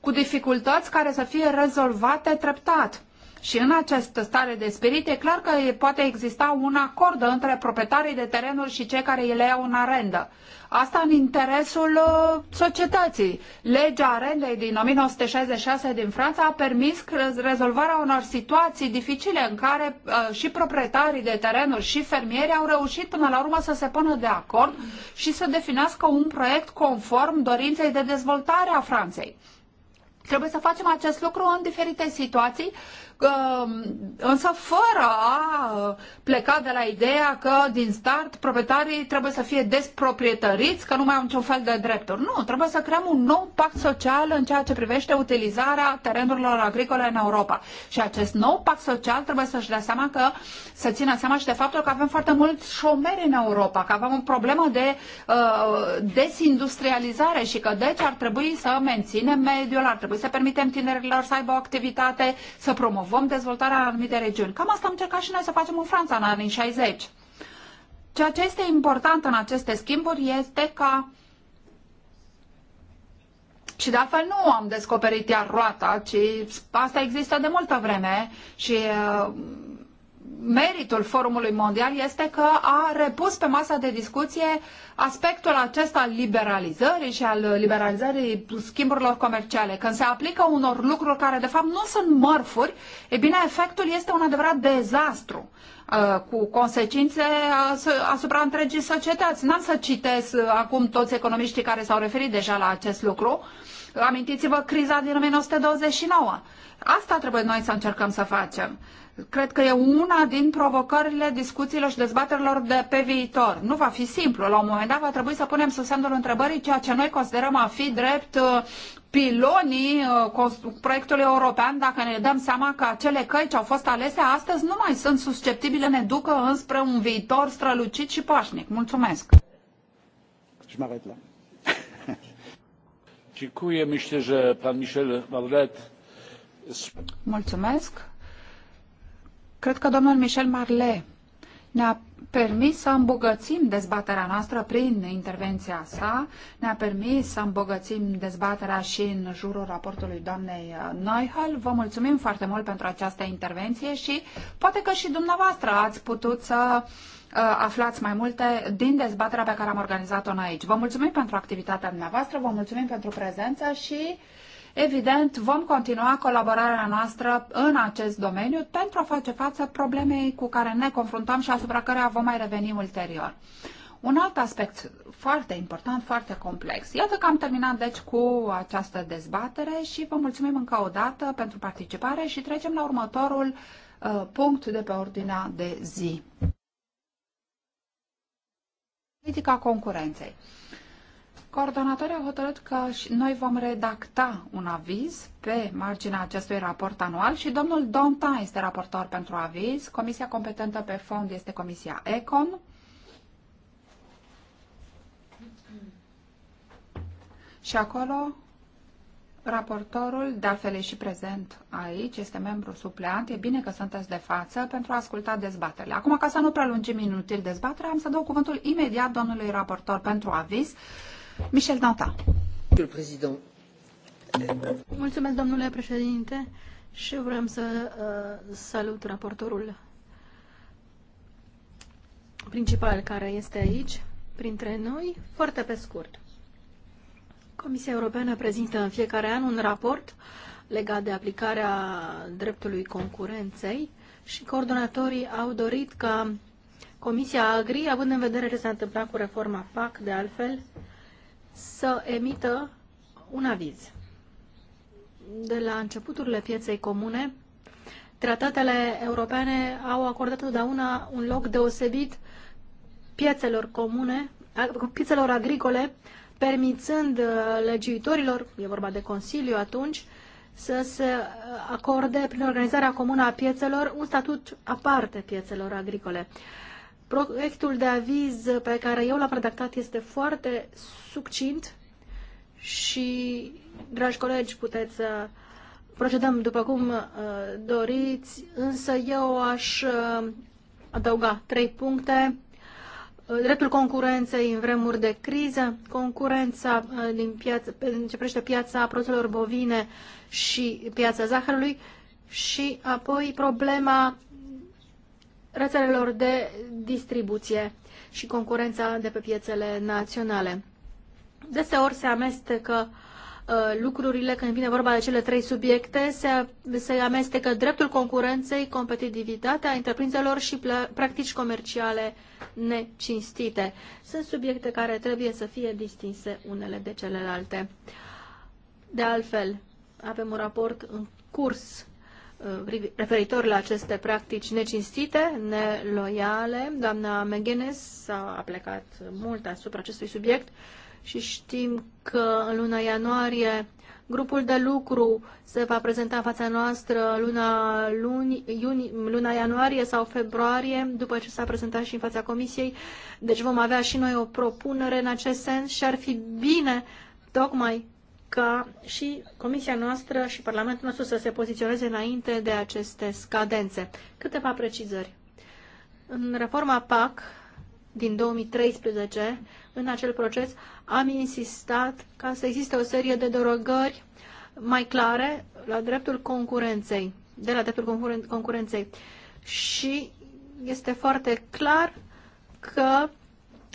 cu dificultăți care să fie rezolvate treptat. Și în această stare de spirit e clar că poate exista un acord între proprietarii de terenuri și cei care le iau în arendă. Asta în interesul uh, societății. Legea arendei din 1966 din Franța a permis rezolvarea unor situații dificile în care uh, și proprietarii de terenuri și fermieri au reușit până la urmă să se pună de acord și să definească un proiect conform dorinței de dezvoltare a Franței. Trebuie să facem acest lucru în diferite situații Um, însă fără a uh, pleca de la ideea că din start proprietarii trebuie să fie desproprietăriți, că nu mai au niciun fel de drepturi. Nu, trebuie să creăm un nou pact social în ceea ce privește utilizarea terenurilor agricole în Europa. Și acest nou pact social trebuie să-și dea seama că să țină seama și de faptul că avem foarte mulți șomeri în Europa, că avem o problemă de uh, desindustrializare și că deci ar trebui să menținem mediul, ar trebui să permitem tinerilor să aibă o activitate, să promovăm promovăm dezvoltarea în anumite regiuni. Cam asta am încercat și noi să facem în Franța în anii 60. Ceea ce este important în aceste schimburi este ca și de altfel nu am descoperit iar roata, ci asta există de multă vreme și uh, meritul Forumului Mondial este că a repus pe masa de discuție aspectul acesta al liberalizării și al liberalizării schimburilor comerciale. Când se aplică unor lucruri care de fapt nu sunt mărfuri, e bine, efectul este un adevărat dezastru uh, cu consecințe asupra întregii societăți. N-am să citesc uh, acum toți economiștii care s-au referit deja la acest lucru. Amintiți-vă criza din 1929. Asta trebuie noi să încercăm să facem cred că e una din provocările discuțiilor și dezbaterilor de pe viitor. Nu va fi simplu. La un moment dat va trebui să punem sub semnul întrebării ceea ce noi considerăm a fi drept uh, pilonii uh, proiectului european, dacă ne dăm seama că acele căi ce au fost alese astăzi nu mai sunt susceptibile, ne ducă înspre un viitor strălucit și pașnic. Mulțumesc! Și mă la. Dziękuję. Myślę, że pan Michel Marlet. Mulțumesc. Cred că domnul Michel Marlet ne-a permis să îmbogățim dezbaterea noastră prin intervenția sa, ne-a permis să îmbogățim dezbaterea și în jurul raportului doamnei uh, Neuhal. Vă mulțumim foarte mult pentru această intervenție și poate că și dumneavoastră ați putut să uh, aflați mai multe din dezbaterea pe care am organizat-o noi aici. Vă mulțumim pentru activitatea dumneavoastră, vă mulțumim pentru prezență și Evident, vom continua colaborarea noastră în acest domeniu pentru a face față problemei cu care ne confruntăm și asupra căreia vom mai reveni ulterior. Un alt aspect foarte important, foarte complex. Iată că am terminat deci cu această dezbatere și vă mulțumim încă o dată pentru participare și trecem la următorul uh, punct de pe ordinea de zi. Politica concurenței. Coordonatorii au hotărât că noi vom redacta un aviz pe marginea acestui raport anual și domnul Donta este raportor pentru aviz. Comisia competentă pe fond este Comisia ECON. Și acolo Raportorul, de altfel e și prezent aici, este membru supleant. E bine că sunteți de față pentru a asculta dezbaterile. Acum, ca să nu prelungim inutil dezbaterea, am să dau cuvântul imediat domnului raportor pentru aviz Michel Danta. Mulțumesc, domnule președinte, și vrem să uh, salut raportorul principal care este aici, printre noi, foarte pe scurt. Comisia Europeană prezintă în fiecare an un raport legat de aplicarea dreptului concurenței și coordonatorii au dorit ca Comisia Agri, având în vedere ce s-a întâmplat cu reforma PAC, de altfel, să emită un aviz. De la începuturile pieței comune, tratatele europene au acordat totdeauna un loc deosebit piețelor comune, piețelor agricole, permițând uh, legiuitorilor, e vorba de Consiliu atunci, să se uh, acorde, prin organizarea comună a piețelor, un statut aparte piețelor agricole. Proiectul de aviz pe care eu l-am redactat este foarte succint și, dragi colegi, puteți să procedăm după cum uh, doriți, însă eu aș uh, adăuga trei puncte. Uh, dreptul concurenței în vremuri de criză, concurența din piață, ce piața produselor bovine și piața zahărului și apoi problema rețelelor de distribuție și concurența de pe piețele naționale. Deseori se amestecă uh, lucrurile când vine vorba de cele trei subiecte, se, se amestecă dreptul concurenței, competitivitatea întreprinderilor și practici comerciale necinstite. Sunt subiecte care trebuie să fie distinse unele de celelalte. De altfel, avem un raport în curs Uh, referitor la aceste practici necinstite, neloiale. Doamna McGuinness s-a aplicat mult asupra acestui subiect și știm că în luna ianuarie grupul de lucru se va prezenta în fața noastră luna, luni, iuni, luna ianuarie sau februarie, după ce s-a prezentat și în fața comisiei. Deci vom avea și noi o propunere în acest sens și ar fi bine tocmai ca și Comisia noastră și Parlamentul nostru să se poziționeze înainte de aceste scadențe. Câteva precizări. În reforma PAC din 2013, în acel proces, am insistat ca să existe o serie de derogări mai clare la dreptul concurenței, de la dreptul concurenței. Și este foarte clar că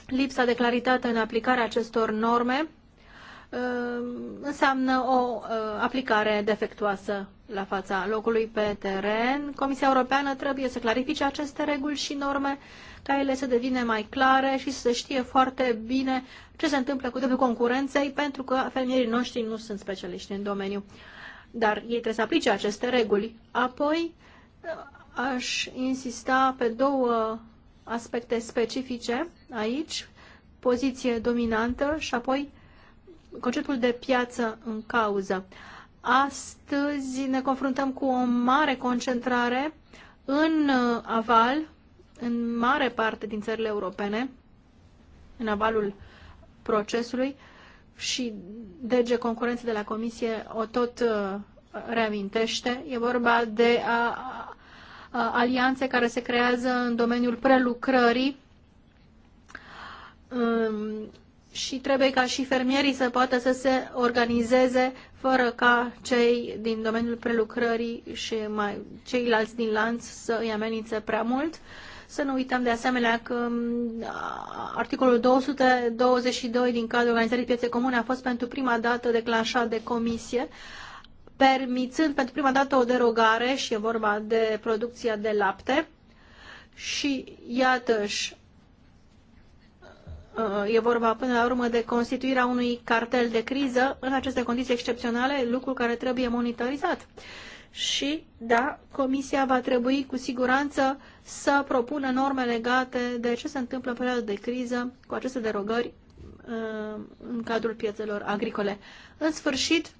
lipsa de claritate în aplicarea acestor norme Uh, înseamnă o uh, aplicare defectuoasă la fața locului pe teren. Comisia Europeană trebuie să clarifice aceste reguli și norme ca ele să devină mai clare și să știe foarte bine ce se întâmplă cu dreptul concurenței, pentru că fermierii noștri nu sunt specialiști în domeniu. Dar ei trebuie să aplice aceste reguli. Apoi, uh, aș insista pe două aspecte specifice aici, poziție dominantă și apoi conceptul de piață în cauză. Astăzi ne confruntăm cu o mare concentrare în uh, aval, în mare parte din țările europene, în avalul procesului și DG Concurență de la Comisie o tot uh, reamintește. E vorba de a, uh, a, alianțe care se creează în domeniul prelucrării um, și trebuie ca și fermierii să poată să se organizeze fără ca cei din domeniul prelucrării și mai, ceilalți din lanț să îi amenințe prea mult. Să nu uităm de asemenea că articolul 222 din cadrul Organizării Pieței Comune a fost pentru prima dată declanșat de comisie, permițând pentru prima dată o derogare și e vorba de producția de lapte. Și iată-și Uh, e vorba până la urmă de constituirea unui cartel de criză în aceste condiții excepționale, lucru care trebuie monitorizat. Și, da, Comisia va trebui cu siguranță să propună norme legate de ce se întâmplă în perioada de criză cu aceste derogări uh, în cadrul piețelor agricole. În sfârșit,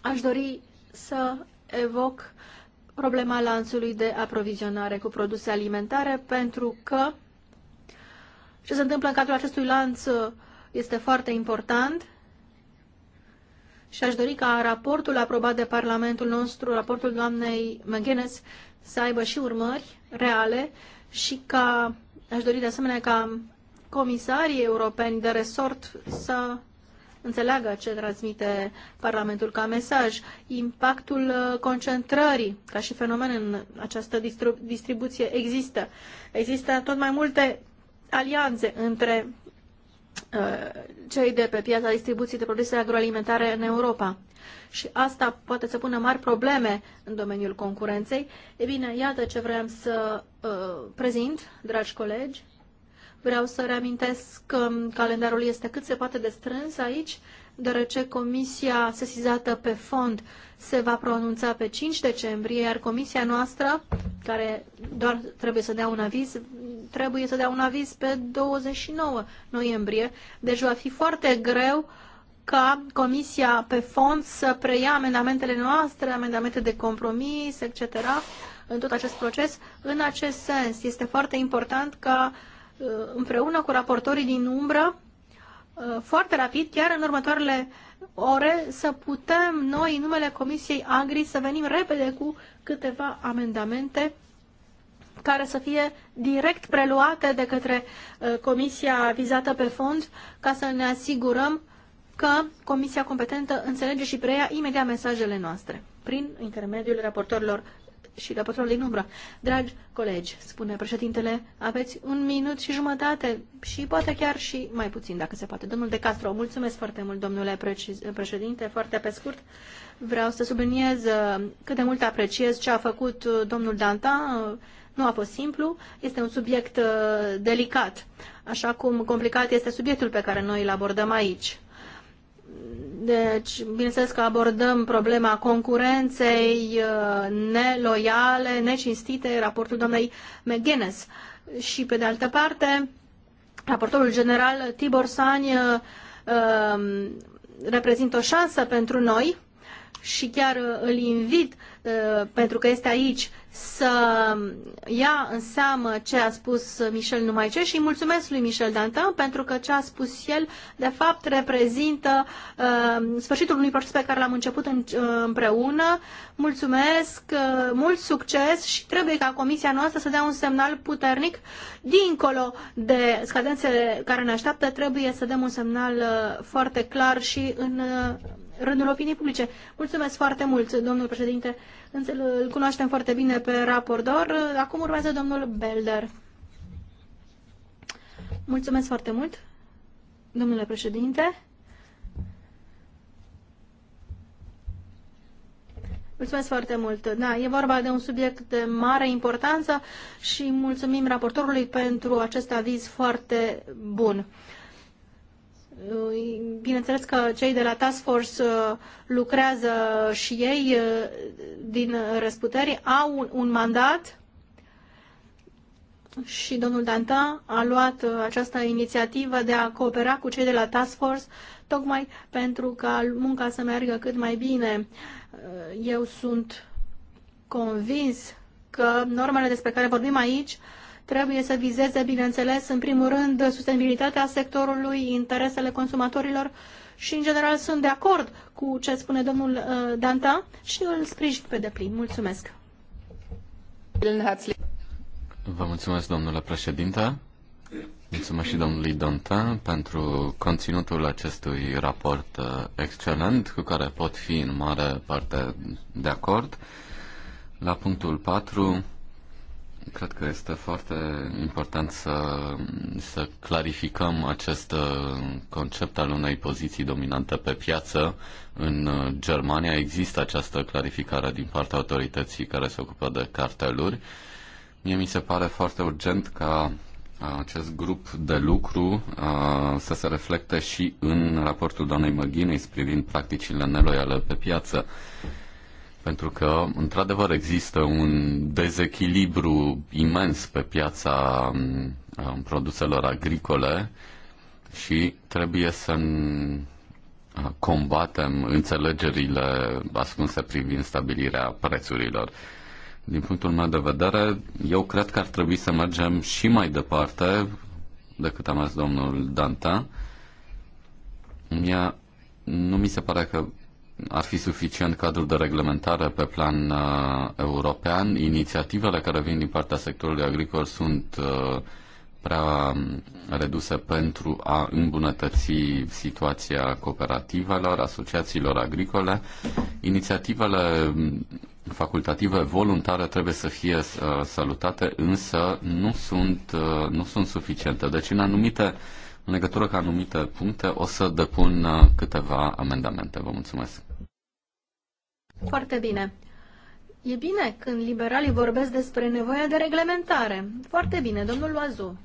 aș dori să evoc problema lanțului de aprovizionare cu produse alimentare, pentru că ce se întâmplă în cadrul acestui lanț uh, este foarte important și aș dori ca raportul aprobat de Parlamentul nostru, raportul doamnei McGuinness, să aibă și urmări reale și ca aș dori de asemenea ca comisarii europeni de resort să înțeleagă ce transmite Parlamentul ca mesaj, impactul uh, concentrării ca și fenomen în această distribuție există. Există tot mai multe alianțe între uh, cei de pe piața distribuției de produse agroalimentare în Europa. Și asta poate să pună mari probleme în domeniul concurenței. E bine, iată ce vreau să uh, prezint, dragi colegi. Vreau să reamintesc că calendarul este cât se poate de strâns aici, deoarece comisia sesizată pe fond uh, se va pronunța pe 5 decembrie, iar comisia noastră, care doar trebuie să dea un aviz, trebuie să dea un aviz pe 29 noiembrie. Deci va fi foarte greu ca comisia pe fond să preia amendamentele noastre, amendamente de compromis, etc., în tot acest proces. În acest sens, este foarte important ca uh, împreună cu raportorii din umbră, uh, foarte rapid, chiar în următoarele ore să putem noi, în numele Comisiei Agri, să venim repede cu câteva amendamente care să fie direct preluate de către uh, comisia vizată pe fond ca să ne asigurăm că comisia competentă înțelege și preia imediat mesajele noastre prin intermediul raportorilor și patrul din umbră. Dragi colegi, spune președintele, aveți un minut și jumătate și poate chiar și mai puțin, dacă se poate. Domnul De Castro, mulțumesc foarte mult, domnule președinte, foarte pe scurt. Vreau să subliniez uh, cât de mult apreciez ce a făcut uh, domnul Danta. Uh, nu a fost simplu, este un subiect delicat, așa cum complicat este subiectul pe care noi îl abordăm aici. Deci, bineînțeles că abordăm problema concurenței uh, neloiale, necinstite, raportul doamnei McGuinness. Și, pe de altă parte, raportorul general Tibor Sani uh, um, reprezintă o șansă pentru noi și chiar uh, îl invit, uh, pentru că este aici, să ia în seamă ce a spus Michel Numaice și mulțumesc lui Michel Dantin pentru că ce a spus el, de fapt, reprezintă uh, sfârșitul unui proces pe care l-am început împreună. Mulțumesc, mult succes și trebuie ca comisia noastră să dea un semnal puternic dincolo de scadențele care ne așteaptă, trebuie să dăm un semnal foarte clar și în rândul opiniei publice. Mulțumesc foarte mult, domnul președinte. Îl cunoaștem foarte bine pe raportor. Acum urmează domnul Belder. Mulțumesc foarte mult, domnule președinte. Mulțumesc foarte mult. Da, e vorba de un subiect de mare importanță și mulțumim raportorului pentru acest aviz foarte bun. Bineînțeles că cei de la Task Force uh, lucrează și ei uh, din răsputeri, au un mandat și domnul Dantin a luat uh, această inițiativă de a coopera cu cei de la Task Force tocmai pentru ca munca să meargă cât mai bine. Eu sunt convins că normele despre care vorbim aici uh, trebuie să vizeze, bineînțeles, în primul rând, sustenabilitatea sectorului, interesele consumatorilor și, în general, sunt de acord cu ce spune domnul uh, Danta și îl sprijin pe deplin. Mulțumesc! Vă mulțumesc, domnule președinte. Mulțumesc și domnului Danta pentru conținutul acestui raport uh, excelent, cu care pot fi în mare parte de acord. La punctul 4 Cred că este foarte important să, să clarificăm acest uh, concept al unei poziții dominante pe piață. În uh, Germania există această clarificare din partea autorității care se ocupă de carteluri. Mie mi se pare foarte urgent ca uh, acest grup de lucru să se reflecte și în raportul doamnei McGuinness privind practicile neloiale pe piață pentru că, într-adevăr, există un dezechilibru imens pe piața um, produselor agricole și trebuie să uh, combatem înțelegerile ascunse privind stabilirea prețurilor. Din punctul meu de vedere, eu cred că ar trebui să mergem și mai departe decât a mers domnul Danta. Mie, nu mi se pare că ar fi suficient cadrul de reglementare pe plan uh, european. Inițiativele care vin din partea sectorului agricol sunt uh, prea um, reduse pentru a îmbunătăți situația cooperativelor, asociațiilor agricole. Inițiativele um, facultative voluntare trebuie să fie uh, salutate, însă nu sunt, uh, nu sunt suficiente. Deci în anumite în legătură cu anumite puncte, o să depun uh, câteva amendamente. Vă mulțumesc. Foarte bine. E bine când liberalii vorbesc despre nevoia de reglementare. Foarte bine, domnul Loazu.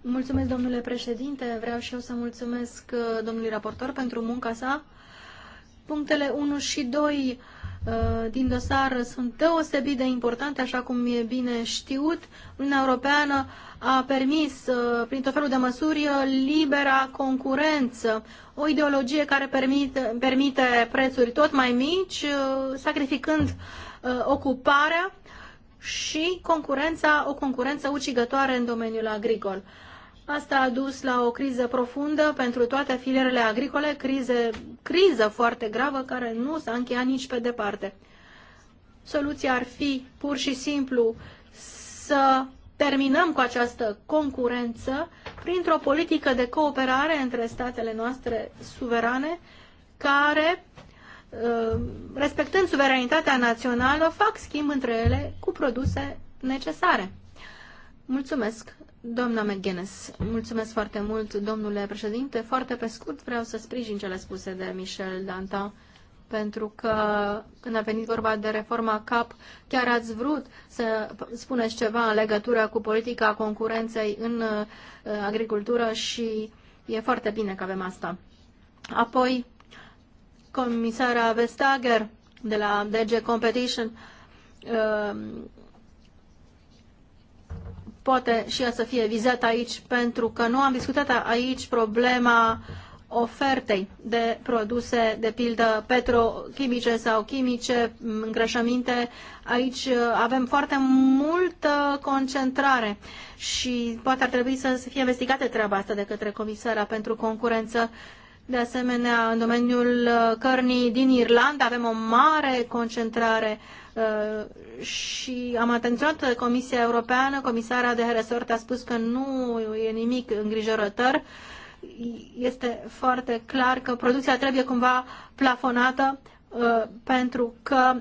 Mulțumesc, domnule președinte. Vreau și eu să mulțumesc uh, domnului raportor pentru munca sa. Punctele 1 și 2 Uh, din dosar sunt deosebit de importante, așa cum e bine știut. Uniunea Europeană a permis, uh, prin tot felul de măsuri, uh, libera concurență, o ideologie care permite, permite prețuri tot mai mici, sacrificând ocuparea și concurența, o concurență ucigătoare în domeniul agricol. Asta a dus la o criză profundă pentru toate filierele agricole, crize, criză foarte gravă care nu s-a încheiat nici pe departe. Soluția ar fi pur și simplu să terminăm cu această concurență printr-o politică de cooperare între statele noastre suverane care, uh, respectând suveranitatea națională, fac schimb între ele cu produse necesare. Mulțumesc! Doamna McGuinness, mulțumesc foarte mult, domnule președinte. Foarte pe scurt vreau să sprijin cele spuse de Michel Danta, pentru că când a venit vorba de reforma CAP, chiar ați vrut să spuneți ceva în legătură cu politica concurenței în uh, agricultură și e foarte bine că avem asta. Apoi, comisara Vestager de la DG Competition uh, poate și ea să fie vizată aici, pentru că nu am discutat aici problema ofertei de produse, de pildă petrochimice sau chimice, mm, îngrășăminte. Aici uh, avem foarte multă concentrare și poate ar trebui să fie investigată treaba asta de către Comisara pentru Concurență. De asemenea, în domeniul uh, cărnii din Irlanda avem o mare concentrare uh, Uh, și am atenționat Comisia Europeană, comisara de resort a spus că nu e nimic îngrijorător. Este foarte clar că producția trebuie cumva plafonată uh, pentru că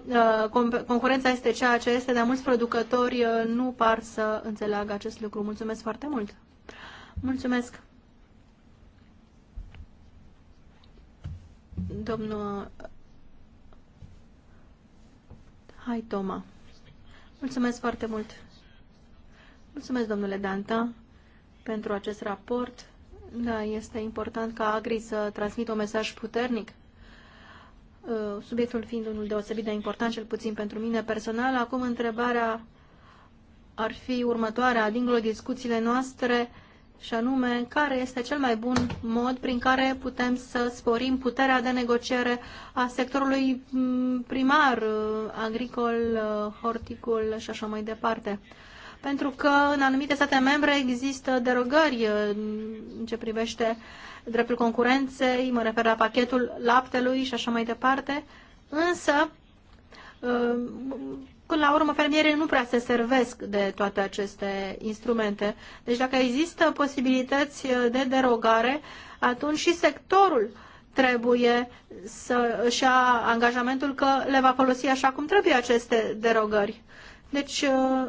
uh, concurența este ceea ce este, dar mulți producători nu par să înțeleagă acest lucru. Mulțumesc foarte mult! Mulțumesc! Domnul Hai, Toma. Mulțumesc foarte mult. Mulțumesc, domnule Danta, pentru acest raport. Da, este important ca Agri să transmită un mesaj puternic uh, subiectul fiind unul deosebit de important, cel puțin pentru mine personal. Acum întrebarea ar fi următoarea, dincolo discuțiile noastre, și anume care este cel mai bun mod prin care putem să sporim puterea de negociere a sectorului mm, primar, uh, agricol, uh, horticol și așa mai departe. Pentru că în anumite state membre există derogări uh, în ce privește dreptul concurenței, mă refer la pachetul laptelui și așa mai departe, însă Până la urmă, fermierii nu prea se servesc de toate aceste instrumente. Deci dacă există posibilități uh, de derogare, atunci și sectorul trebuie să își ia angajamentul că le va folosi așa cum trebuie aceste derogări. Deci, uh,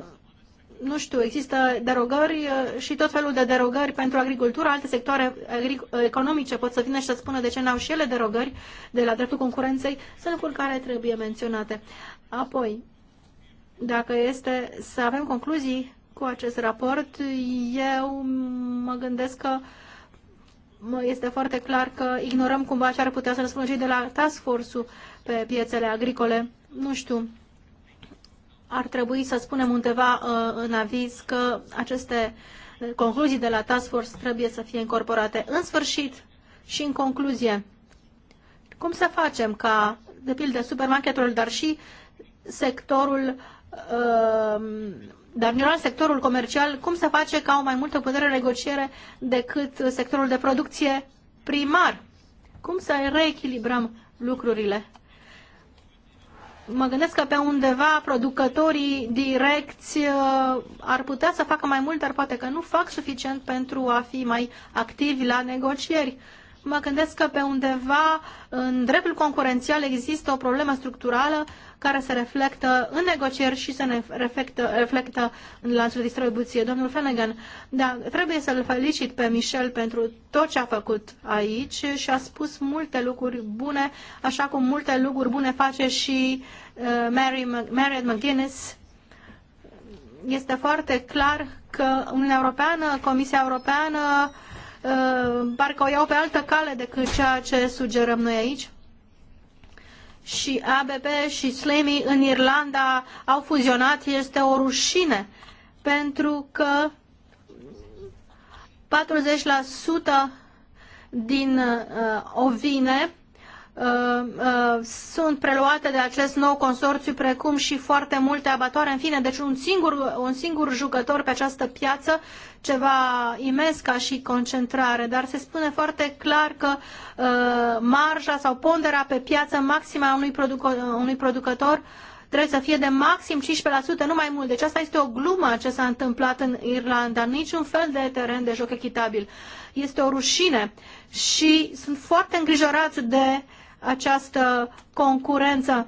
nu știu, există derogări uh, și tot felul de derogări pentru agricultură, alte sectoare economice pot să vină și să spună de ce n-au și ele derogări de la dreptul concurenței, sunt lucruri care trebuie menționate. Apoi, dacă este să avem concluzii cu acest raport, eu mă gândesc că este foarte clar că ignorăm cumva ce ar putea să răspundă și de la task force-ul pe piețele agricole. Nu știu, ar trebui să spunem undeva uh, în aviz că aceste uh, concluzii de la task force trebuie să fie incorporate. În sfârșit și în concluzie, cum să facem ca, de pildă, supermarketul, dar și sectorul uh, Ehm, dar în general sectorul comercial, cum se face că au mai multă putere negociere decât sectorul de producție primar? Cum să reechilibrăm lucrurile? Mă gândesc că pe undeva producătorii direcți eh, ar putea să facă mai mult, dar poate că nu fac suficient pentru a fi mai activi la negocieri. Uh, mă gândesc că pe undeva în dreptul concurențial există o problemă structurală care se reflectă în negocieri și se ne reflectă, reflectă în lanțul de distribuție. Domnul Fenegan, da, trebuie să-l felicit pe Michel pentru tot ce a făcut aici și a spus multe lucruri bune, așa cum multe lucruri bune face și uh, Mary, Mary McGuinness. Este foarte clar că Uniunea Europeană, Comisia Europeană, uh, Uh, parcă o iau pe altă cale decât ceea ce sugerăm noi aici. Și ABB și Slamy în Irlanda au fuzionat, este o rușine, pentru că 40% din uh, ovine Uh, uh, sunt preluate de acest nou consorțiu, precum și foarte multe abatoare. În fine, deci un singur, un singur jucător pe această piață, ceva imens ca și concentrare, dar se spune foarte clar că uh, marja sau ponderea pe piață maximă a unui, produc- unui producător trebuie să fie de maxim 15%, nu mai mult. Deci asta este o glumă ce s-a întâmplat în Irlanda, niciun fel de teren de joc echitabil. Este o rușine și sunt foarte îngrijorați de această concurență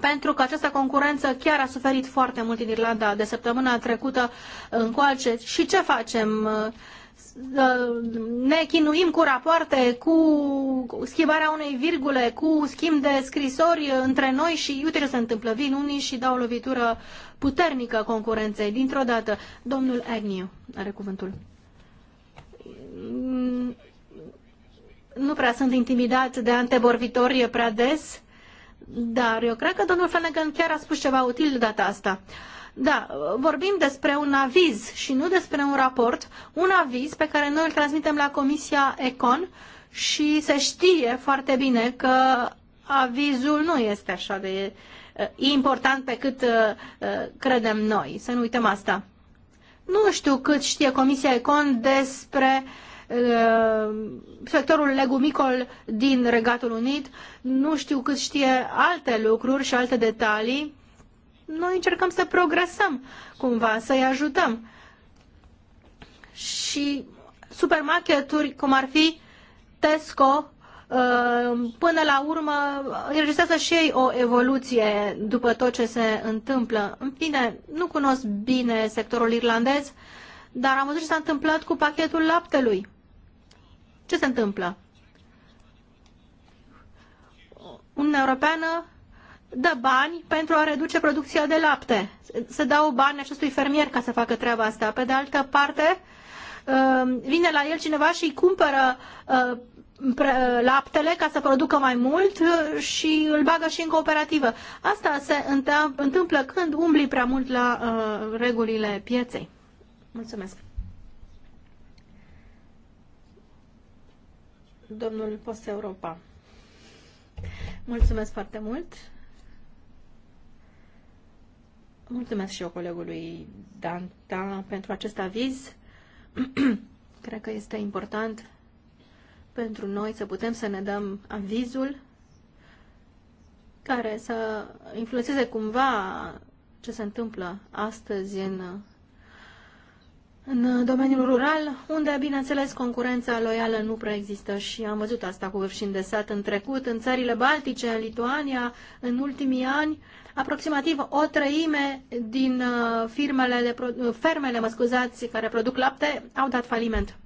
pentru că această concurență chiar a suferit foarte mult în Irlanda de săptămâna trecută încoace. Și ce facem? Ne chinuim cu rapoarte, cu schimbarea unei virgule, cu schimb de scrisori între noi și uite ce se întâmplă. Vin unii și dau o lovitură puternică concurenței. Dintr-o dată, domnul Agnew are cuvântul nu prea sunt intimidat de antevorbitori prea des, dar eu cred că domnul Flanagan chiar a spus ceva util de data asta. Da, vorbim despre un aviz și nu despre un raport, un aviz pe care noi îl transmitem la Comisia Econ și se știe foarte bine că avizul nu este așa de important pe cât credem noi. Să nu uităm asta. Nu știu cât știe Comisia Econ despre uh, Uh, sectorul legumicol din Regatul Unit, nu știu cât știe alte lucruri și alte detalii. Noi încercăm să progresăm cumva, să-i ajutăm. Și supermarketuri cum ar fi Tesco, uh, până la urmă înregistrează și ei o evoluție după tot ce se întâmplă. În fine, nu cunosc bine sectorul irlandez, dar am văzut ce s-a întâmplat cu pachetul laptelui. Ce se întâmplă? Un Europeană dă bani pentru a reduce producția de lapte. Se dau bani acestui fermier ca să facă treaba asta. Pe de altă parte, uh, vine la el cineva și îi cumpără uh, laptele ca să producă mai mult uh, și îl bagă și în cooperativă. Asta se întâmplă când umbli prea mult la regulile pieței. Mulțumesc! domnul Post Europa. Mulțumesc foarte mult. Mulțumesc și eu colegului Danta pentru acest aviz. Cred că este important pentru noi să putem să ne dăm avizul care să influențeze cumva ce se întâmplă astăzi în în domeniul rural, unde, bineînțeles, concurența loială nu prea există și am văzut asta cu vârf de sat în trecut, în țările Baltice, în Lituania, în ultimii ani, aproximativ o treime din uh, firmele de pro- uh, fermele, mă scuzați, care produc lapte, au dat faliment.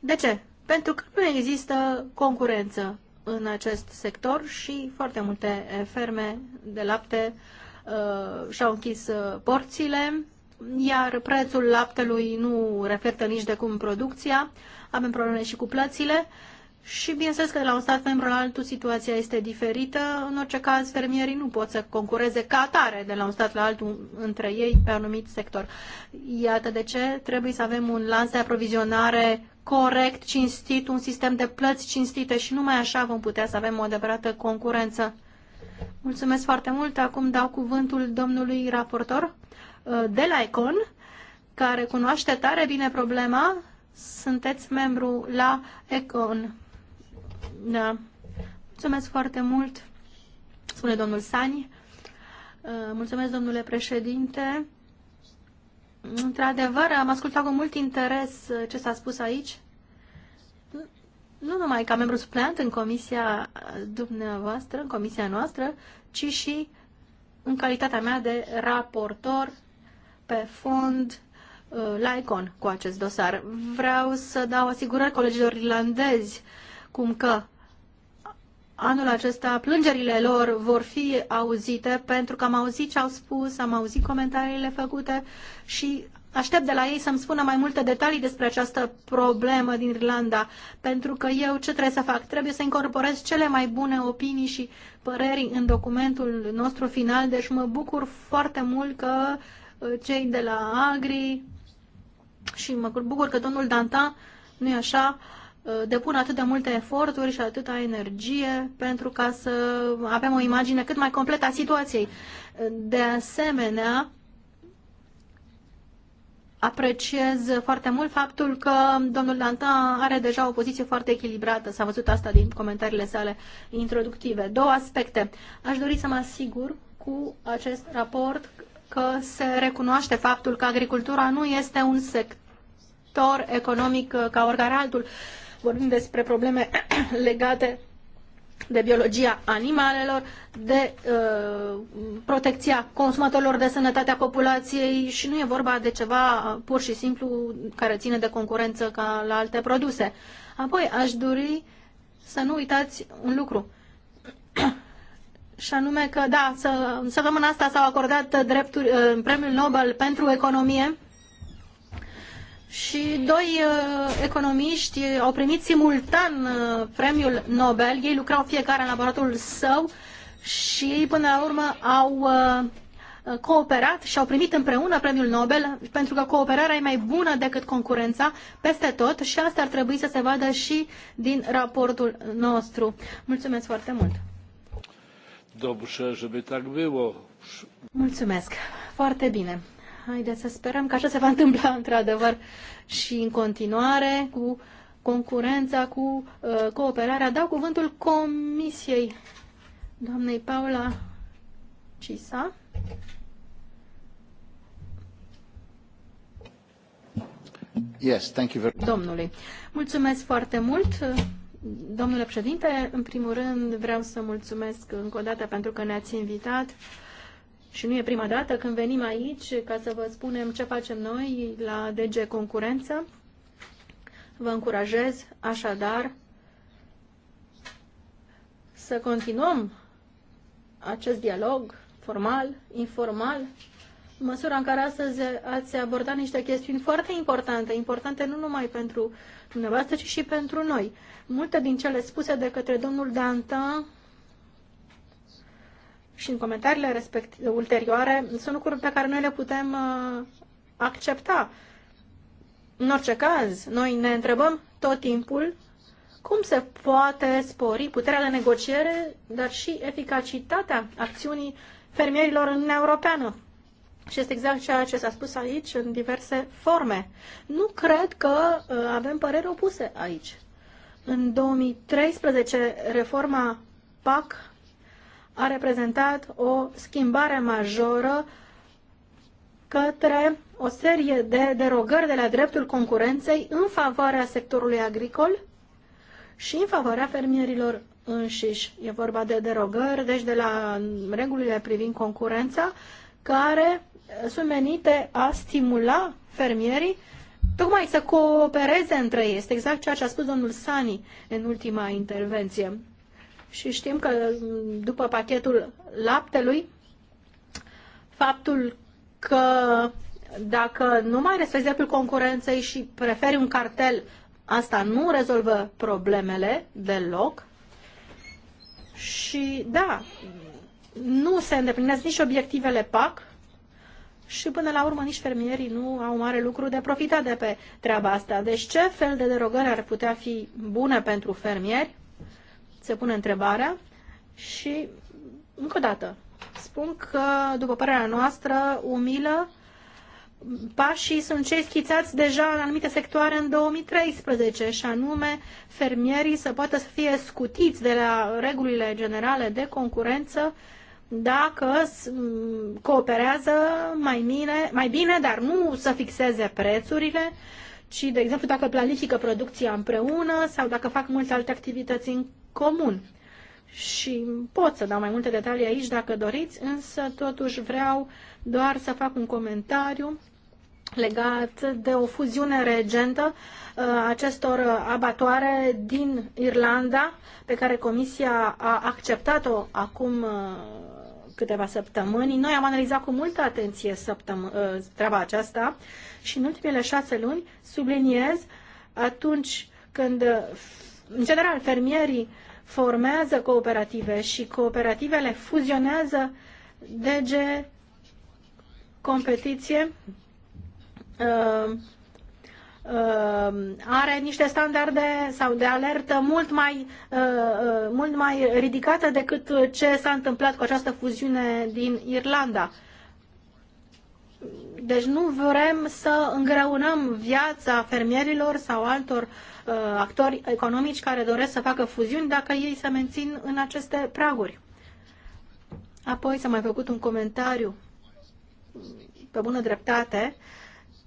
De ce? Pentru că nu există concurență în acest sector și foarte multe ferme de lapte uh, și-au închis uh, porțile iar prețul laptelui nu reflectă nici de cum producția, avem probleme și cu plățile și bineînțeles că de la un stat membru la altul situația este diferită. În orice caz, fermierii nu pot să concureze ca atare de la un stat la altul între ei pe anumit sector. Iată de ce trebuie să avem un lanț de aprovizionare corect, cinstit, un sistem de plăți cinstite și numai așa vom putea să avem o adevărată concurență. Mulțumesc foarte mult. Acum dau cuvântul domnului raportor Uh, de la Econ, care cunoaște tare bine problema. Sunteți membru la Econ. Da. Mulțumesc foarte mult, spune domnul Sani. Uh, mulțumesc, domnule președinte. Într-adevăr, am ascultat cu mult interes uh, ce s-a spus aici. Nu numai ca membru supleant în comisia dumneavoastră, în comisia noastră, ci și în calitatea mea de raportor pe fond uh, la ICON cu acest dosar. Vreau să dau asigurări colegilor irlandezi cum că anul acesta plângerile lor vor fi auzite pentru că am auzit ce au spus, am auzit comentariile făcute și aștept de la ei să-mi spună mai multe detalii despre această problemă din Irlanda, pentru că eu ce trebuie să fac? Trebuie să incorporez cele mai bune opinii și păreri în documentul nostru final, deci mă bucur foarte mult că Uh, cei de la Agri și mă bucur că domnul Danta, nu-i așa, uh, depun atât de multe eforturi și atâta energie pentru ca să avem o imagine cât mai completă a situației. Uh, de asemenea, apreciez foarte mult faptul că domnul Danta are deja o poziție foarte echilibrată. S-a văzut asta din comentariile sale introductive. Două aspecte. Aș dori să mă asigur cu acest raport că se recunoaște faptul că agricultura nu este un sector economic uh, ca oricare altul. Vorbim despre probleme legate de biologia animalelor, de uh, protecția consumatorilor, de sănătatea populației și nu e vorba de ceva pur și simplu care ține de concurență ca la alte produse. Apoi aș dori să nu uitați un lucru. și anume că, da, să, săptămâna asta s-au acordat drepturi, uh, premiul Nobel pentru economie și doi uh, economiști au primit simultan uh, premiul Nobel. Ei lucrau fiecare în laboratorul său și ei, până la urmă, au cooperat și au primit împreună premiul Nobel pentru că cooperarea e mai bună decât concurența peste tot și asta ar trebui să se vadă și din raportul nostru. Mulțumesc foarte mult! Dobrze, żeby tak było. Mulțumesc. Foarte bine. Haideți să sperăm că așa se va întâmpla într-adevăr și în continuare cu concurența, cu uh, cooperarea. Dau cuvântul Comisiei doamnei Paula Cisa. Yes, thank you very much. Domnului, mulțumesc foarte mult. Domnule președinte, în primul rând vreau să mulțumesc încă o dată pentru că ne-ați invitat și nu e prima dată când venim aici ca să vă spunem ce facem noi la DG Concurență. Vă încurajez așadar să continuăm acest dialog formal, informal, în măsura în care astăzi ați abordat niște chestiuni foarte importante, importante nu numai pentru dumneavoastră, ci și pentru noi. Multe din cele spuse de către domnul Danta și în comentariile respective ulterioare sunt lucruri pe care noi le putem uh, accepta. În orice caz, noi ne întrebăm tot timpul cum se poate spori puterea de negociere, dar și eficacitatea acțiunii fermierilor în Uniunea Europeană. Și este exact ceea ce s-a spus aici în diverse forme. Nu cred că uh, avem păreri opuse aici. În 2013, reforma PAC a reprezentat o schimbare majoră către o serie de derogări de la dreptul concurenței în favoarea sectorului agricol și în favoarea fermierilor înșiși. E vorba de derogări, deci de la regulile privind concurența, care sunt menite a stimula fermierii tocmai să coopereze între ei. Este exact ceea ce a spus domnul Sani în ultima intervenție. Și știm că după pachetul laptelui, faptul că dacă nu mai respecti dreptul concurenței și preferi un cartel, asta nu rezolvă problemele deloc. Și da, nu se îndeplinesc nici obiectivele PAC și până la urmă nici fermierii nu au mare lucru de profitat de pe treaba asta. Deci ce fel de derogări ar putea fi bune pentru fermieri? Se pune întrebarea și încă o dată spun că, după părerea noastră, umilă, pașii sunt cei schițați deja în anumite sectoare în 2013 și anume fermierii să poată să fie scutiți de la regulile generale de concurență uh, dacă cooperează mai bine, mai bine, dar nu să fixeze prețurile, ci, de exemplu, dacă planifică producția împreună sau dacă fac multe alte activități în comun. Și pot să dau mai multe detalii aici dacă doriți, însă totuși vreau doar să fac un comentariu legat de o fuziune regentă uh, acestor abatoare din Irlanda, pe care Comisia a acceptat-o acum uh, câteva săptămâni. Noi am analizat cu multă atenție săptăm- uh, treaba aceasta și în ultimele șase luni subliniez atunci când, în general, fermierii formează cooperative și cooperativele fuzionează DG competiție Ehm, ehm, are niște standarde sau de alertă mult mai, eh, eh, mult mai ridicate decât ce s-a întâmplat cu această fuziune din Irlanda. Deci nu vrem să îngreunăm viața fermierilor sau altor uh, actori economici care doresc să facă fuziuni dacă ei se mențin în aceste praguri. Apoi s-a mai făcut un comentariu pe bună dreptate uh,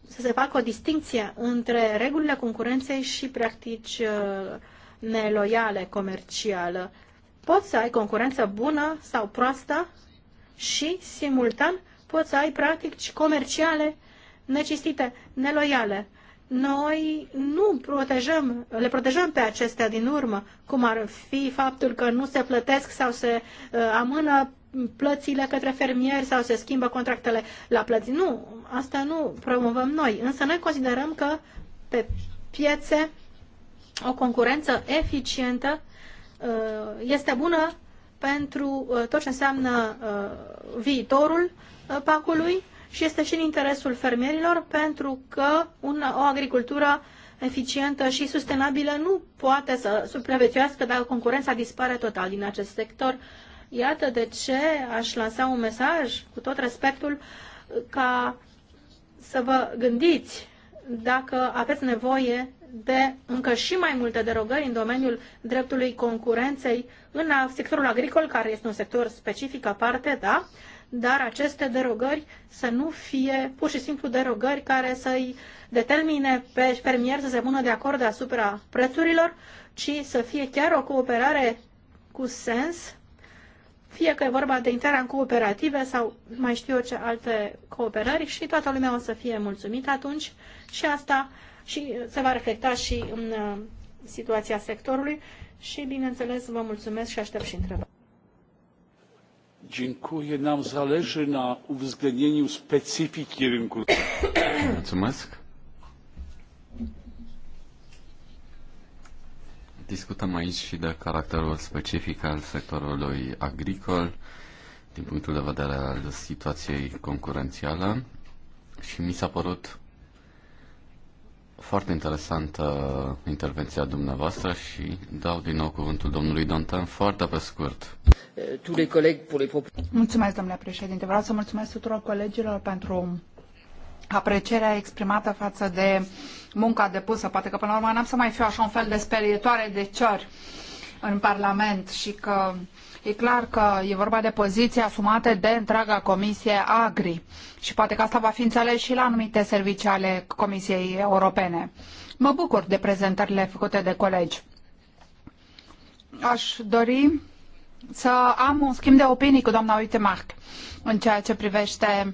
să se facă o distinție între regulile concurenței și practici uh, neloiale comerciale. Poți să ai concurență bună sau proastă și, simultan, poți să ai practici comerciale necistite, neloiale. Noi nu protejăm, le protejăm pe acestea din urmă, cum ar fi faptul că nu se plătesc sau se uh, amână plățile către fermieri sau se schimbă contractele la plăți. Nu, asta nu promovăm noi, însă noi considerăm că pe piețe o concurență eficientă uh, este bună pentru uh, tot ce înseamnă uh, viitorul pacului și este și în interesul fermierilor pentru că una, o agricultură eficientă și sustenabilă nu poate să supraviețuiască dacă concurența dispare total din acest sector. Iată de ce aș lansa un mesaj, cu tot respectul, ca să vă gândiți dacă aveți nevoie de încă și mai multe derogări în domeniul dreptului concurenței în sectorul agricol, care este un sector specific aparte, da, dar aceste derogări să nu fie pur și simplu derogări care să-i determine pe fermier să se pună de acord asupra prețurilor, ci să fie chiar o cooperare cu sens fie că e vorba de intrarea în cooperative sau mai știu eu ce alte cooperări și toată lumea o să fie mulțumită atunci și asta și se va reflecta și în uh, situația sectorului și, bineînțeles, vă mulțumesc și aștept și întrebări. Dziękuję. Nam zależy na uwzględnieniu specyfiki rynku. Mulțumesc. Discutăm aici și de caracterul specific al sectorului agricol din punctul de vedere al situației concurențiale și mi s-a părut foarte interesantă intervenția dumneavoastră și dau din nou cuvântul domnului Dantan foarte pe scurt. Mulțumesc, domnule președinte. Vreau să mulțumesc tuturor colegilor pentru aprecierea exprimată față de munca depusă. Poate că până la urmă n-am să mai fiu așa un fel de sperietoare de cer în Parlament și că e clar că e vorba de poziții asumate de întreaga Comisie Agri și poate că asta va fi înțeles și la anumite servicii ale Comisiei Europene. Mă bucur de prezentările făcute de colegi. Aș dori să am un schimb de opinii cu doamna Mark în ceea ce privește uh,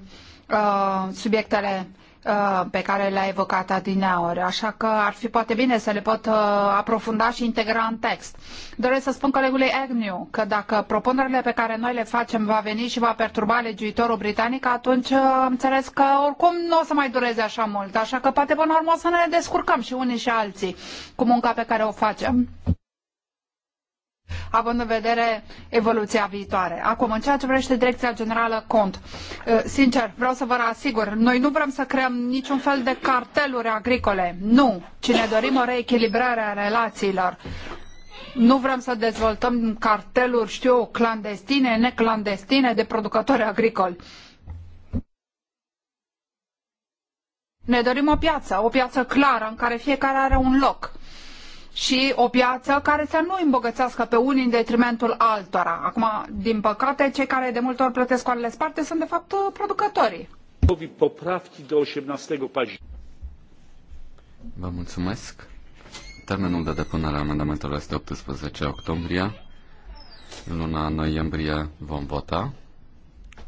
Uh, subiectele uh, pe care le-a evocat adineaori, așa că ar fi poate bine să le pot uh, aprofunda și integra în text. Doresc să spun colegului Agnew că dacă propunerile pe care noi le facem va veni și va perturba legiuitorul britanic, atunci uh, am înțeles că oricum nu o să mai dureze așa mult, așa că poate până la urmă o să ne descurcăm și unii și alții cu munca pe care o facem având în vedere evoluția viitoare. Acum, în ceea ce vrește Direcția Generală Cont, eh, sincer, vreau să vă asigur, noi nu vrem să creăm niciun fel de carteluri agricole, nu, ci ne dorim o reechilibrare a relațiilor. Nu vrem să dezvoltăm carteluri, știu, clandestine, neclandestine de producători agricoli. Ne dorim o piață, o piață clară în care fiecare are un loc și o piață care să nu îmbogățească pe unii în detrimentul altora. Acum, din păcate, cei care de multe ori plătesc oarele sparte sunt, de fapt, producătorii. Vă mulțumesc. Termenul de depunere a amendamentelor este 18 octombrie. În luna noiembrie vom vota.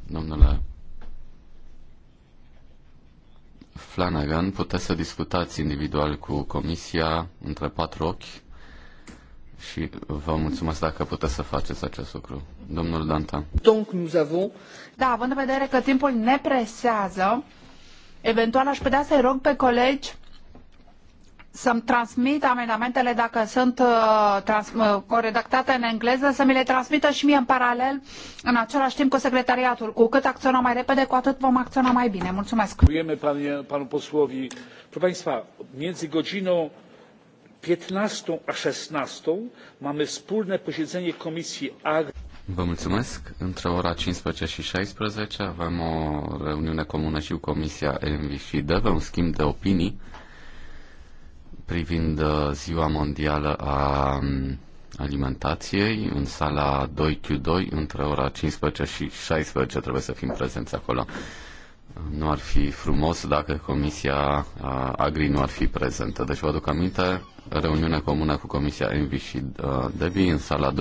Domnule Flanagan, puteți să discutați individual cu comisia între patru ochi și vă mulțumesc dacă puteți să faceți acest lucru. Domnul Danta. Donc, nous avons... Da, având în vedere că timpul ne presează, eventual aș putea să-i rog pe colegi să-mi transmit amendamentele dacă sunt uh, trans, uh, în engleză, să mi le transmită și mie în paralel, în același timp cu secretariatul. Cu cât acționăm mai repede, cu atât vom acționa mai bine. Mulțumesc. Dziękujemy panu posłowi. Proszę państwa, między godziną 15 a 16 mamy wspólne posiedzenie Komisji Vă mulțumesc. Între ora 15 și 16 avem o reuniune comună și cu Comisia Envi și DEVE, un schimb de opinii privind uh, Ziua Mondială a um, Alimentației în sala 2Q2 între ora 15 și 16 trebuie să fim prezenți acolo. Nu ar fi frumos dacă Comisia Agri nu ar fi prezentă. Deci vă aduc aminte, reuniune comună cu Comisia Envi și uh, Debi în sala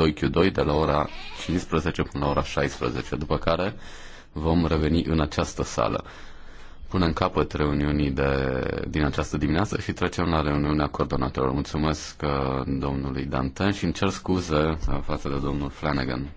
2Q2 de la ora 15 până la ora 16, după care vom reveni în această sală punem capăt reuniunii de, din această dimineață și trecem la reuniunea coordonatorilor. Mulțumesc uh, domnului Danten și îmi cer scuze uh, față de domnul Flanagan.